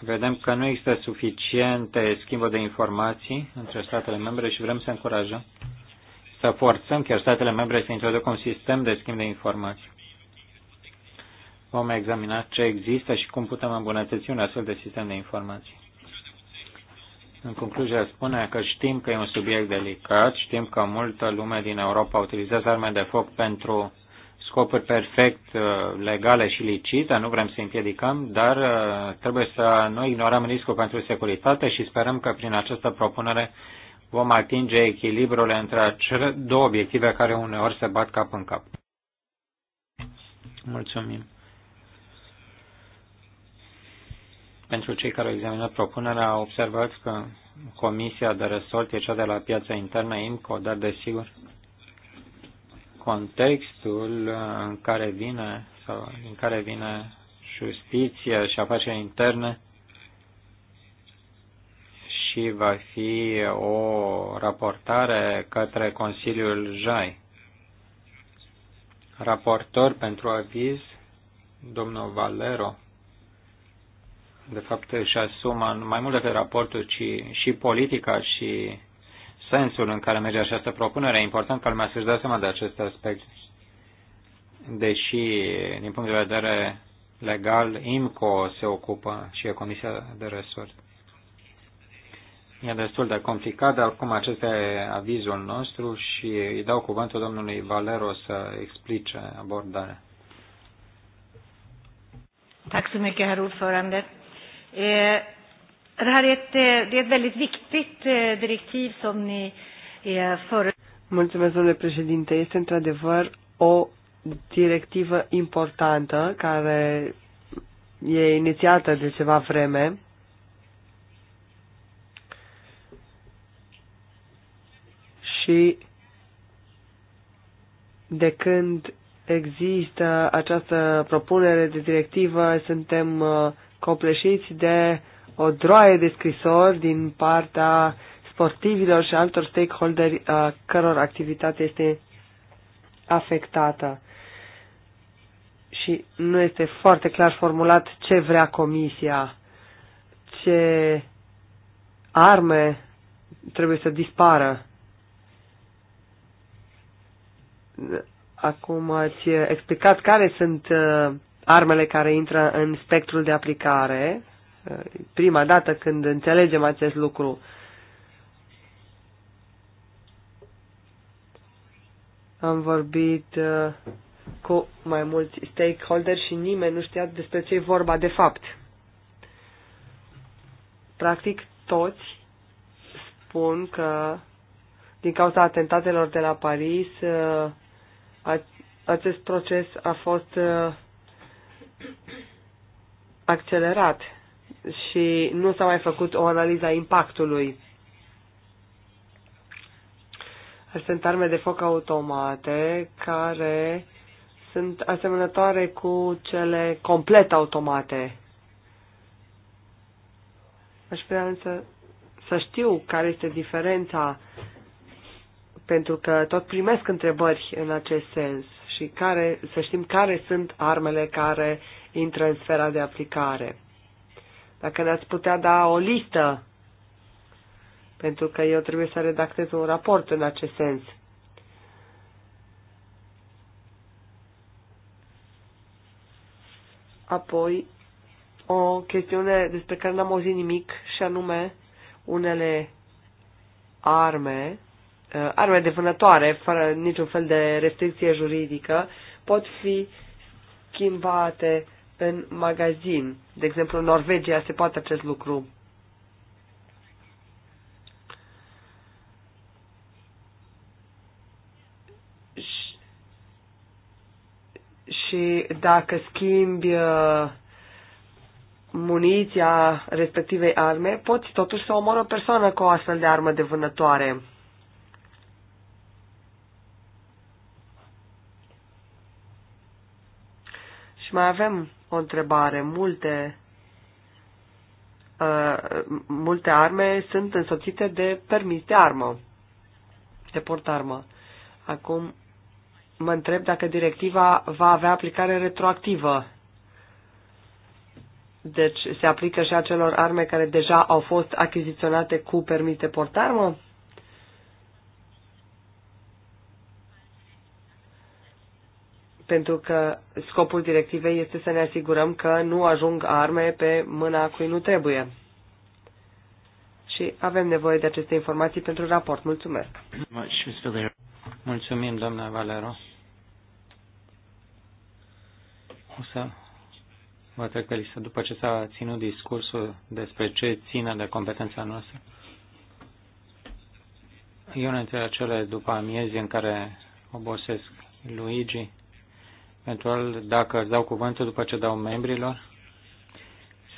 Vedem că nu există suficiente schimburi de informații între statele membre și vrem să încurajăm să forțăm chiar statele membre să introducă un sistem de schimb de informații. Vom examina ce există și cum putem îmbunătăți un astfel de sistem de informații. În concluzie, spune că știm că e un subiect delicat, știm că multă lume din Europa utilizează arme de foc pentru scopuri perfect uh, legale și licite, nu vrem să împiedicăm, dar uh, trebuie să nu ignorăm riscul pentru securitate și sperăm că prin această propunere vom atinge echilibrul între cele două obiective care uneori se bat cap în cap. Mulțumim. Pentru cei care au examinat propunerea, au observat că Comisia de Resort e cea de la piața internă IMCO, dar desigur contextul în care vine sau din care vine justiția și afacerea interne și va fi o raportare către Consiliul JAI. Raportor pentru aviz, domnul Valero, de fapt își asumă mai mult decât raportul, ci și politica și sensul în care merge această propunere. E important ca lumea să-și dea seama de acest aspect. Deși, din punct de vedere legal, IMCO se ocupă și e Comisia de Resort. E destul de complicat, dar acum acesta e avizul nostru și îi dau cuvântul domnului Valero să explice abordarea. Mulțumesc, så mycket, Det här är ett, eh, det är ett väldigt viktigt eh, direktiv som ni är för... Mulțumesc, domnule președinte. Este într-adevăr o directivă importantă care e inițiată de ceva vreme. Și de când există această propunere de directivă, suntem uh, copleșiți de uh, o droaie de scrisori din partea sportivilor și altor stakeholderi a uh, căror activitate este afectată. Și nu este foarte clar formulat ce vrea comisia, ce arme trebuie să dispară. Acum ați explicat care sunt uh, armele care intră în spectrul de aplicare prima dată când înțelegem acest lucru. Am vorbit uh, cu mai mulți stakeholder și nimeni nu știa despre ce e vorba de fapt. Practic toți spun că din cauza atentatelor de la Paris uh, acest proces a fost uh, accelerat și nu s-a mai făcut o analiză a impactului. Sunt arme de foc automate care sunt asemănătoare cu cele complet automate. Aș vrea însă să știu care este diferența, pentru că tot primesc întrebări în acest sens și care, să știm care sunt armele care intră în sfera de aplicare. Dacă ne-ați putea da o listă, pentru că eu trebuie să redactez un raport în acest sens. Apoi, o chestiune despre care n-am auzit nimic, și anume unele arme, uh, arme de vânătoare, fără niciun fel de restricție juridică, pot fi schimbate în magazin. De exemplu, în Norvegia se poate acest lucru. Și dacă schimbi uh, muniția respectivei arme, poți totuși să omori o persoană cu o astfel de armă de vânătoare. Și mai avem o întrebare. Multe, uh, multe arme sunt însoțite de permis de armă, de portarmă. Acum mă întreb dacă directiva va avea aplicare retroactivă. Deci se aplică și acelor arme care deja au fost achiziționate cu permis de portarmă? pentru că scopul directivei este să ne asigurăm că nu ajung arme pe mâna cui nu trebuie. Și avem nevoie de aceste informații pentru raport. Mulțumesc! Mulțumim, doamna Valero. O să vă trec pe listă. După ce s-a ținut discursul despre ce ține de competența noastră, e una dintre acele după amiezi în care obosesc Luigi Eventual, dacă îți dau cuvântul după ce dau membrilor,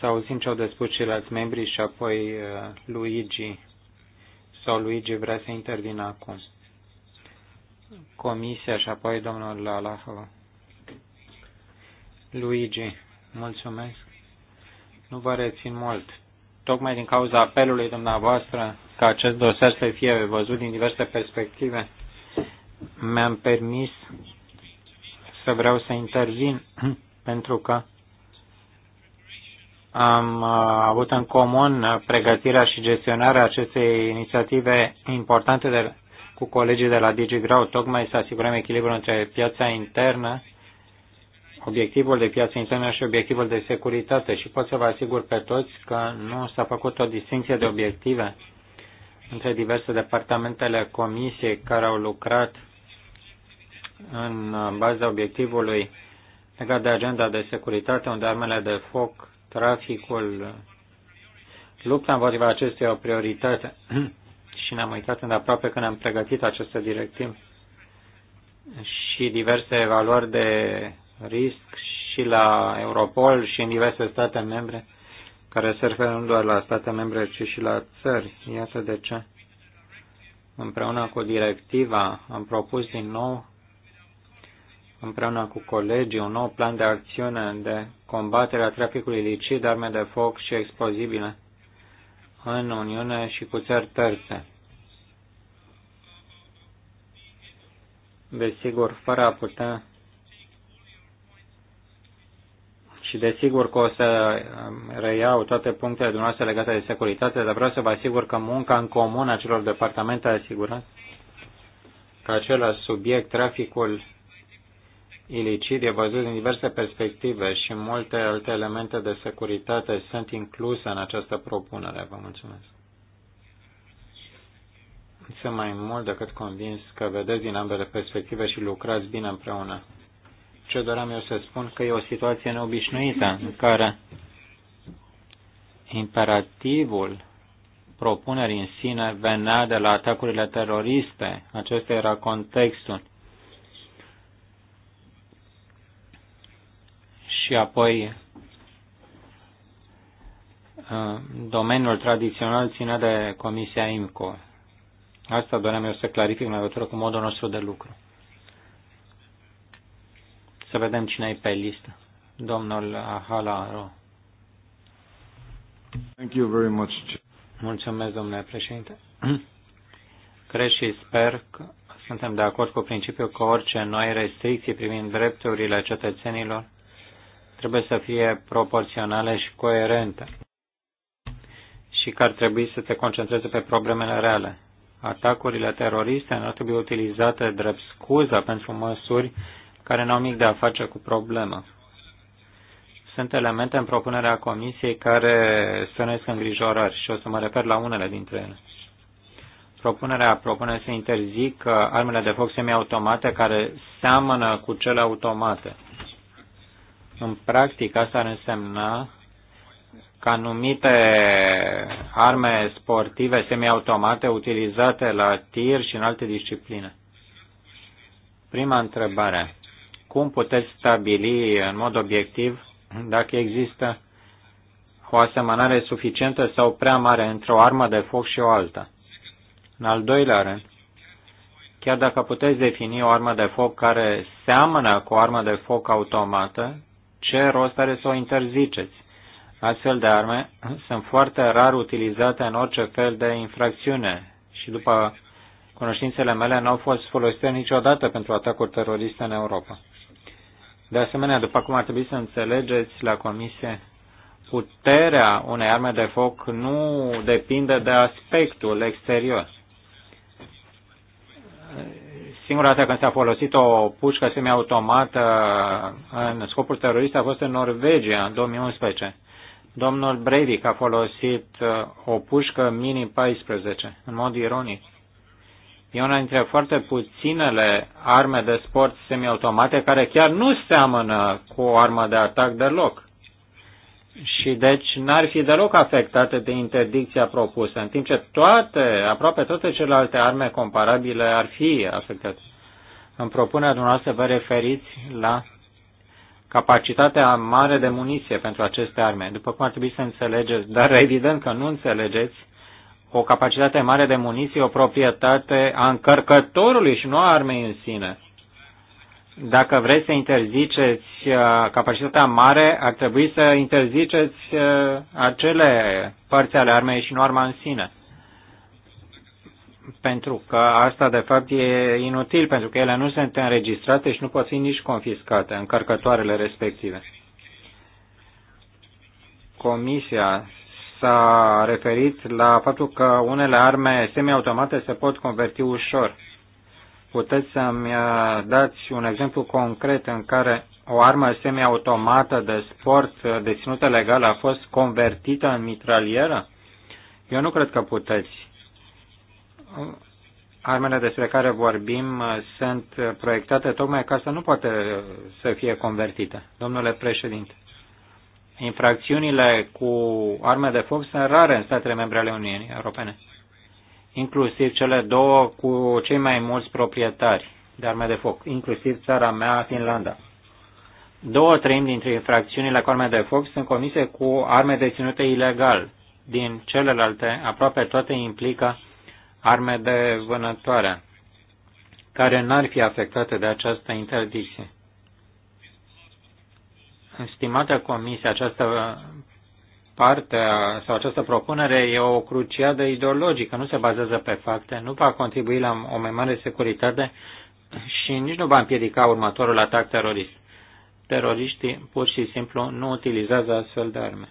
să auzim ce au de spus ceilalți membri și apoi uh, Luigi sau Luigi vrea să intervină acum. Comisia și apoi domnul Lalahova. Luigi, mulțumesc. Nu vă rețin mult. Tocmai din cauza apelului dumneavoastră ca acest dosar să fie văzut din diverse perspective, mi-am permis că vreau să intervin pentru că am uh, avut în comun uh, pregătirea și gestionarea acestei inițiative importante de, cu colegii de la DigiGrow, tocmai să asigurăm echilibrul între piața internă, obiectivul de piață internă și obiectivul de securitate și pot să vă asigur pe toți că nu s-a făcut o distinție de obiective între diverse departamentele comisiei care au lucrat în uh, baza obiectivului legat de agenda de securitate, unde armele de foc, traficul, lupta împotriva acestuia o prioritate. și ne-am uitat îndeaproape când am pregătit această directivă și diverse evaluări de risc și la Europol și în diverse state membre, care se referă nu doar la state membre, ci și la țări. Iată de ce. Împreună cu directiva am propus din nou împreună cu colegii un nou plan de acțiune de combatere a traficului ilicit, arme de foc și explozibile în Uniune și cu țări terțe. Desigur, fără a putea și desigur că o să um, reiau toate punctele dumneavoastră legate de securitate, dar vreau să vă asigur că munca în comun a celor departamente asigură că acela subiect, traficul ilicit e văzut din diverse perspective și multe alte elemente de securitate sunt incluse în această propunere. Vă mulțumesc. Sunt mai mult decât convins că vedeți din ambele perspective și lucrați bine împreună. Ce doream eu să spun că e o situație neobișnuită în care imperativul propunerii în sine venea de la atacurile teroriste. Acesta era contextul și apoi uh, domeniul tradițional ține de Comisia IMCO. Asta doream eu să clarific în legătură cu modul nostru de lucru. Să vedem cine e pe listă. Domnul Halaro. Thank you very much. Mulțumesc, domnule președinte. Cred și sper că suntem de acord cu principiul că orice noi restricții privind drepturile cetățenilor trebuie să fie proporționale și coerente și că ar trebui să te concentreze pe problemele reale. Atacurile teroriste nu ar trebui utilizate drept scuză pentru măsuri care n-au mic de a face cu problema. Sunt elemente în propunerea comisiei care stănesc îngrijorări și o să mă refer la unele dintre ele. Propunerea propune să interzică armele de foc semiautomate care seamănă cu cele automate. În practică, asta ar însemna că anumite arme sportive semiautomate utilizate la tir și în alte discipline. Prima întrebare. Cum puteți stabili în mod obiectiv dacă există o asemănare suficientă sau prea mare între o armă de foc și o alta? În al doilea rând, chiar dacă puteți defini o armă de foc care seamănă cu o armă de foc automată, ce rost are să o interziceți? Astfel de arme sunt foarte rar utilizate în orice fel de infracțiune și după cunoștințele mele nu au fost folosite niciodată pentru atacuri teroriste în Europa. De asemenea, după cum ar trebui să înțelegeți la comisie, puterea unei arme de foc nu depinde de aspectul exterior Singura dată când s-a folosit o pușcă semiautomată în scopuri teroriste a fost în Norvegia, în 2011. Domnul Breivik a folosit uh, o pușcă mini-14, în mod ironic. E una dintre foarte puținele arme de sport semiautomate care chiar nu seamănă cu o armă de atac deloc și deci n-ar fi deloc afectate de interdicția propusă, în timp ce toate, aproape toate celelalte arme comparabile ar fi afectate. În propunerea dumneavoastră vă referiți la capacitatea mare de muniție pentru aceste arme. După cum ar trebui să înțelegeți, dar evident că nu înțelegeți, o capacitate mare de muniție, o proprietate a încărcătorului și nu a armei în sine. Dacă vreți să interziceți uh, capacitatea mare, ar trebui să interziceți uh, acele părți ale armei și nu arma în sine. Pentru că asta, de fapt, e inutil, pentru că ele nu sunt înregistrate și nu pot fi nici confiscate, încărcătoarele respective. Comisia s-a referit la faptul că unele arme semiautomate se pot converti ușor. Puteți să-mi uh, dați un exemplu concret în care o armă semiautomată de sport uh, deținută legal a fost convertită în mitralieră? Eu nu cred că puteți. Armele despre care vorbim uh, sunt proiectate tocmai ca să nu poate să fie convertite. Domnule președinte, infracțiunile cu arme de foc sunt rare în statele membre ale Uniunii Europene inclusiv cele două cu cei mai mulți proprietari de arme de foc, inclusiv țara mea, Finlanda. Două treimi dintre infracțiunile cu arme de foc sunt comise cu arme deținute ilegal. Din celelalte, aproape toate implică arme de vânătoare, care n-ar fi afectate de această interdicție. Stimată comisie, această partea sau această propunere e o cruciadă ideologică, nu se bazează pe fapte, nu va contribui la o mai mare securitate și nici nu va împiedica următorul atac terorist. Teroriștii pur și simplu nu utilizează astfel de arme.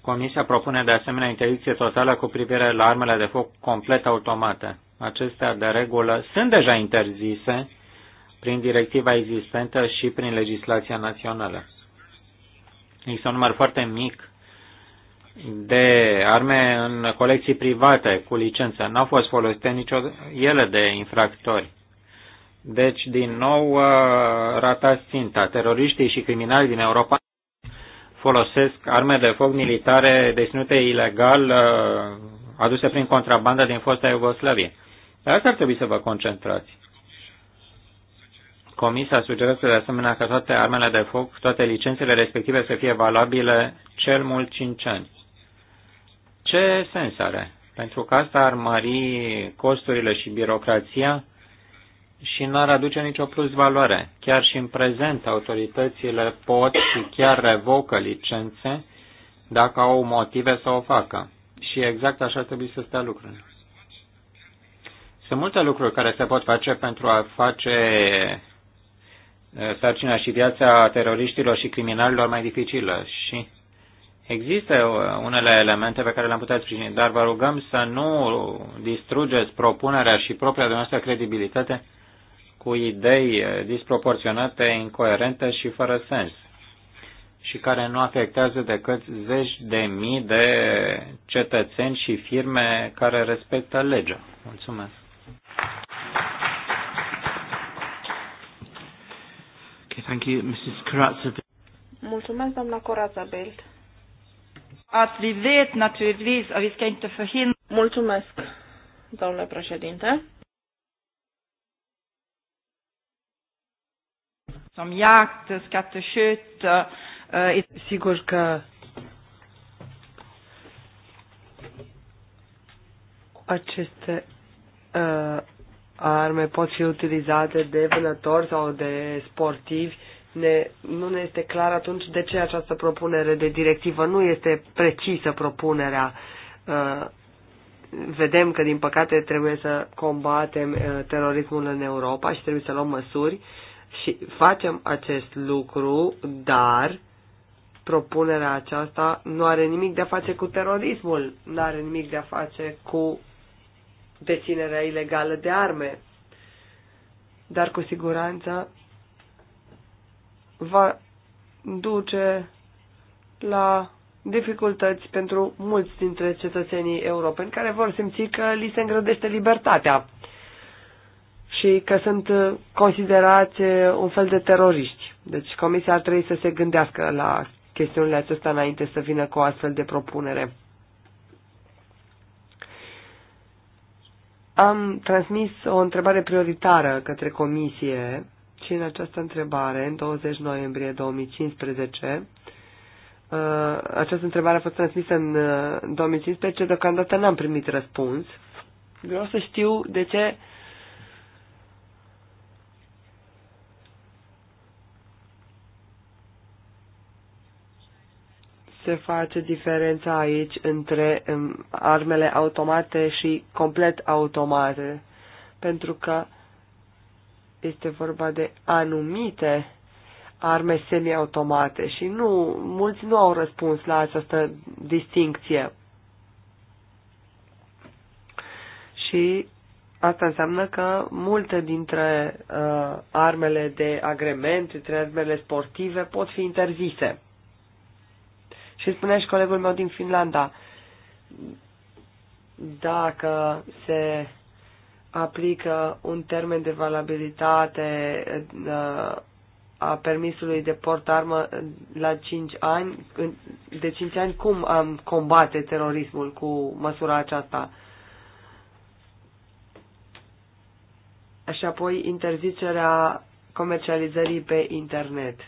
Comisia propune de asemenea interdicție totală cu privire la armele de foc complet automate. Acestea, de regulă, sunt deja interzise prin directiva existentă și prin legislația națională. Există un număr foarte mic de arme în colecții private cu licență. N-au fost folosite nicio ele de infractori. Deci, din nou, uh, rata ținta. Teroriștii și criminali din Europa folosesc arme de foc militare deținute ilegal, uh, aduse prin contrabandă din fosta Iugoslavie. Dar asta ar trebui să vă concentrați. Comisia sugerează de asemenea că toate armele de foc, toate licențele respective să fie valabile cel mult 5 ani. Ce sens are? Pentru că asta ar mări costurile și birocrația și n-ar aduce nicio plus valoare. Chiar și în prezent autoritățile pot și chiar revocă licențe dacă au motive să o facă. Și exact așa trebuie să stea lucrurile. Sunt multe lucruri care se pot face pentru a face sarcina și viața teroriștilor și criminalilor mai dificilă. Și există unele elemente pe care le-am putea sprijini, dar vă rugăm să nu distrugeți propunerea și propria dumneavoastră credibilitate cu idei disproporționate, incoerente și fără sens și care nu afectează decât zeci de mii de cetățeni și firme care respectă legea. Mulțumesc. Okay, thank you, Mrs. Corazza. Mulțumesc, doamna Corazza Belt. At vi vet naturligtvis att vi ska inte förhindra... Mulțumesc, doamna președinte. Som jakt, skattekött... Uh, eh, Sigur că aceste uh, arme pot fi utilizate de vânători sau de sportivi, ne, nu ne este clar atunci de ce această propunere de directivă nu este precisă propunerea. Uh, vedem că, din păcate, trebuie să combatem uh, terorismul în Europa și trebuie să luăm măsuri și facem acest lucru, dar propunerea aceasta nu are nimic de a face cu terorismul, nu are nimic de a face cu deținerea ilegală de arme. Dar cu siguranță va duce la dificultăți pentru mulți dintre cetățenii europeni care vor simți că li se îngrădește libertatea și că sunt considerați un fel de teroriști. Deci Comisia ar trebui să se gândească la chestiunile acestea înainte să vină cu o astfel de propunere. Am transmis o întrebare prioritară către comisie și în această întrebare, în 20 noiembrie 2015, uh, această întrebare a fost transmisă în 2015, uh, deocamdată n-am primit răspuns. Vreau să știu de ce se face diferența aici între um, armele automate și complet automate, pentru că este vorba de anumite arme semiautomate și nu, mulți nu au răspuns la această distincție. Și asta înseamnă că multe dintre uh, armele de agrement, dintre armele sportive pot fi interzise. Și spunea și colegul meu din Finlanda, dacă se aplică un termen de valabilitate uh, a permisului de port armă uh, la 5 ani, de 5 ani, cum am combate terorismul cu măsura aceasta? Și apoi interzicerea comercializării pe internet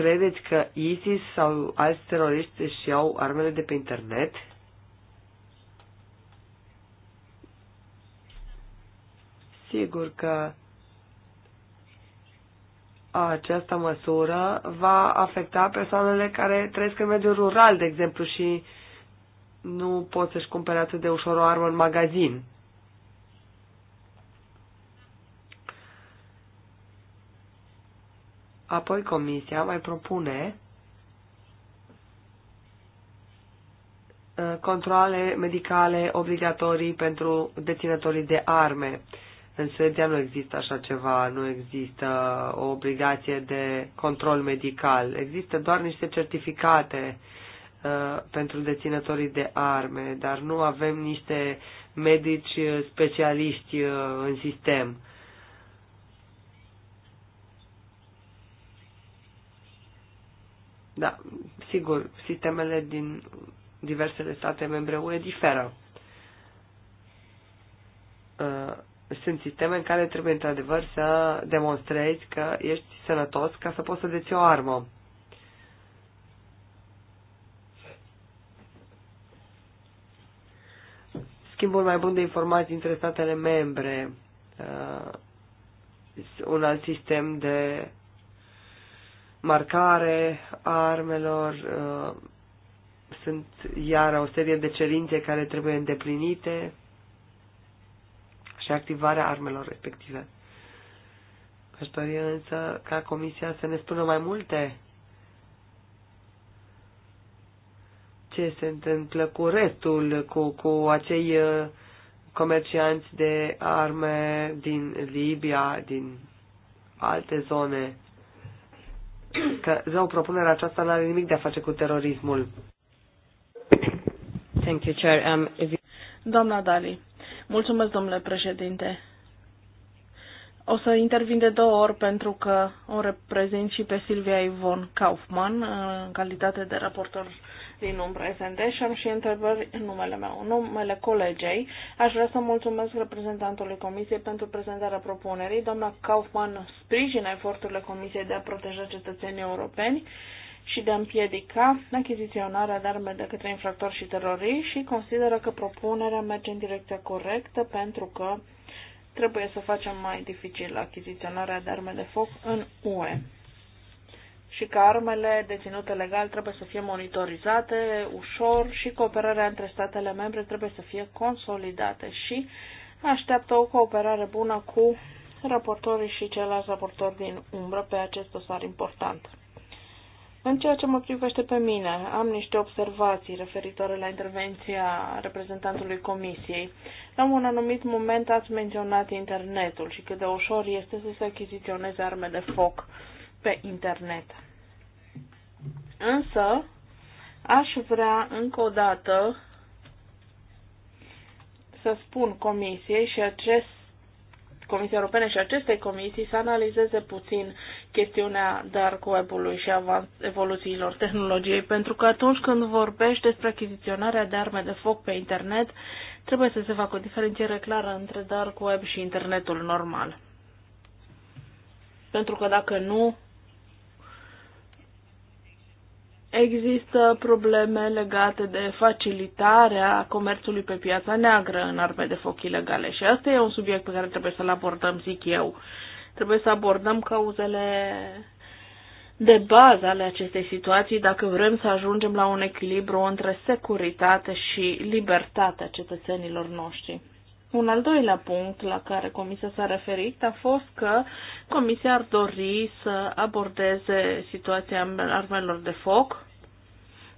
credeți că ISIS sau alți teroriști își iau armele de pe internet? Sigur că această măsură va afecta persoanele care trăiesc în mediul rural, de exemplu, și nu pot să-și cumpere atât de ușor o armă în magazin. Apoi Comisia mai propune uh, controle medicale obligatorii pentru deținătorii de arme. În Suedia nu există așa ceva, nu există o obligație de control medical. Există doar niște certificate uh, pentru deținătorii de arme, dar nu avem niște medici uh, specialiști în sistem. Da, sigur, sistemele din diversele state membre UE diferă. Uh, sunt sisteme în care trebuie într-adevăr să demonstrezi că ești sănătos ca să poți să deții o armă. Schimbul mai bun de informații între statele membre, uh, un alt sistem de marcare a armelor, uh, sunt iară o serie de cerințe care trebuie îndeplinite și activarea armelor respective. Aș dori însă ca Comisia să ne spună mai multe ce se întâmplă cu restul, cu, cu acei uh, comercianți de arme din Libia, din alte zone că zău propunerea aceasta nu are nimic de a face cu terorismul. Thank you, Chair. Um, if... Doamna Dali, mulțumesc, domnule președinte. O să intervin de două ori pentru că o reprezint și pe Silvia Ivon Kaufman uh, în calitate de raportor din un SND și am și întrebări în numele meu. În numele colegei, aș vrea să mulțumesc reprezentantului Comisiei pentru prezentarea propunerii. Doamna Kaufmann sprijină eforturile Comisiei de a proteja cetățenii europeni și de a împiedica achiziționarea de arme de către infractori și terorii și consideră că propunerea merge în direcția corectă pentru că trebuie să facem mai dificil achiziționarea de arme de foc în UE și că armele deținute legal trebuie să fie monitorizate ușor și cooperarea între statele membre trebuie să fie consolidată și așteaptă o cooperare bună cu raportorii și ceilalți raportori din umbră pe acest dosar important. În ceea ce mă privește pe mine, am niște observații referitoare la intervenția reprezentantului Comisiei. La un anumit moment ați menționat internetul și cât de ușor este să se achiziționeze arme de foc pe internet. Însă, aș vrea încă o dată să spun Comisiei și acest Comisia Europene și acestei comisii să analizeze puțin chestiunea dark web-ului și evoluțiilor tehnologiei, pentru că atunci când vorbești despre achiziționarea de arme de foc pe internet, trebuie să se facă o diferențiere clară între dark web și internetul normal. Pentru că dacă nu, Există probleme legate de facilitarea comerțului pe piața neagră în arme de foc ilegale și asta e un subiect pe care trebuie să-l abordăm, zic eu. Trebuie să abordăm cauzele de bază ale acestei situații dacă vrem să ajungem la un echilibru între securitate și libertatea cetățenilor noștri. Un al doilea punct la care Comisia s-a referit a fost că Comisia ar dori să abordeze situația armelor de foc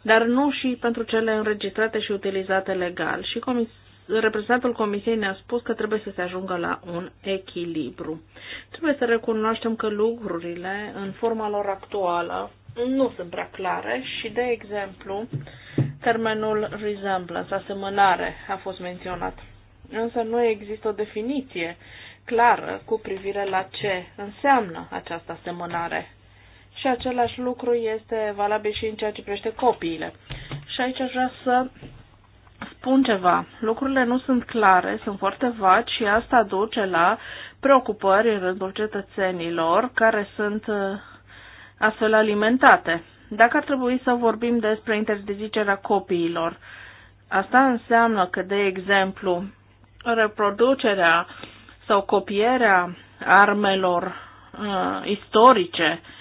dar nu și pentru cele înregistrate și utilizate legal. Și comis- reprezentantul Comisiei ne-a spus că trebuie să se ajungă la un echilibru. Trebuie să recunoaștem că lucrurile, în forma lor actuală, nu sunt prea clare și, de exemplu, termenul resemblance, asemănare, a fost menționat. Însă nu există o definiție clară cu privire la ce înseamnă această asemănare și același lucru este valabil și în ceea ce privește copiile. Și aici aș vrea să spun ceva. Lucrurile nu sunt clare, sunt foarte vagi și asta duce la preocupări în rândul cetățenilor care sunt uh, astfel alimentate. Dacă ar trebui să vorbim despre interzicerea copiilor, asta înseamnă că, de exemplu, reproducerea sau copierea armelor uh, istorice uh,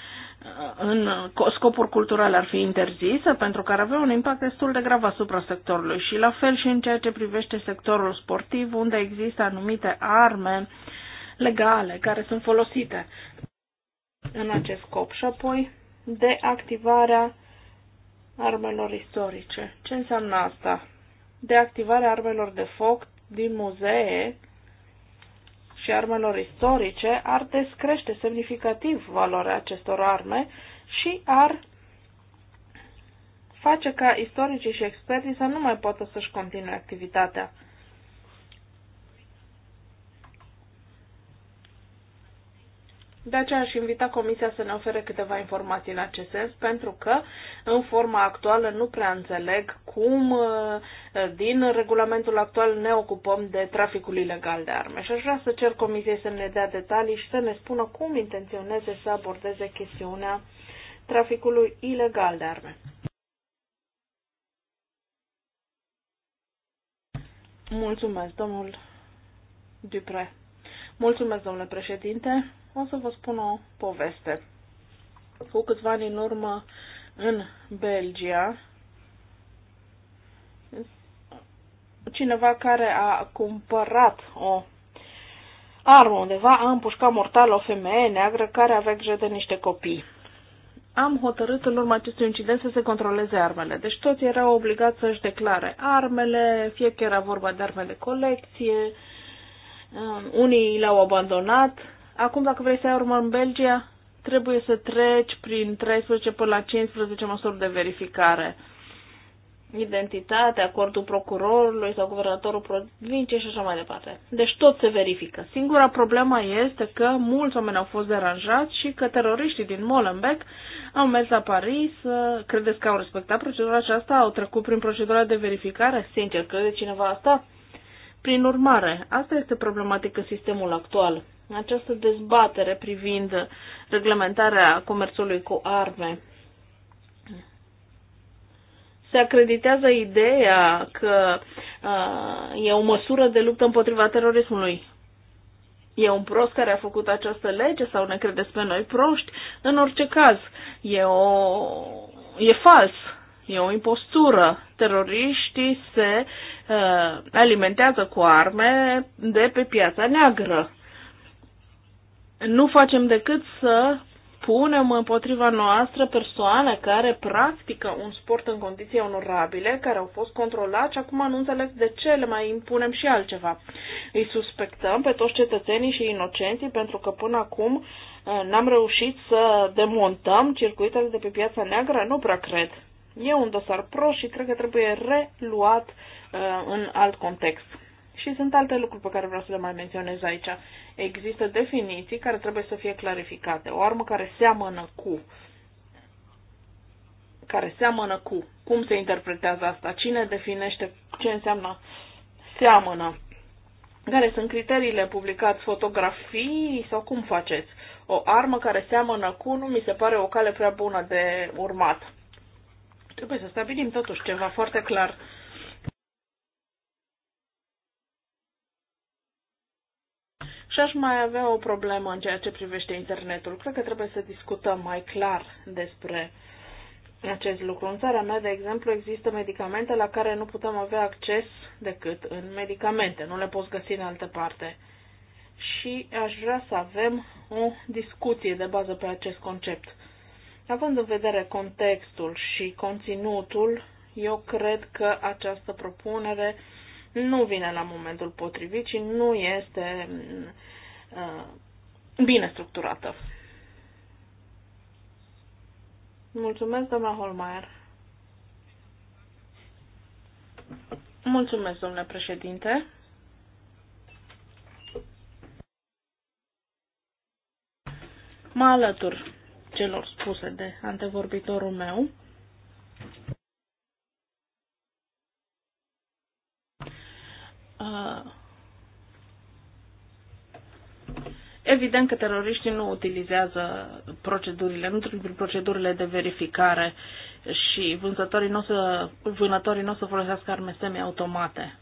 în scopuri culturale ar fi interzisă, pentru că ar avea un impact destul de grav asupra sectorului și la fel și în ceea ce privește sectorul sportiv, unde există anumite arme legale care sunt folosite în acest scop și apoi de activarea armelor istorice. Ce înseamnă asta? De activarea armelor de foc din muzee și armelor istorice ar descrește semnificativ valoarea acestor arme și ar face ca istoricii și experții să nu mai poată să-și continue activitatea. De aceea aș invita Comisia să ne ofere câteva informații în acest sens, pentru că în forma actuală nu prea înțeleg cum uh, din regulamentul actual ne ocupăm de traficul ilegal de arme. Și aș vrea să cer Comisiei să ne dea detalii și să ne spună cum intenționeze să abordeze chestiunea traficului ilegal de arme. Mulțumesc, domnul Dupre. Mulțumesc, domnule președinte. O să vă spun o poveste. Cu câțiva ani în urmă, în Belgia, cineva care a cumpărat o armă undeva, a împușcat mortal o femeie neagră care avea grijă de niște copii. Am hotărât în urma acestui incident să se controleze armele, deci toți erau obligați să-și declare armele, fie că era vorba de arme de colecție, um, unii le-au abandonat, Acum, dacă vrei să ai urmă în Belgia, trebuie să treci prin 13 până la 15 măsuri de verificare. Identitate, acordul procurorului sau guvernatorul provincie și așa mai departe. Deci tot se verifică. Singura problemă este că mulți oameni au fost deranjați și că teroriștii din Molenbeek au mers la Paris, credeți că au respectat procedura aceasta, au trecut prin procedura de verificare? Sincer, crede cineva asta? Prin urmare, asta este problematică sistemul actual această dezbatere privind reglementarea comerțului cu arme. Se acreditează ideea că uh, e o măsură de luptă împotriva terorismului. E un prost care a făcut această lege sau ne credeți pe noi proști? În orice caz, e, o... e fals. E o impostură. Teroriștii se uh, alimentează cu arme de pe piața neagră nu facem decât să punem împotriva noastră persoane care practică un sport în condiții onorabile, care au fost controlați, acum nu înțeleg de ce le mai impunem și altceva. Îi suspectăm pe toți cetățenii și inocenții pentru că până acum eh, n-am reușit să demontăm circuitele de pe piața neagră? Nu prea cred. E un dosar pro și cred că trebuie reluat eh, în alt context. Și sunt alte lucruri pe care vreau să le mai menționez aici. Există definiții care trebuie să fie clarificate. O armă care seamănă cu care seamănă cu. Cum se interpretează asta? Cine definește ce înseamnă seamănă? Care sunt criteriile? Publicați fotografii sau cum faceți? O armă care seamănă cu nu mi se pare o cale prea bună de urmat. Trebuie să stabilim totuși ceva foarte clar Și aș mai avea o problemă în ceea ce privește internetul. Cred că trebuie să discutăm mai clar despre acest lucru. În țara mea, de exemplu, există medicamente la care nu putem avea acces decât în medicamente. Nu le poți găsi în altă parte. Și aș vrea să avem o discuție de bază pe acest concept. Având în vedere contextul și conținutul, eu cred că această propunere uh, nu vine la momentul potrivit și nu este uh, bine structurată. Mulțumesc, doamna Holmeier. Mulțumesc, domnule președinte. Mă alătur celor spuse de antevorbitorul meu. evident că teroriștii nu utilizează procedurile, nu trebuie prin procedurile de verificare și vânzătorii nu o să, vânătorii nu o să folosească arme semi-automate.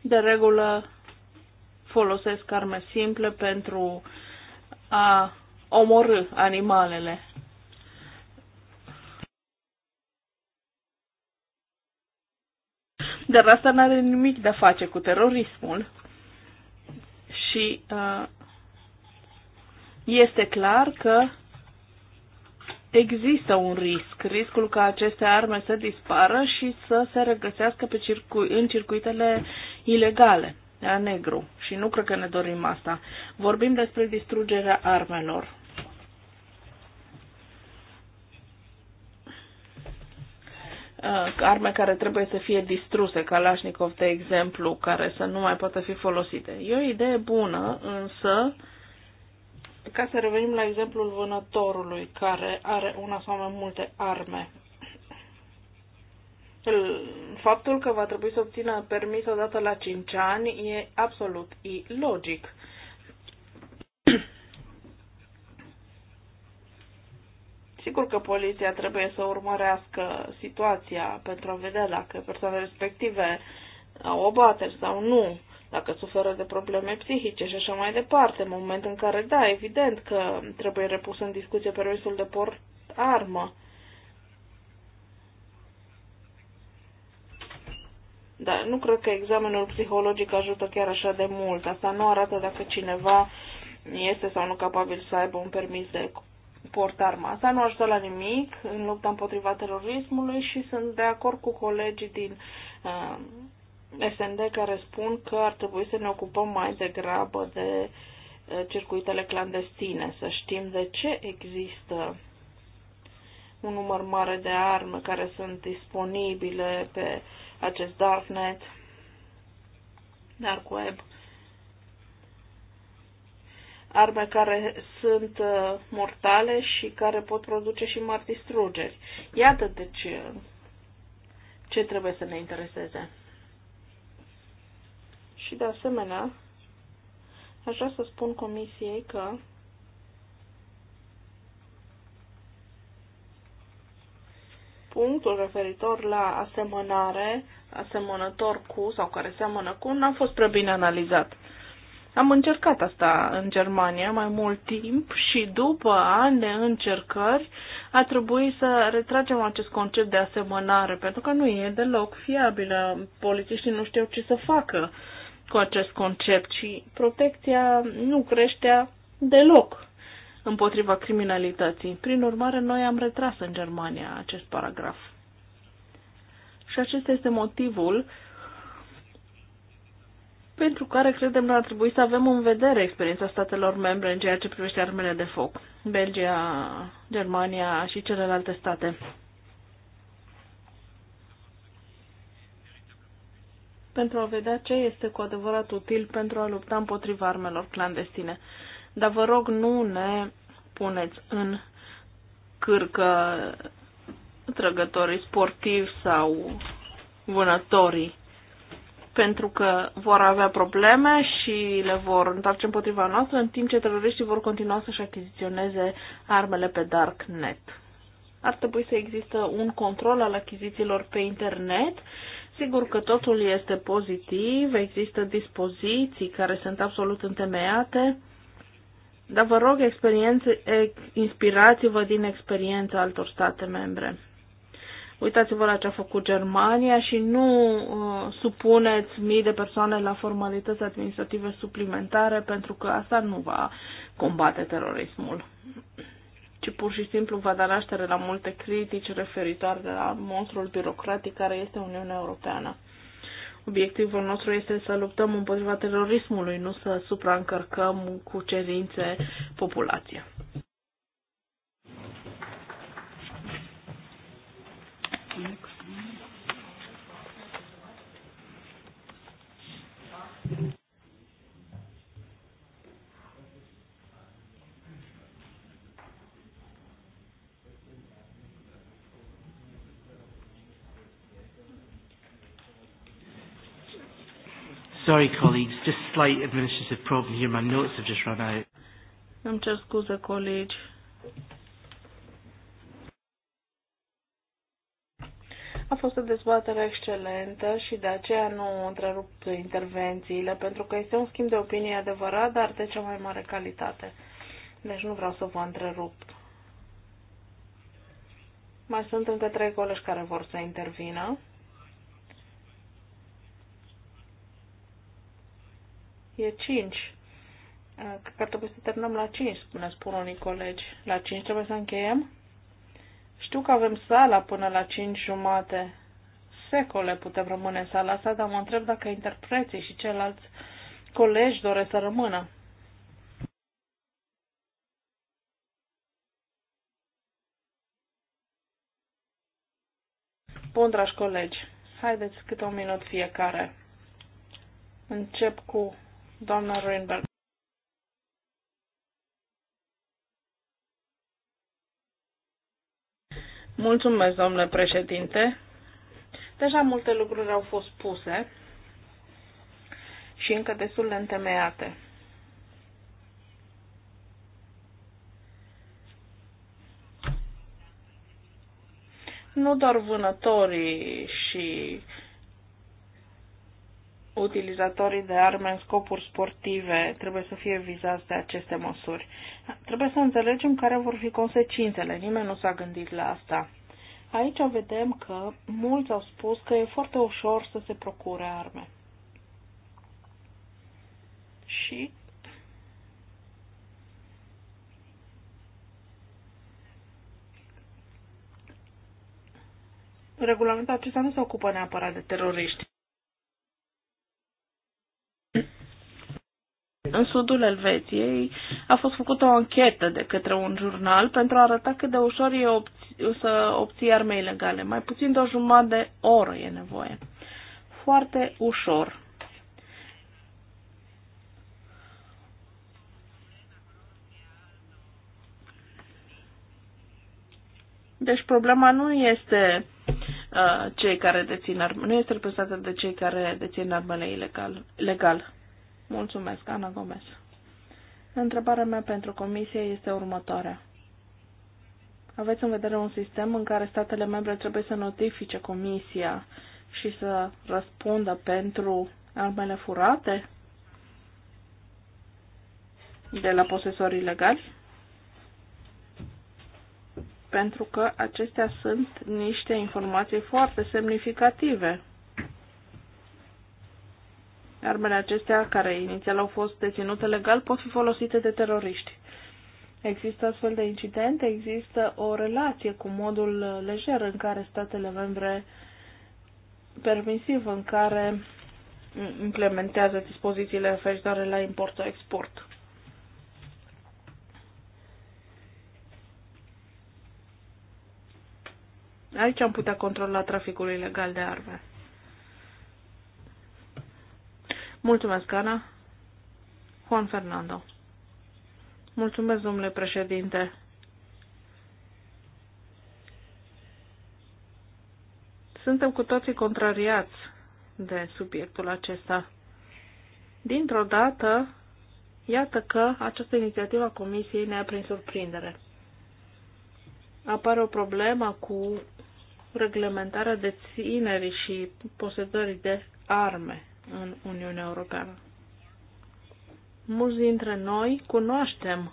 De regulă folosesc arme simple pentru a omorâ animalele. Dar asta nu are nimic de a face cu terorismul și uh, este clar că există un risc, riscul ca aceste arme să dispară și să se regăsească pe circu- în circuitele ilegale, a negru. Și nu cred că ne dorim asta. Vorbim despre distrugerea armelor. Uh, arme care trebuie să fie distruse, Kalashnikov, de exemplu, care să nu mai poată fi folosite. E o idee bună, însă, ca să revenim la exemplul vânătorului, care are una sau mai multe arme. Faptul că va trebui să obțină permis odată la 5 ani e absolut ilogic. Sigur că poliția trebuie să urmărească situația pentru a vedea dacă persoanele respective au abateri sau nu, dacă suferă de probleme psihice și așa mai departe, în momentul în care, da, evident că trebuie repus în discuție permisul de port armă. Dar nu cred că examenul psihologic ajută chiar așa de mult. Asta nu arată dacă cineva este sau nu capabil să aibă un permis de port arma asta, nu ajută la nimic în lupta împotriva terorismului și sunt de acord cu colegii din uh, SND care spun că ar trebui să ne ocupăm mai degrabă de uh, circuitele clandestine, să știm de ce există un număr mare de arme care sunt disponibile pe acest darknet, dark web arme care sunt uh, mortale și care pot produce și mari distrugeri. Iată deci ce trebuie să ne intereseze. Și de asemenea, aș vrea să spun comisiei că punctul referitor la asemănare, asemănător cu sau care seamănă cu, n-a fost prea bine analizat. Am încercat asta în Germania mai mult timp și după ani de încercări a trebuit să retragem acest concept de asemănare, pentru că nu e deloc fiabilă. Polițiștii nu știu ce să facă cu acest concept și protecția nu creștea deloc împotriva criminalității. Prin urmare, noi am retras în Germania acest paragraf. Și acesta este motivul pentru care credem că ar trebui să avem în vedere experiența statelor membre în ceea ce privește armele de foc, Belgia, Germania și celelalte state. pentru a vedea ce este cu adevărat util pentru a lupta împotriva armelor clandestine. Dar vă rog, nu ne puneți în cârcă trăgătorii sportivi sau vânătorii pentru că vor avea probleme și le vor întoarce împotriva noastră, în timp ce teroriștii vor continua să-și achiziționeze armele pe darknet. Ar trebui să există un control al achizițiilor pe internet. Sigur că totul este pozitiv, există dispoziții care sunt absolut întemeiate, dar vă rog, experiențe, inspirați-vă din experiența altor state membre. Uitați-vă la ce a făcut Germania și nu uh, supuneți mii de persoane la formalități administrative suplimentare pentru că asta nu va combate terorismul ci pur și simplu va da naștere la multe critici referitoare la monstrul birocratic care este Uniunea Europeană. Obiectivul nostru este să luptăm împotriva terorismului, nu să supraîncărcăm cu cerințe populația. Sorry, colleagues, just slight administrative problem here. My notes have just run out. Îmi cer scuze, college. A fost o dezbatere excelentă și de aceea nu întrerup intervențiile, pentru că este un schimb de opinie adevărat, dar de cea mai mare calitate. Deci nu vreau să vă întrerup. Mai sunt încă trei colegi care vor să intervină. E 5. Cred că ar trebui să terminăm la 5, spuneți, spun unii colegi. La 5 trebuie să încheiem? Știu că avem sala până la cinci jumate. Secole putem rămâne în sala asta, dar mă întreb dacă interpreții și ceilalți colegi doresc să rămână. Bun, dragi colegi, haideți câte un minut fiecare. Încep cu doamna Ruinberg. Mulțumesc, domnule președinte. Deja multe lucruri au fost puse și încă destul de întemeiate. Nu doar vânătorii și uh, utilizatorii de arme în scopuri sportive trebuie să fie vizați de aceste măsuri. Trebuie să înțelegem care vor fi consecințele. Nimeni nu s-a gândit la asta. Aici vedem că mulți au spus că e foarte ușor să se procure arme. Și regulamentul acesta nu se ocupă neapărat de teroriști. În sudul Elveției a fost făcută o anchetă de către un jurnal pentru a arăta cât de ușor e obț- să obții arme ilegale. Mai puțin de o jumătate de oră e nevoie. Foarte ușor. Deci problema nu este uh, cei care dețin arme, nu este reprezentată de cei care dețin armele ilegal, legal. Mulțumesc, Ana Gomez. Întrebarea mea pentru comisie este următoarea. Aveți în vedere un sistem în care statele membre trebuie să notifice comisia și să răspundă pentru armele furate de la posesorii legali? Pentru că acestea sunt niște informații foarte semnificative Armele acestea, care inițial au fost deținute legal, pot fi folosite de teroriști. Există astfel de incidente, există o relație cu modul lejer în care statele membre permisiv în care implementează dispozițiile referitoare la import-export. Aici am putea controla traficul ilegal de arme. Mulțumesc, Ana. Juan Fernando. Mulțumesc, domnule președinte. Suntem cu toții contrariați de subiectul acesta. Dintr-o dată, iată că această inițiativă a Comisiei ne-a prins surprindere. Apare o problemă cu reglementarea deținerii și posedării de arme în Uniunea Europeană. Mulți dintre noi cunoaștem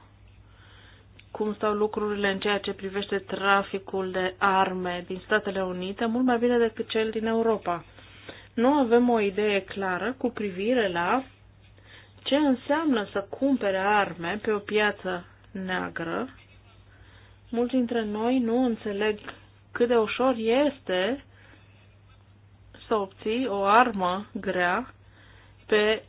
cum stau lucrurile în ceea ce privește traficul de arme din Statele Unite mult mai bine decât cel din Europa. Nu avem o idee clară cu privire la ce înseamnă să cumpere arme pe o piață neagră. Mulți dintre noi nu înțeleg cât de ușor este să obții o armă grea pe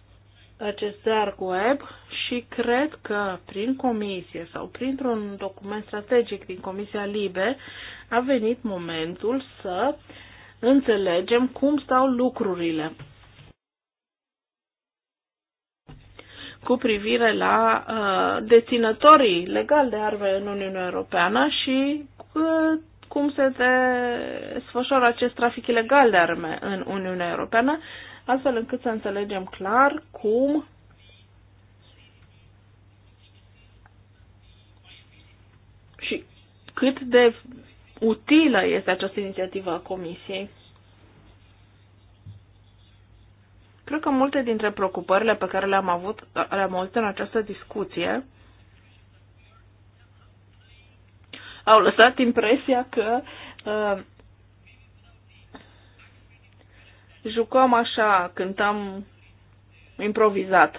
acest dark web și cred că prin comisie sau printr-un document strategic din Comisia Libe a venit momentul să înțelegem cum stau lucrurile cu privire la uh, deținătorii legali de arme în Uniunea Europeană și uh, cum se desfășoară acest trafic ilegal de arme în Uniunea Europeană, astfel încât să înțelegem clar cum și cât de utilă este această inițiativă a Comisiei. Cred că multe dintre preocupările pe care le-am avut, le-am avut în această discuție, au lăsat impresia că uh, jucam așa, cântam improvizat.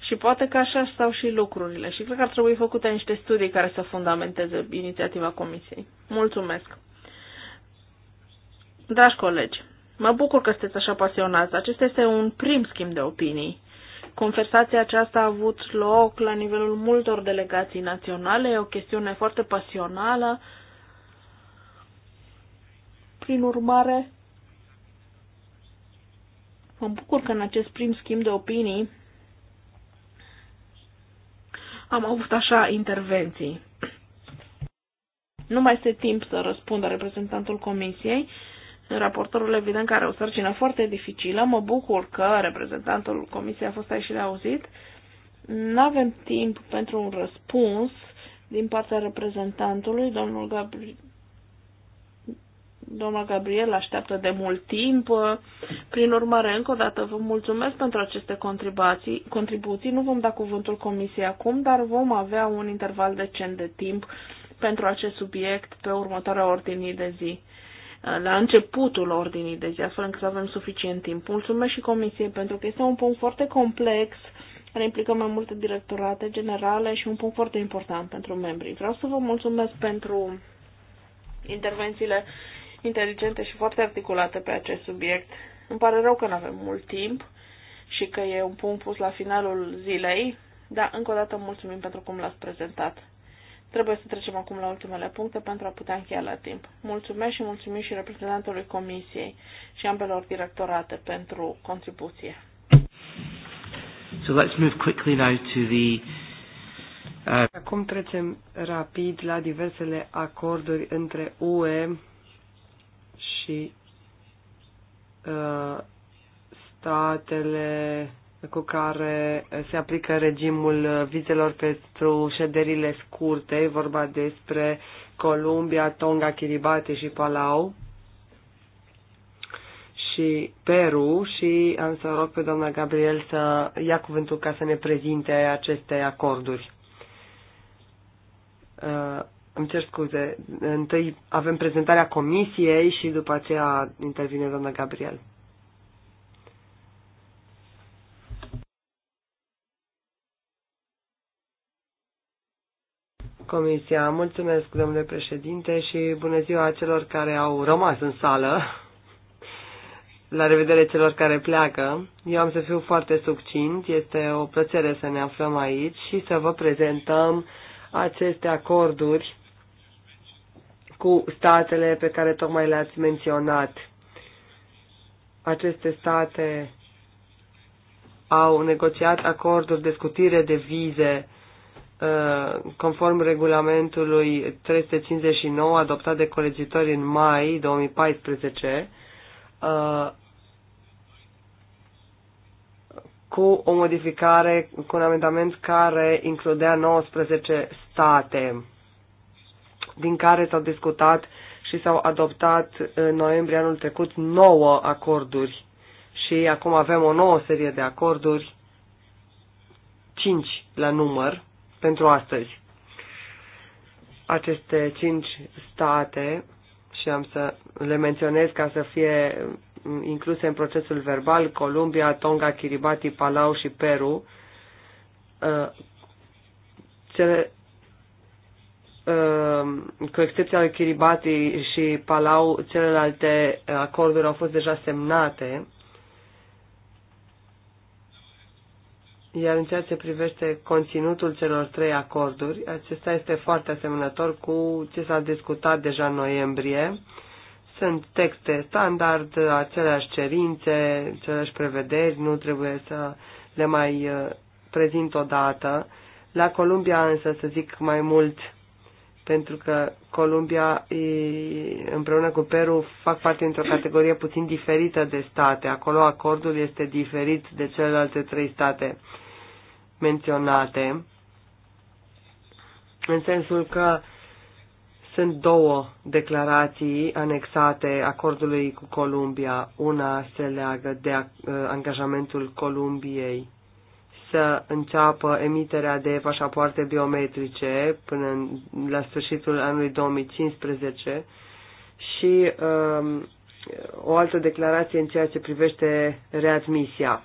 Și poate că așa stau și lucrurile. Și cred că ar trebui făcute niște studii care să fundamenteze inițiativa Comisiei. Mulțumesc! Dragi colegi, mă bucur că sunteți așa pasionați. Acesta este un prim schimb de opinii. Conversația aceasta a avut loc la nivelul multor delegații naționale, e o chestiune foarte pasională. Prin urmare, mă bucur că în acest prim schimb de opinii am avut așa intervenții. Nu mai este timp să răspundă reprezentantul comisiei, raportorul evident care are o sărcină foarte dificilă. Mă bucur că reprezentantul comisiei a fost aici și le-a auzit. Nu avem timp pentru un răspuns din partea reprezentantului, domnul Gabri... Doamna Gabriel așteaptă de mult timp. Prin urmare, încă o dată vă mulțumesc pentru aceste contribuții. contribuții. Nu vom da cuvântul comisiei acum, dar vom avea un interval decent de timp pentru acest subiect pe următoarea ordine de zi la începutul ordinii de zi, astfel încât să avem suficient timp. Mulțumesc și Comisiei pentru că este un punct foarte complex, care implică mai multe directorate generale și un punct foarte important pentru membrii. Vreau să vă mulțumesc pentru intervențiile inteligente și foarte articulate pe acest subiect. Îmi pare rău că nu avem mult timp și că e un punct pus la finalul zilei, dar încă o dată mulțumim pentru cum l-ați prezentat. Trebuie să trecem acum la ultimele puncte pentru a putea încheia la timp. Mulțumesc și mulțumim și reprezentantului Comisiei și ambelor directorate pentru contribuție. So let's move quickly now to the uh, Acum trecem rapid la diversele acorduri între UE și uh, statele cu care se aplică regimul vizelor pentru șederile scurte, vorba despre Columbia, Tonga, Kiribati și Palau și Peru și am să rog pe doamna Gabriel să ia cuvântul ca să ne prezinte aceste acorduri. Uh, îmi cer scuze. Întâi avem prezentarea comisiei și după aceea intervine doamna Gabriel. Comisia. Mulțumesc, domnule președinte, și bună ziua celor care au rămas în sală. La revedere celor care pleacă. Eu am să fiu foarte succint. Este o plăcere să ne aflăm aici și să vă prezentăm aceste acorduri cu statele pe care tocmai le-ați menționat. Aceste state au negociat acorduri de scutire de vize Uh, conform regulamentului 359 adoptat de colegitori în mai 2014, uh, cu o modificare, cu un amendament care includea 19 state, din care s-au discutat și s-au adoptat în noiembrie anul trecut 9 acorduri și acum avem o nouă serie de acorduri, 5 la număr, pentru astăzi. Aceste cinci state, și am să le menționez ca să fie incluse în procesul verbal, Columbia, Tonga, Kiribati, Palau și Peru, uh, cele, uh, cu excepția lui Kiribati și Palau, celelalte acorduri au fost deja semnate Iar în ceea ce privește conținutul celor trei acorduri, acesta este foarte asemănător cu ce s-a discutat deja în noiembrie. Sunt texte standard, aceleași cerințe, aceleași prevederi, nu trebuie să le mai uh, prezint odată. La Columbia însă să zic mai mult, pentru că Columbia împreună cu Peru fac parte într o categorie puțin diferită de state. Acolo acordul este diferit de celelalte trei state menționate, în sensul că sunt două declarații anexate acordului cu Columbia. Una se leagă de uh, angajamentul Columbiei să înceapă emiterea de pașapoarte biometrice până la sfârșitul anului 2015 și um, o altă declarație în ceea ce privește readmisia.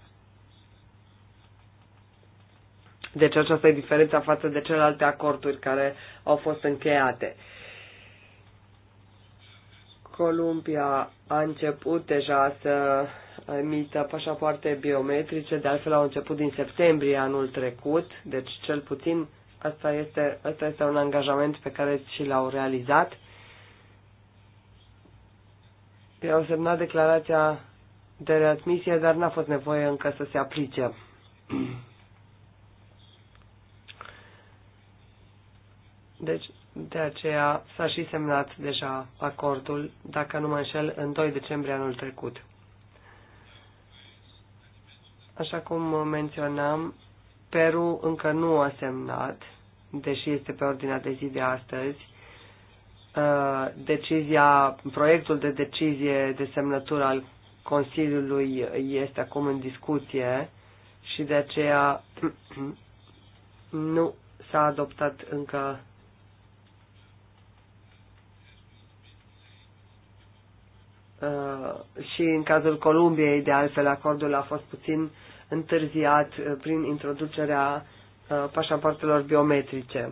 Deci aceasta e diferența față de celelalte acorduri care au fost încheiate. Columbia a început deja să emită pașapoarte biometrice, de altfel au început din septembrie anul trecut, deci cel puțin asta este, asta este un angajament pe care și l-au realizat. I-au semnat declarația de readmisie, dar n-a fost nevoie încă să se aplice. Deci, de aceea s-a și semnat deja acordul, dacă nu mă înșel, în 2 decembrie anul trecut. Așa cum menționam, Peru încă nu a semnat, deși este pe ordinea de zi de astăzi, uh, decizia, proiectul de decizie de semnătură al Consiliului este acum în discuție și de aceea nu s-a adoptat încă Uh, și în cazul Columbiei, de altfel, acordul a fost puțin întârziat uh, prin introducerea uh, pașapoartelor biometrice.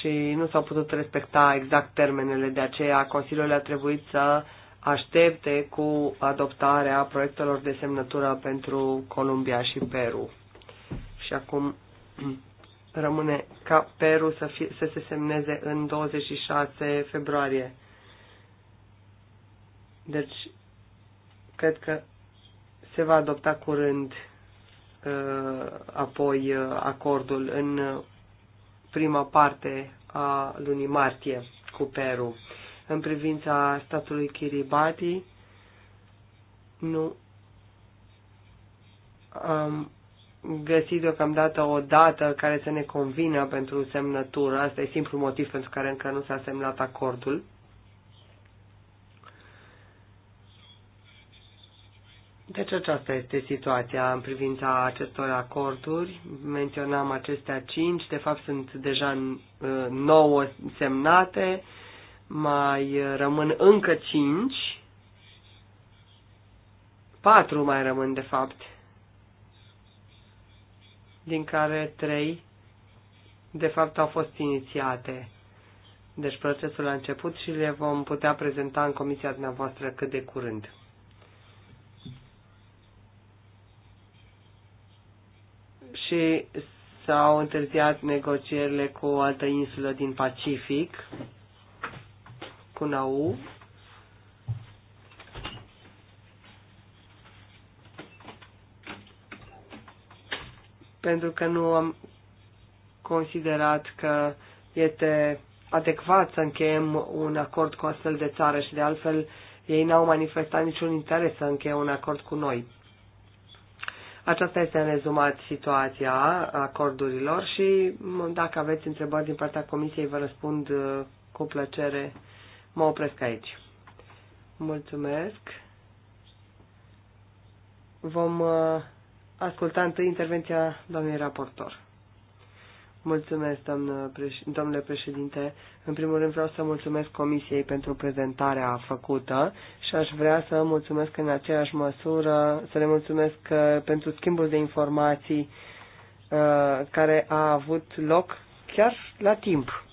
și nu s-au putut respecta exact termenele, de aceea Consiliul a trebuit să aștepte cu adoptarea proiectelor de semnătură pentru Columbia și Peru. Și acum rămâne ca Peru să, fie, să se semneze în 26 februarie. Deci, cred că se va adopta curând uh, apoi uh, acordul în prima parte a lunii martie cu Peru. În privința statului Kiribati, nu am găsi deocamdată o dată care să ne convină pentru semnătură. Asta e simplu motiv pentru care încă nu s-a semnat acordul. Deci aceasta este situația în privința acestor acorduri. Menționam acestea cinci, de fapt sunt deja uh, nouă semnate, mai rămân încă cinci, patru mai rămân de fapt din care trei, de fapt, au fost inițiate. Deci procesul a început și le vom putea prezenta în comisia dumneavoastră cât de curând. Și s-au întârziat negocierile cu o altă insulă din Pacific, cu Nau, pentru că nu am considerat că este adecvat să încheiem un acord cu astfel de țară și de altfel ei n-au manifestat niciun interes să încheie un acord cu noi. Aceasta este în rezumat situația acordurilor și dacă aveți întrebări din partea comisiei vă răspund uh, cu plăcere. Mă opresc aici. Mulțumesc. Vom uh, asculta întâi intervenția doamnei raportor. Mulțumesc, domnule președinte. În primul rând vreau să mulțumesc Comisiei pentru prezentarea făcută și aș vrea să mulțumesc în aceeași măsură, să le mulțumesc uh, pentru schimbul de informații uh, care a avut loc chiar la timp.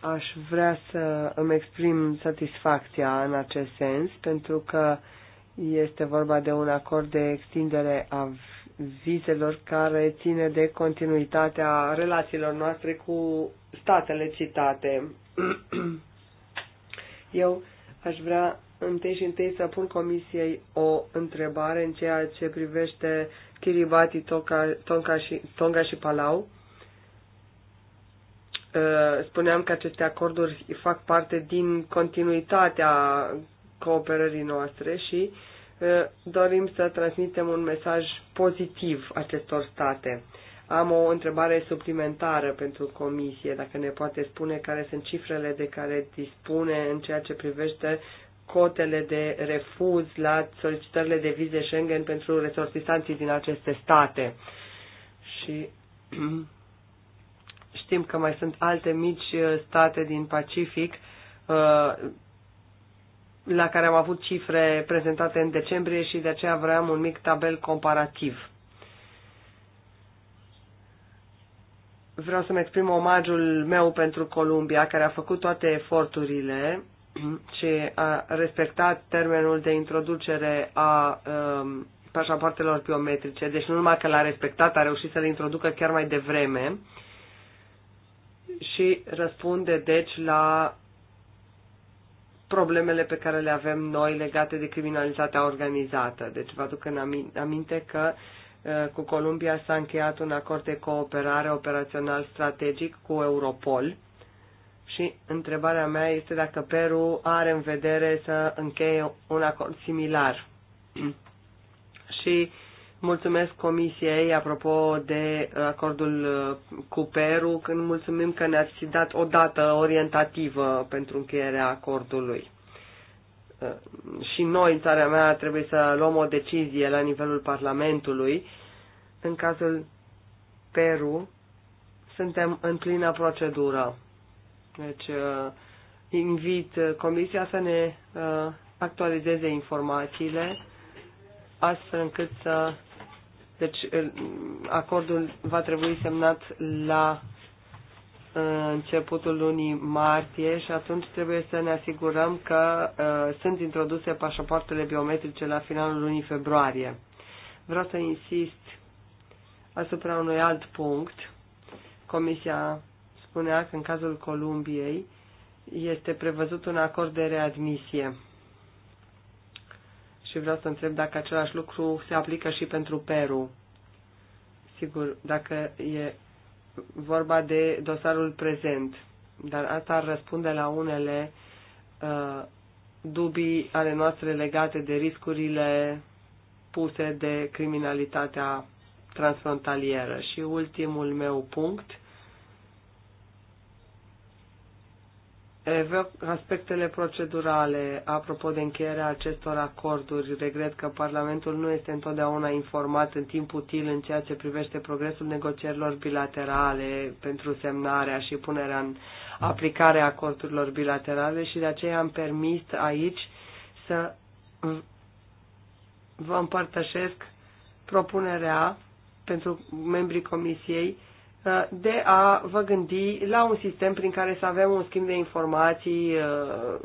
Aș vrea să îmi exprim satisfacția în acest sens, pentru că uh, este vorba de un acord de extindere a vizelor care ține de continuitatea relațiilor noastre cu statele citate. Eu aș vrea întâi și întâi să pun comisiei o întrebare în ceea ce privește Kiribati, Tonga, Tonga, și, Tonga și Palau. Uh, spuneam că aceste acorduri fac parte din continuitatea cooperării noastre și uh, dorim să transmitem un mesaj pozitiv acestor state. Am o întrebare suplimentară pentru comisie, dacă ne poate spune care sunt cifrele de care dispune în ceea ce privește cotele de refuz la solicitările de vize Schengen pentru resortisanții din aceste state. Și știm că mai sunt alte mici uh, state din Pacific uh, la care am avut cifre prezentate în decembrie și de aceea vreau un mic tabel comparativ. Vreau să-mi exprim omagiul meu pentru Columbia, care a făcut toate eforturile și a respectat termenul de introducere a um, pașapoartelor biometrice, deci nu numai că l-a respectat, a reușit să le introducă chiar mai devreme și răspunde deci la problemele pe care le avem noi legate de criminalitatea organizată. Deci vă aduc în aminte că uh, cu Columbia s-a încheiat un acord de cooperare operațional strategic cu Europol și întrebarea mea este dacă Peru are în vedere să încheie un acord similar. și uh, Mulțumesc Comisiei apropo de uh, acordul uh, cu Peru, când mulțumim că ne-ați dat o dată orientativă pentru încheierea acordului. Uh, și noi, în țara mea, trebuie să luăm o decizie la nivelul Parlamentului. În cazul Peru, suntem în plină procedură. Deci, invit Comisia să ne actualizeze informațiile astfel încât să deci acordul va trebui semnat la începutul lunii martie și atunci trebuie să ne asigurăm că uh, sunt introduse pașapoartele biometrice la finalul lunii februarie. Vreau să insist asupra unui alt punct. Comisia spunea că în cazul Columbiei este prevăzut un acord de readmisie și vreau să întreb dacă același lucru se aplică și pentru Peru. Sigur, dacă e vorba de dosarul prezent, dar asta ar răspunde la unele uh, dubii ale noastre legate de riscurile puse de criminalitatea transfrontalieră. Și ultimul meu punct evoc aspectele procedurale. Apropo de încheierea acestor acorduri, regret că Parlamentul nu este întotdeauna informat în timp util în ceea ce privește progresul negocierilor bilaterale pentru semnarea și punerea în aplicare a acordurilor bilaterale și de aceea am permis aici să vă împărtășesc propunerea pentru membrii comisiei Uh, de a vă gândi la un sistem prin care să avem un schimb de informații uh,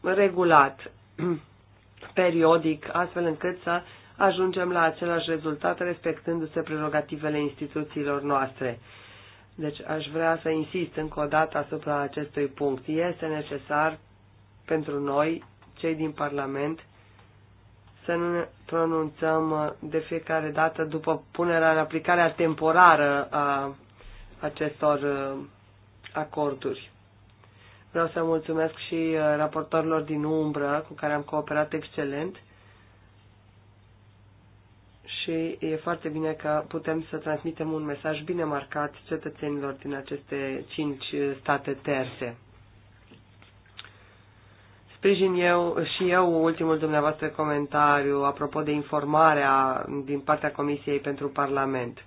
regulat, periodic, astfel încât să ajungem la același rezultat respectându-se prerogativele instituțiilor noastre. Deci aș vrea să insist încă o dată asupra acestui punct. Este necesar pentru noi, cei din Parlament, să nu ne pronunțăm uh, de fiecare dată după punerea în aplicare temporară a acestor uh, acorduri. Vreau să mulțumesc și uh, raportorilor din umbră cu care am cooperat excelent și e foarte bine că putem să transmitem un mesaj bine marcat cetățenilor din aceste cinci state terțe. Sprijin eu și eu ultimul dumneavoastră comentariu apropo de informarea din partea Comisiei pentru Parlament.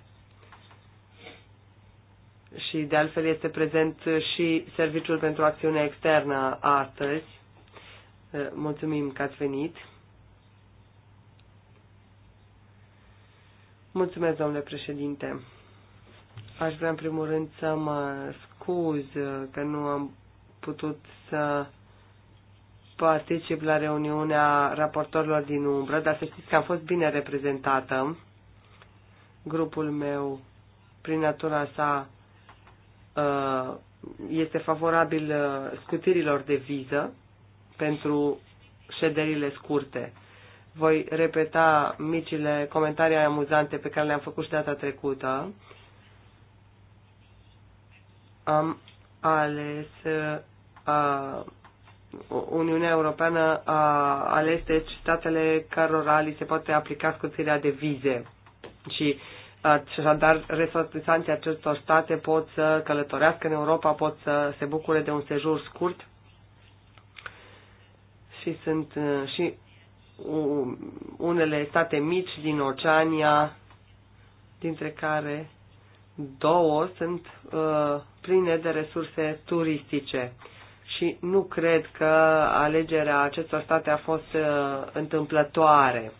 Și de altfel este prezent și Serviciul pentru Acțiune Externă astăzi. Mulțumim că ați venit. Mulțumesc, domnule președinte. Aș vrea în primul rând să mă scuz că nu am putut să particip la reuniunea raportorilor din umbră, dar să știți că am fost bine reprezentată. Grupul meu, prin natura sa, uh, este favorabil uh, scutirilor de viză pentru șederile scurte. Voi repeta micile comentarii amuzante pe care le-am făcut și data trecută. Am ales uh, Uniunea Europeană a ales deci statele cărora li se poate aplica scutirea de vize și așadar resortisanții acestor state pot să călătorească în Europa, pot să se bucure de un sejur scurt și sunt și unele state mici din Oceania, dintre care două sunt uh, pline de resurse turistice. Uh, și nu cred că alegerea acestor state a fost uh, întâmplătoare.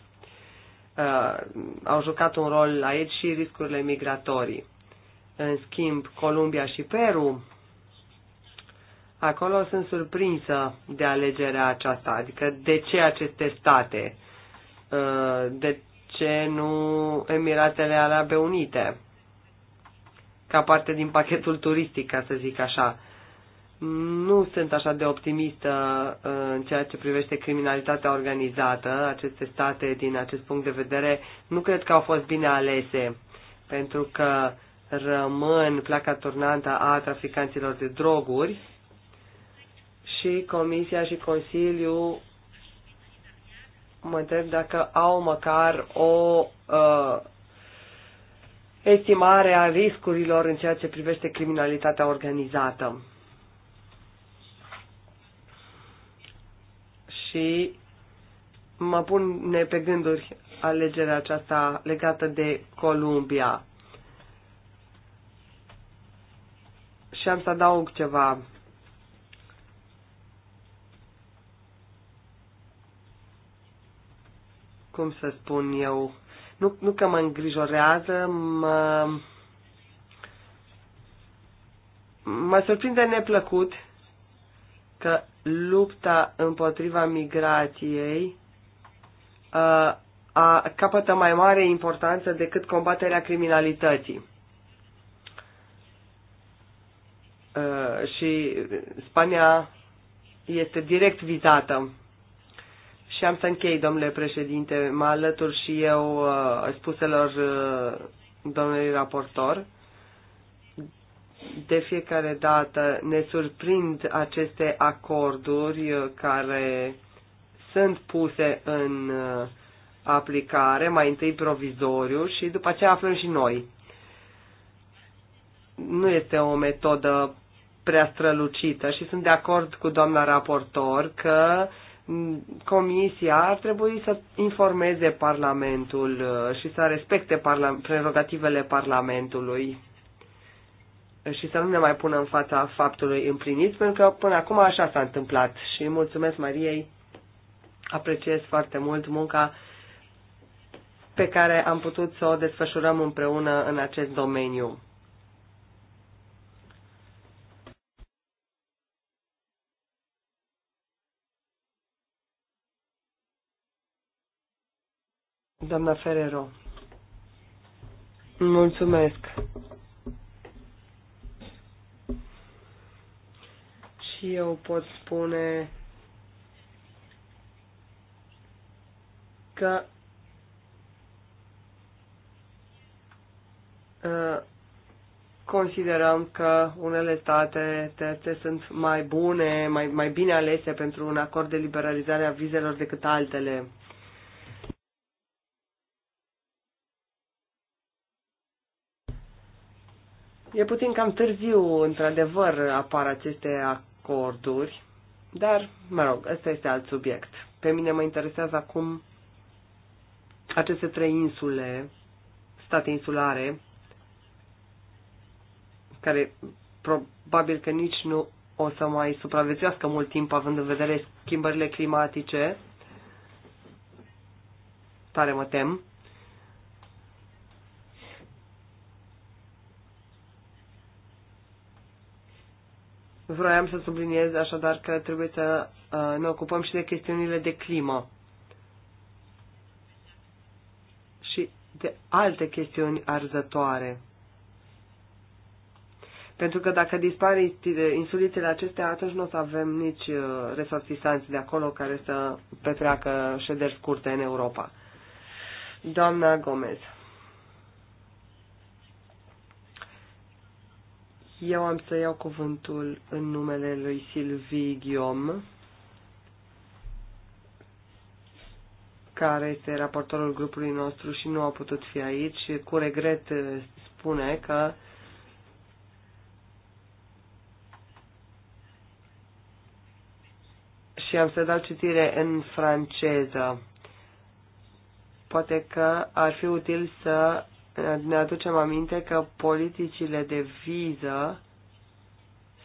Uh, au jucat un rol aici și riscurile migratorii. În schimb, Columbia și Peru, acolo sunt surprinsă de alegerea aceasta, adică de ce aceste state, uh, de ce nu Emiratele Arabe Unite, ca parte din pachetul turistic, ca să zic așa nu sunt așa de optimistă uh, în ceea ce privește criminalitatea organizată. Aceste state, din acest punct de vedere, nu cred că au fost bine alese, pentru că rămân placa turnantă a traficanților de droguri și Comisia și Consiliul mă întreb dacă au măcar o uh, estimare a riscurilor în ceea ce privește criminalitatea organizată și mă pun pe gânduri alegerea aceasta legată de Columbia. Și am să adaug ceva. Cum să spun eu? Nu, nu că mă îngrijorează, mă, mă surprinde neplăcut că lupta împotriva migrației uh, a, capătă mai mare importanță decât combaterea criminalității. Uh, și Spania este direct vizată. Și am să închei, domnule președinte, mă alătur și eu uh, spuselor uh, domnului raportor de fiecare dată ne surprind aceste acorduri uh, care sunt puse în uh, aplicare, mai întâi provizoriu și după aceea aflăm și noi. Nu este o metodă prea strălucită și sunt de acord cu doamna raportor că mm, Comisia ar trebui să informeze Parlamentul uh, și să respecte parla- prerogativele Parlamentului și să nu ne mai pună în fața faptului împlinit, pentru că până acum așa s-a întâmplat. Și mulțumesc Mariei, apreciez foarte mult munca pe care am putut să o desfășurăm împreună în acest domeniu. Doamna Ferrero, mulțumesc. și eu pot spune că uh, considerăm că unele state terțe sunt mai bune, mai, mai bine alese pentru un acord de liberalizare a vizelor decât altele. E puțin cam târziu, într-adevăr, apar aceste corduri, dar, mă rog, ăsta este alt subiect. Pe mine mă interesează acum aceste trei insule, state insulare, care probabil că nici nu o să mai supraviețuiască mult timp având în vedere schimbările climatice, tare mă tem, Vroiam să subliniez așadar că trebuie să uh, ne ocupăm și de chestiunile de climă și de alte chestiuni arzătoare. Pentru că dacă dispar insulițele acestea, atunci nu o să avem nici uh, resortisanți de acolo care să petreacă șederi scurte în Europa. Doamna Gomez. Eu am să iau cuvântul în numele lui Silvii Ghiom, care este raportorul grupului nostru și nu a putut fi aici. Cu regret spune că și am să dau citire în franceză. Poate că ar fi util să ne aducem aminte că politicile de viză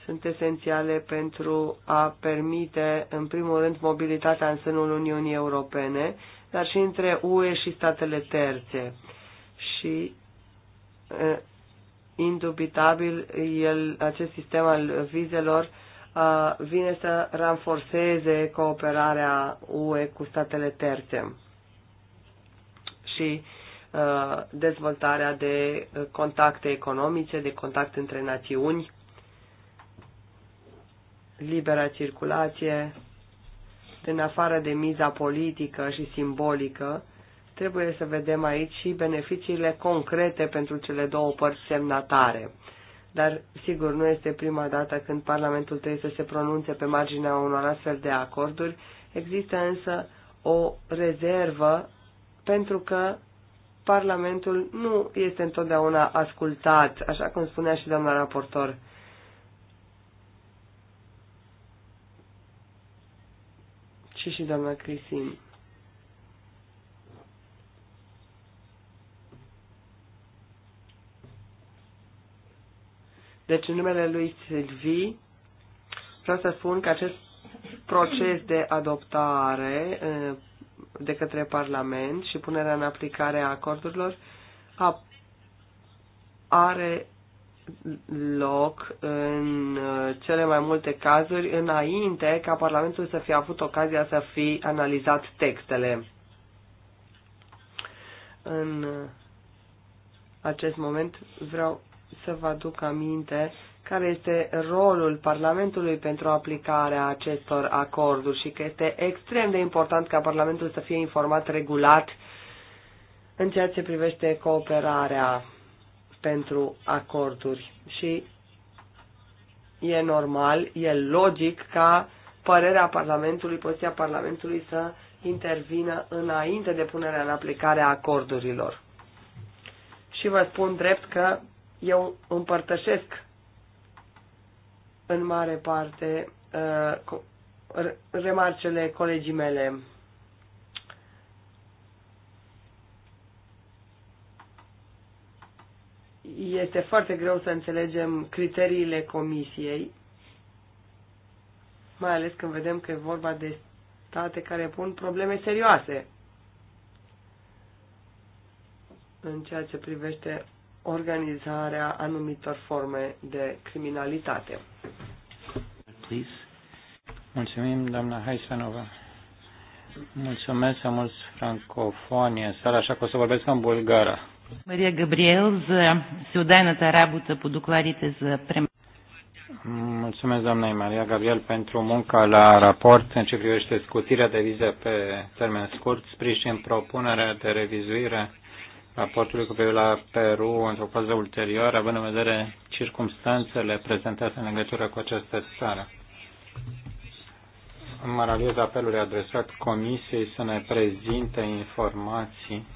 sunt esențiale pentru a permite, în primul rând, mobilitatea în sânul Uniunii Europene, dar și între UE și statele terțe. Și, indubitabil, el, acest sistem al vizelor vine să ranforceze cooperarea UE cu statele terțe. Și uh, Uh, dezvoltarea de uh, contacte economice, de contact între națiuni, libera circulație, în afară de miza politică și simbolică, trebuie să vedem aici și beneficiile concrete pentru cele două părți semnatare. Dar, sigur, nu este prima dată când Parlamentul trebuie să se pronunțe pe marginea unor astfel de acorduri. Există însă o rezervă pentru că Parlamentul nu este întotdeauna ascultat, așa cum spunea și doamna raportor. Și și doamna Crisim. Deci, în numele lui Silvi, vreau să spun că acest proces de adoptare eh, de către Parlament și punerea în aplicare a acordurilor a, are loc în uh, cele mai multe cazuri înainte ca Parlamentul să fie avut ocazia să fi analizat textele. În uh, acest moment vreau să vă aduc aminte care este rolul Parlamentului pentru aplicarea acestor acorduri și că este extrem de important ca Parlamentul să fie informat regulat în ceea ce privește cooperarea pentru acorduri. Și e normal, e logic ca părerea Parlamentului, poziția Parlamentului să intervină înainte de punerea în aplicare a acordurilor. Și vă spun drept că eu împărtășesc în mare parte uh, remarcele colegii mele. Este foarte greu să înțelegem criteriile comisiei, mai ales când vedem că e vorba de state care pun probleme serioase în ceea ce privește organizarea anumitor forme de criminalitate. Please. Mulțumim, doamna Haisanova. Mulțumesc am mulți francofoni. Seara așa că o să vorbesc în bulgară. se udai за всеотдайната работа по докладите за премахване. Mulțumesc, doamnei Maria Gabriel, pentru munca la raport în ce privește scutirea de vize pe termen scurt, sprijin propunerea de revizuire raportului cu privire la Peru într-o fază ulterioară, având în vedere circumstanțele prezentate în legătură cu această țară. Mă raliez apelului adresat Comisiei să ne prezinte informații,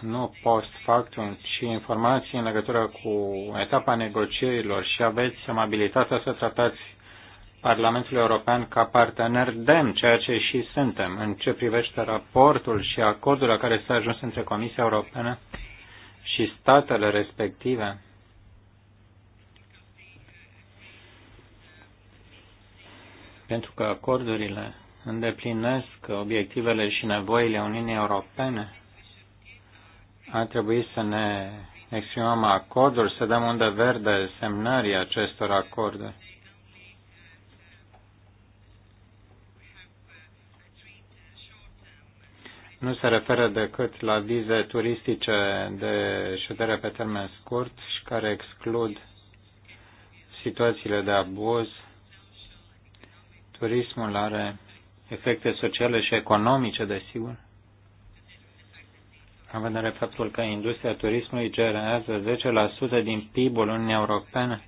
nu post factum, ci informații în legătură cu etapa negocierilor și aveți amabilitatea să tratați Parlamentului European ca partener demn, ceea ce și suntem, în ce privește raportul și acordul la care s-a ajuns între Comisia Europeană și statele respective. Pentru că acordurile îndeplinesc obiectivele și nevoile Uniunii Europene, ar trebui să ne exprimăm acordul, să dăm unde verde semnării acestor acorduri nu se referă decât la vize turistice de ședere pe termen scurt și care exclud situațiile de abuz. Turismul are efecte sociale și economice, desigur. În vedere faptul că industria turismului generează 10% din PIB-ul Uniunii Europene,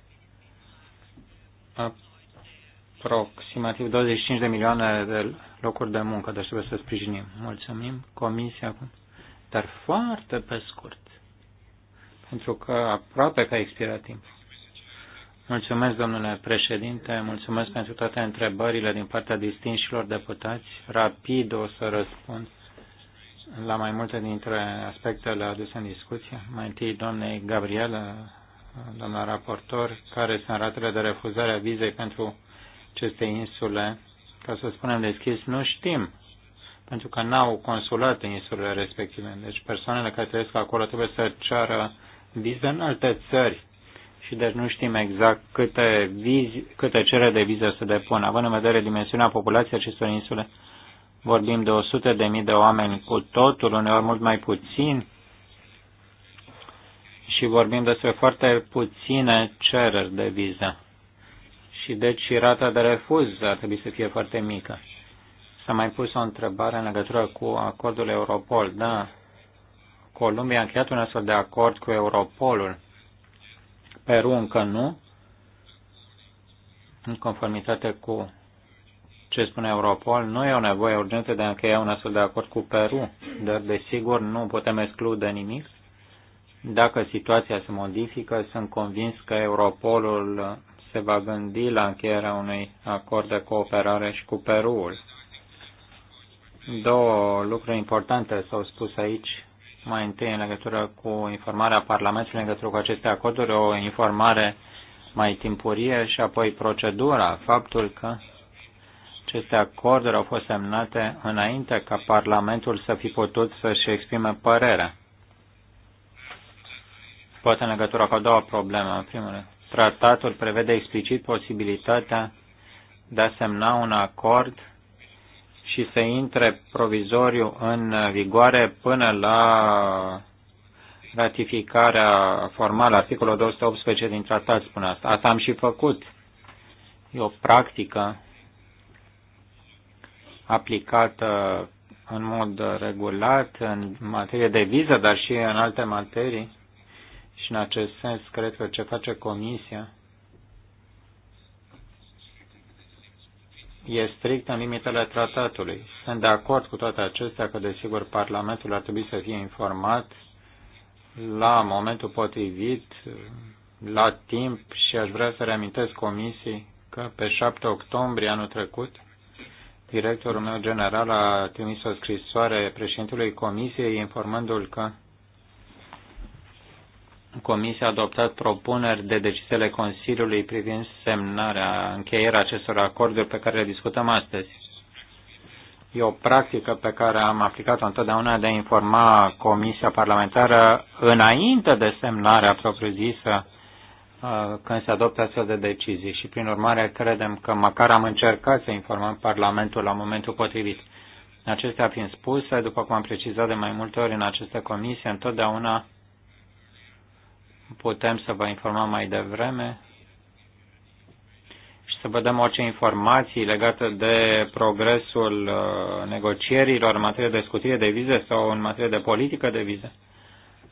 aproximativ 25 de milioane de locuri de muncă, deci trebuie să sprijinim. Mulțumim, Comisia, dar foarte pe scurt, pentru că aproape că a expirat timp. Mulțumesc, domnule președinte, mulțumesc pentru toate întrebările din partea distinșilor deputați. Rapid o să răspund la mai multe dintre aspectele aduse în discuție. Mai întâi, doamnei Gabriela, doamna raportor, care sunt ratele de refuzare a vizei pentru aceste insule ca să spunem deschis, nu știm, pentru că n-au consulat în insulele respective. Deci persoanele care trăiesc acolo trebuie să ceară vize în alte țări și deci nu știm exact câte, vizi, câte cere de viză să depună. Având în vedere dimensiunea populației acestor insule, vorbim de 100 de mii de oameni cu totul, uneori mult mai puțin, și vorbim despre foarte puține cereri de viză și deci rata de refuz ar trebui să fie foarte mică. S-a mai pus o întrebare în legătură cu acordul Europol. Da, Columbia a încheiat un astfel de acord cu Europolul. Peru încă nu, în conformitate cu ce spune Europol, nu e o nevoie urgentă de a încheia un astfel de acord cu Peru, dar desigur nu putem exclude nimic. Dacă situația se modifică, sunt convins că Europolul se va gândi la încheierea unui acord de cooperare și cu Peruul. Două lucruri importante s-au spus aici. Mai întâi, în legătură cu informarea Parlamentului, în legătură cu aceste acorduri, o informare mai timpurie și apoi procedura, faptul că aceste acorduri au fost semnate înainte ca Parlamentul să fi putut să-și exprime părerea. Poate în legătură cu a doua problemă, în primul rând. Tratatul prevede explicit posibilitatea de a semna un acord și să intre provizoriu în vigoare până la ratificarea formală. Articolul 218 din tratat spune asta. Asta am și făcut. E o practică aplicată în mod regulat în materie de viză, dar și în alte materii. Și în acest sens, cred că ce face Comisia e strict în limitele tratatului. Sunt de acord cu toate acestea că, desigur, Parlamentul ar trebui să fie informat la momentul potrivit, la timp și aș vrea să reamintesc Comisiei că pe 7 octombrie anul trecut, directorul meu general a trimis o scrisoare președintelui Comisiei informându-l că Comisia a adoptat propuneri de deciziile Consiliului privind semnarea, încheierea acestor acorduri pe care le discutăm astăzi. E o practică pe care am aplicat-o întotdeauna de a informa Comisia Parlamentară înainte de semnarea propriu-zisă uh, când se adoptă astfel de decizii și, prin urmare, credem că măcar am încercat să informăm Parlamentul la momentul potrivit. Acestea fiind spuse, după cum am precizat de mai multe ori în aceste comisie, întotdeauna putem să vă informăm mai devreme și să vă dăm orice informații legate de progresul uh, negocierilor în materie de scutire de vize sau în materie de politică de vize.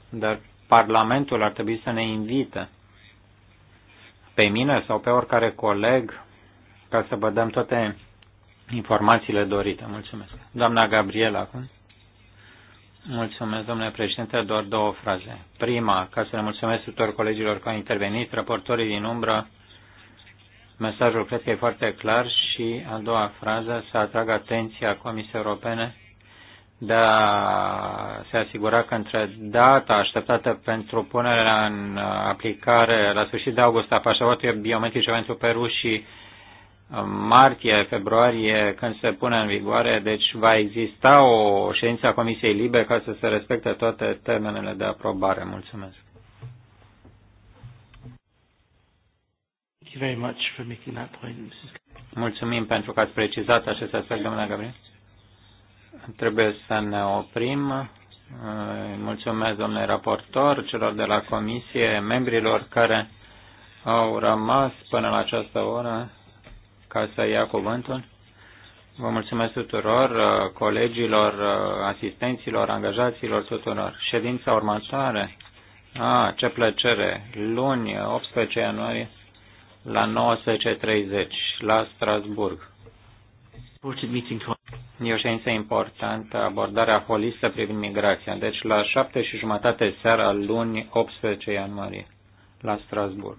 Dar Parlamentul ar trebui să ne invite pe mine sau pe oricare coleg ca să vă dăm toate informațiile dorite. Mulțumesc. Doamna Gabriela acum. Mulțumesc, domnule președinte, doar două fraze. Prima, ca să le mulțumesc tuturor colegilor care au intervenit, raportorii din umbră, mesajul cred că e foarte clar și a doua frază, să atrag atenția Comisiei Europene de a se asigura că între data așteptată pentru punerea în aplicare la sfârșit de august a pașaportului biometrice pentru Peru și martie, februarie, când se pune în vigoare, deci va exista o ședință a Comisiei Libe ca să se respecte toate termenele de aprobare. Mulțumesc. Mulțumim pentru că ați precizat acest aspect, domnule Gabriel. Trebuie să ne oprim. Mulțumesc, domnule raportor, celor de la comisie, membrilor care au rămas până la această oră ca să ia cuvântul. Vă mulțumesc tuturor, uh, colegilor, uh, asistenților, angajaților tuturor. Ședința următoare. Ah, ce plăcere! Luni, 18 ianuarie, la 19.30, la Strasburg. E o ședință importantă, abordarea holistă privind migrația. Deci la 7 și jumătate seara, luni, 18 ianuarie, la Strasburg.